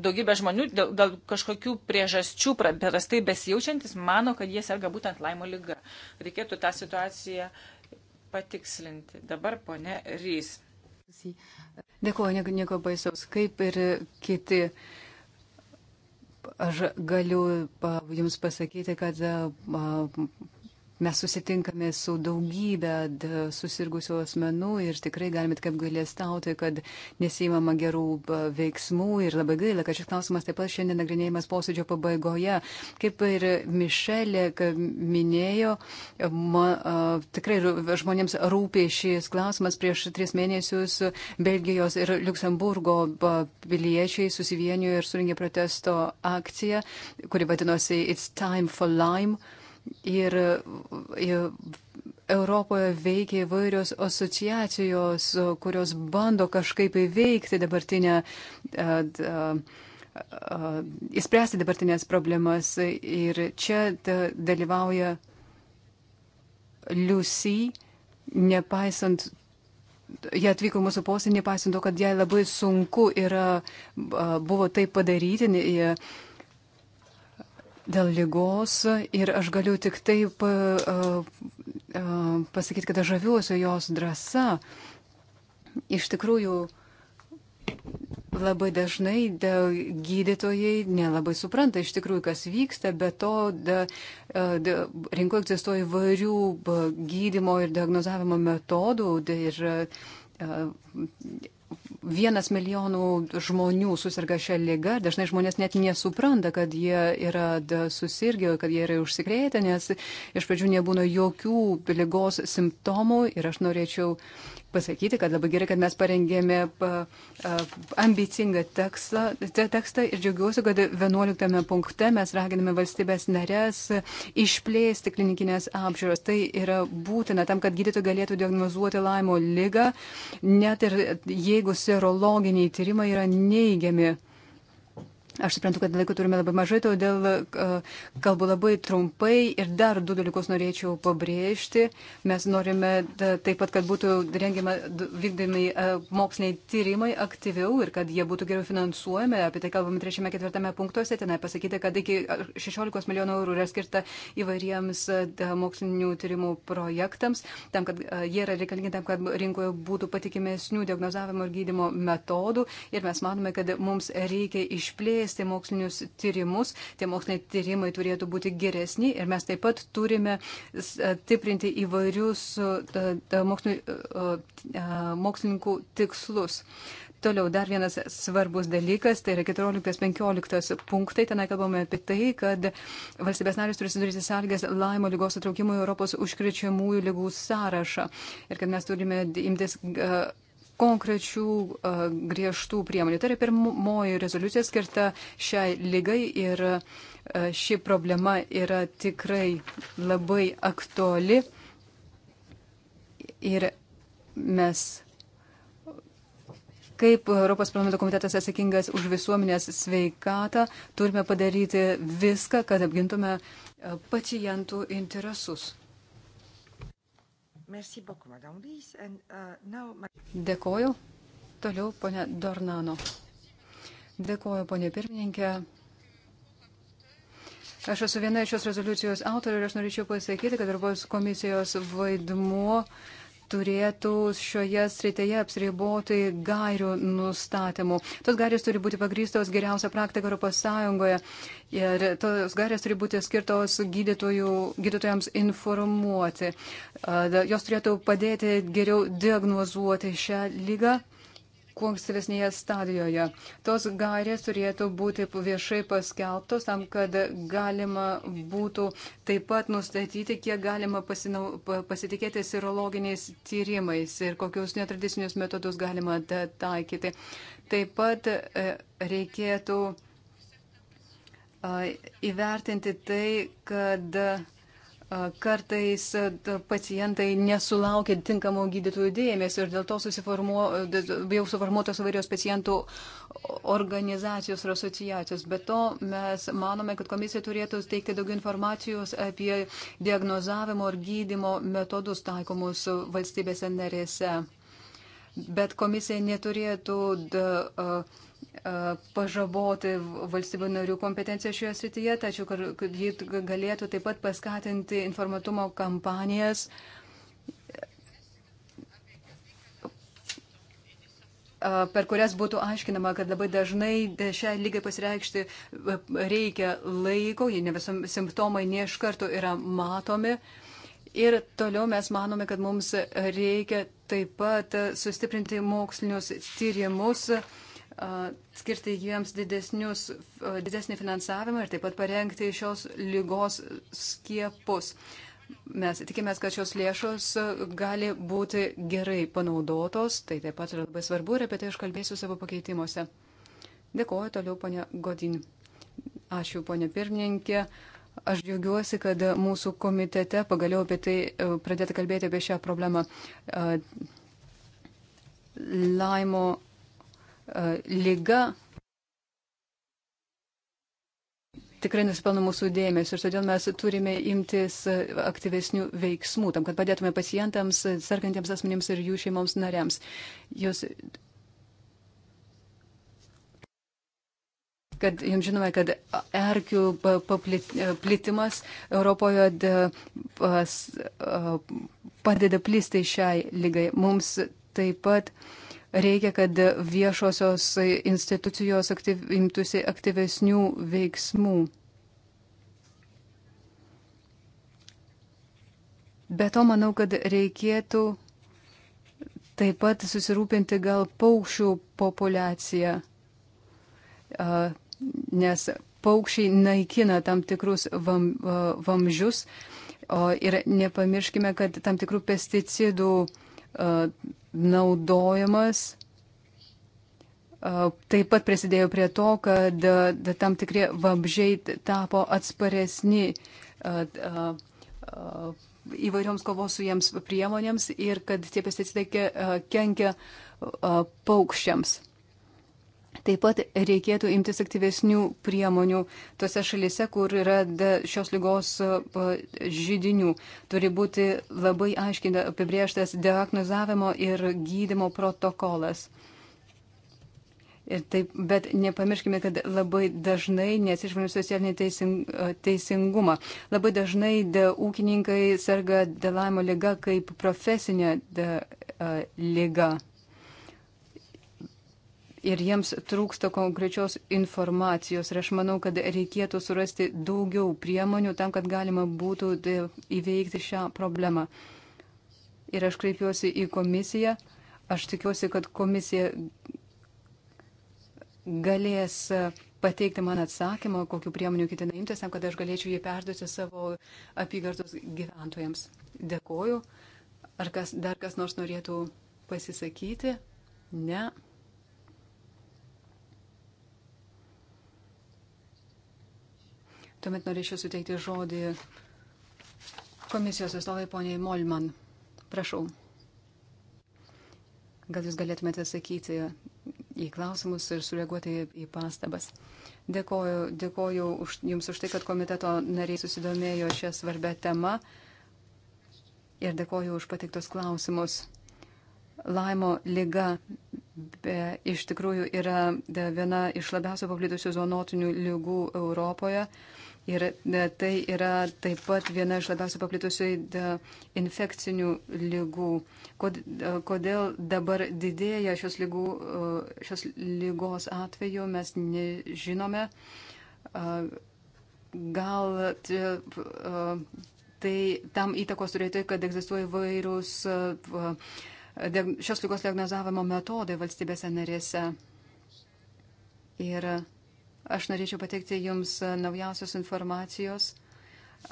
daugybė žmonių dėl, dėl kažkokių priežasčių prastai besijaučiantis mano, kad jie serga būtent laimo lyga. Reikėtų tą situaciją patikslinti. Dabar ponė Rys. Dėkuoju, nieko, nieko baisaus. Kaip ir kiti, aš galiu pa, jums pasakyti, kad. A, a, Mes susitinkame su daugybė susirgusių asmenų ir tikrai galime tik apgailėstauti, kad nesimama gerų veiksmų ir labai gaila, kad šis klausimas taip pat šiandien nagrinėjimas posėdžio pabaigoje. Kaip ir Mišelė minėjo, ma, a, tikrai žmonėms rūpė šis klausimas prieš tris mėnesius Belgijos ir Luksemburgo piliečiai susivienijo ir suringė protesto akciją, kuri vadinosi It's Time for Lime Ir e, e, Europoje veikia įvairios asociacijos, kurios bando kažkaip įveikti dabartinę, e, įspręsti dabartinės problemas. Ir čia dalyvauja Liusy, nepaisant, jie atvyko mūsų posėdį, nepaisant to, kad jai labai sunku yra, buvo tai padaryti. Jie, dėl lygos ir aš galiu tik taip e, e, e, pasakyti, kad aš žaviuosiu jos drąsa. Iš tikrųjų, labai dažnai da, gydytojai nelabai supranta iš tikrųjų, kas vyksta, bet to da, da, rinkoje egzistuoja įvairių gydimo ir diagnozavimo metodų da, ir vienas milijonų žmonių susirga šią ligą, dažnai žmonės net nesupranta, kad jie yra susirgę, kad jie yra užsikrėtę, nes iš pradžių nebūna jokių lygos simptomų ir aš norėčiau pasakyti, kad labai gerai, kad mes parengėme ambicingą tekstą, tekstą ir džiaugiuosi, kad 11 punkte mes raginame valstybės narės išplėsti klinikinės apžiūros. Tai yra būtina tam, kad gydytojai galėtų diagnozuoti laimo lygą, net ir jeigu serologiniai tyrimai yra neigiami. Aš suprantu, kad laiko turime labai mažai, todėl e, kalbu labai trumpai ir dar du dalykus norėčiau pabrėžti. Mes norime e, taip pat, kad būtų rengiama, vykdomi e, moksliniai tyrimai aktyviau ir kad jie būtų geriau finansuojami. Apie tai kalbame trečiame, ketvirtame punktuose. Tenai pasakyti, kad iki 16 milijonų eurų yra skirta įvairiems mokslinių tyrimų projektams, tam, kad jie yra reikalingi tam, kad rinkoje būtų patikimesnių diagnozavimo ir gydimo metodų. Ir mes manome, kad mums reikia išplėsti tęsti mokslinius tyrimus. Tie moksliniai tyrimai turėtų būti geresni ir mes taip pat turime stiprinti įvairius mokslininkų tikslus. Toliau dar vienas svarbus dalykas, tai yra 14-15 punktai, tenai kalbame apie tai, kad valstybės narės turi sudaryti sąlygas laimo lygos atraukimui Europos užkrečiamųjų lygų sąrašą ir kad mes turime imtis. Uh, konkrečių uh, griežtų priemonių. Tai yra pirmoji rezoliucija skirta šiai lygai ir uh, ši problema yra tikrai labai aktuali. Ir mes, kaip Europos parlamento komitetas atsakingas už visuomenės sveikatą, turime padaryti viską, kad apgintume e, pacientų interesus. Uh, Dėkoju. Toliau, ponė Dornano. Dėkoju, ponė pirmininkė. Aš esu viena iš šios rezoliucijos autorių ir aš norėčiau pasakyti, kad darbos komisijos vaidmuo uh, turėtų šioje srityje apsiriboti gairių nustatymu. Tos gairės turi būti pagrystos geriausia praktika Europos Sąjungoje ir tos gairės turi būti skirtos gydytojų, gydytojams informuoti. Jos turėtų padėti geriau diagnozuoti šią lygą kuo ankstyvesnėje stadijoje. Tos gairės turėtų būti viešai paskelbtos tam, kad galima būtų taip pat nustatyti, kiek galima pasinau, pasitikėti serologiniais tyrimais ir kokius netradicinius metodus galima taikyti. Taip pat e, reikėtų įvertinti tai, kad Kartais pacientai nesulaukia tinkamo gydytojų dėmesio ir dėl to susiformuo, jau suformuotos įvairios pacientų organizacijos ir asociacijos. Be to mes manome, kad komisija turėtų teikti daugiau informacijos apie diagnozavimo ir gydimo metodus taikomus valstybėse narėse. Bet komisija neturėtų. Da, uh, pažaboti valstybių narių kompetenciją šioje srityje, tačiau kad ji galėtų taip pat paskatinti informatumo kampanijas per kurias būtų aiškinama, kad labai dažnai šią lygą pasireikšti reikia laiko, jie ne visam simptomai ne iš karto yra matomi. Ir toliau mes manome, kad mums reikia taip pat sustiprinti mokslinius tyrimus skirti jiems didesnius, didesnį finansavimą ir taip pat parengti šios lygos skiepus. Mes tikimės, kad šios lėšos gali būti gerai panaudotos, tai taip pat yra labai svarbu ir apie tai aš kalbėsiu savo pakeitimuose. Dėkuoju toliau, ponia Godin. Ačiū, ponia pirmininkė. Aš džiaugiuosi, kad mūsų komitete pagaliau apie tai e, pradėta kalbėti apie šią problemą. E, laimo E, lyga tikrai nusipelno mūsų dėmesio ir todėl mes turime imtis aktyvesnių veiksmų tam, kad padėtume pacientams, sergantiems asmenims ir jų šeimoms nariams. Jūs kad jums žinome, kad erkių paplitimas Europoje padeda plisti šiai lygai. Mums taip pat uh, Reikia, kad viešosios institucijos aktyv, imtųsi aktyvesnių veiksmų. Be to, manau, kad reikėtų taip pat susirūpinti gal paukščių populaciją, nes paukščiai naikina tam tikrus vam, vamžius ir nepamirškime, kad tam tikrų pesticidų uh, E, naudojamas. E, taip pat prisidėjo prie to, kad e, tam tikrie vabžiai tapo atsparesni įvairioms kovos su jiems priemonėms ir kad tie pesticidai kenkia paukščiams. Taip pat reikėtų imtis aktyvesnių priemonių tose šalise, kur yra šios lygos žydinių. Turi būti labai aiškiai apibrieštas diagnozavimo ir gydimo protokolas. Ir taip, bet nepamirškime, kad labai dažnai nesižvelgiu socialinį teising, teisingumą. Labai dažnai de, ūkininkai serga dėlavimo lyga kaip profesinė de, uh, lyga ir jiems trūksta konkrečios informacijos. Ir aš manau, kad reikėtų surasti daugiau priemonių tam, kad galima būtų e, įveikti šią problemą. Ir aš kreipiuosi į komisiją. Aš tikiuosi, kad komisija galės e, pateikti man atsakymą, kokiu priemoniu ketina imtis, tam, kad aš galėčiau jį perduoti savo apygardos gyventojams. Dėkoju. Ar kas, dar kas nors norėtų pasisakyti? Ne. Tuomet norėčiau suteikti žodį komisijos atstovai poniai Molman. Prašau. Gal jūs galėtumėte atsakyti į klausimus ir sureaguoti į pastabas. Dėkoju, dėkoju už, Jums už tai, kad komiteto nariai susidomėjo šią svarbę temą ir dėkoju už pateiktus klausimus. Laimo lyga be, iš tikrųjų yra viena iš labiausiai paplitusių zonotinių lygų Europoje. Uh, Ir e, tai yra taip pat viena iš labiausiai paplitusių e, infekcinių lygų. E, kodėl dabar didėja šios, lygų, šios lygos atveju, mes nežinome. Gal tai tam įtakos turėtų, tai, kad egzistuoja vairūs šios lygos diagnozavimo metodai valstybėse narėse. Ir Aš norėčiau pateikti Jums e, naujausios informacijos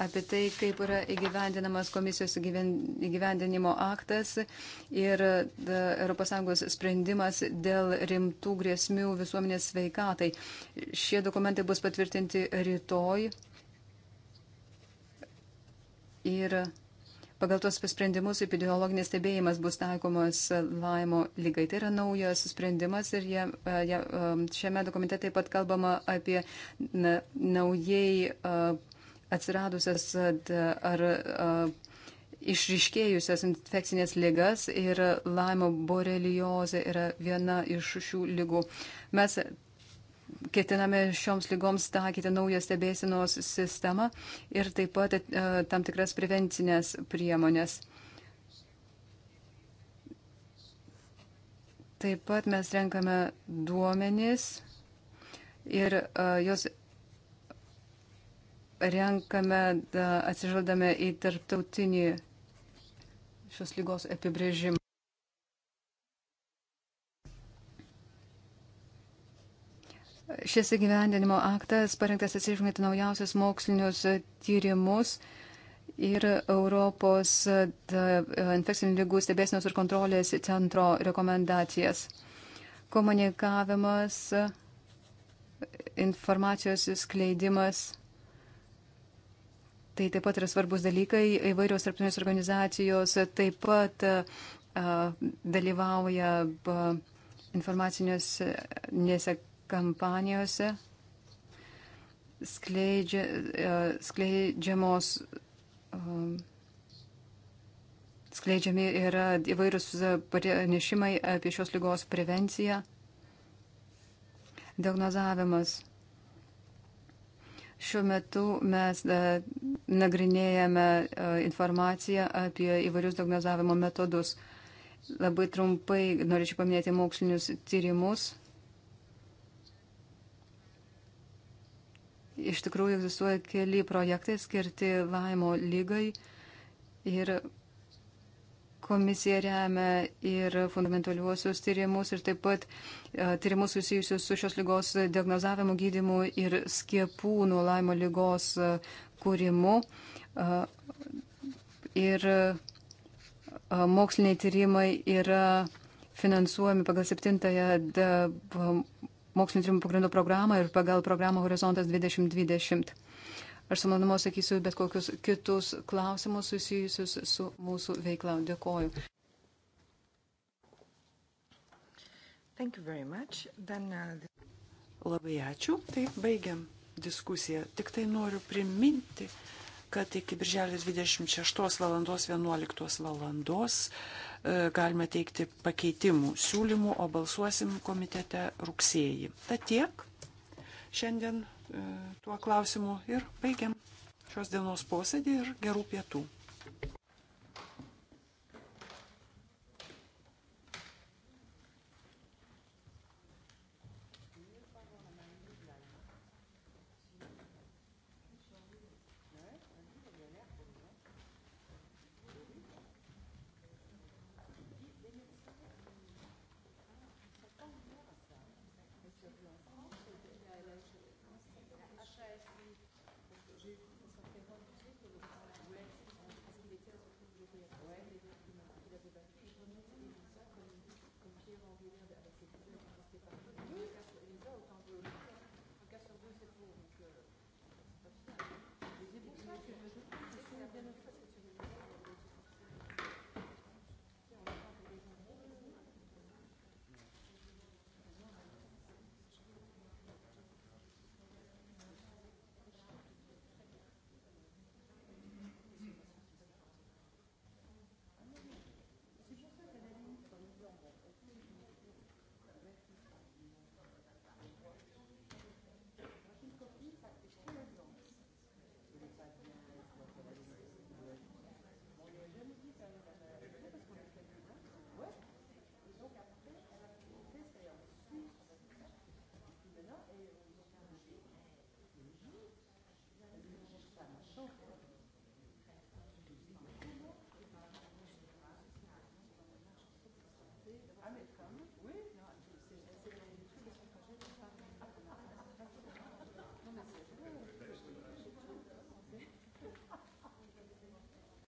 apie tai, kaip yra įgyvendinamas komisijos įgyvendinimo aktas ir ES sprendimas dėl rimtų grėsmių visuomenės sveikatai. Šie dokumentai bus patvirtinti rytoj. Ir Pagal tos sprendimus epidemiologinis stebėjimas bus taikomas laimo lygai. Tai yra naujas sprendimas ir jie, e, jie, e, šiame dokumente taip pat kalbama apie na, naujai e, atsiradusias ar išriškėjusias infekcinės lygas ir laimo boreliozė yra viena iš šių lygų. Mes ketiname šioms lygoms taikyti naują stebėsinos sistemą ir taip pat e, tam tikras prevencinės priemonės. Taip pat mes renkame duomenys ir uh, jos renkame e, atsižvelgdami į tarptautinį šios lygos apibrėžimą. Šis įgyvendinimo aktas parengtas atsižvelgiant naujausius mokslinius tyrimus ir Europos infekcinių lygų stebėsinos ir kontrolės centro rekomendacijas. Komunikavimas, informacijos skleidimas. Tai taip pat yra svarbus dalykai. Įvairios tarptautinės organizacijos taip pat a, dalyvauja informacinėse kampanijose skleidžia, e, skleidžiamos, e, skleidžiami yra įvairūs pranešimai apie šios lygos prevenciją, diagnozavimas. Šiuo metu mes e, nagrinėjame informaciją apie įvairius diagnozavimo metodus. Labai trumpai norėčiau paminėti mokslinius tyrimus Iš tikrųjų egzistuoja keli projektai skirti laimo lygai ir komisija remia ir fundamentaliuosius tyrimus ir taip pat e, tyrimus susijusius su šios lygos diagnozavimu, gydimu ir skiepų nuo laimo lygos e, kūrimu. E, ir moksliniai tyrimai yra finansuojami pagal septintąją mokslinio tyrimų pagrindų programą ir pagal programą Horizontas 2020. Aš su manimu sakysiu bet kokius kitus klausimus susijusius su mūsų veikla. Dėkoju. Then, uh... Labai ačiū. Taip, baigiam diskusiją. Tik tai noriu priminti, kad iki birželio 26 val. 11 val. E, galima teikti pakeitimų, siūlymų, o balsuosim komitete rugsėjį. Ta tiek. Šiandien e, tuo klausimu ir baigiam šios dienos posėdį ir gerų pietų.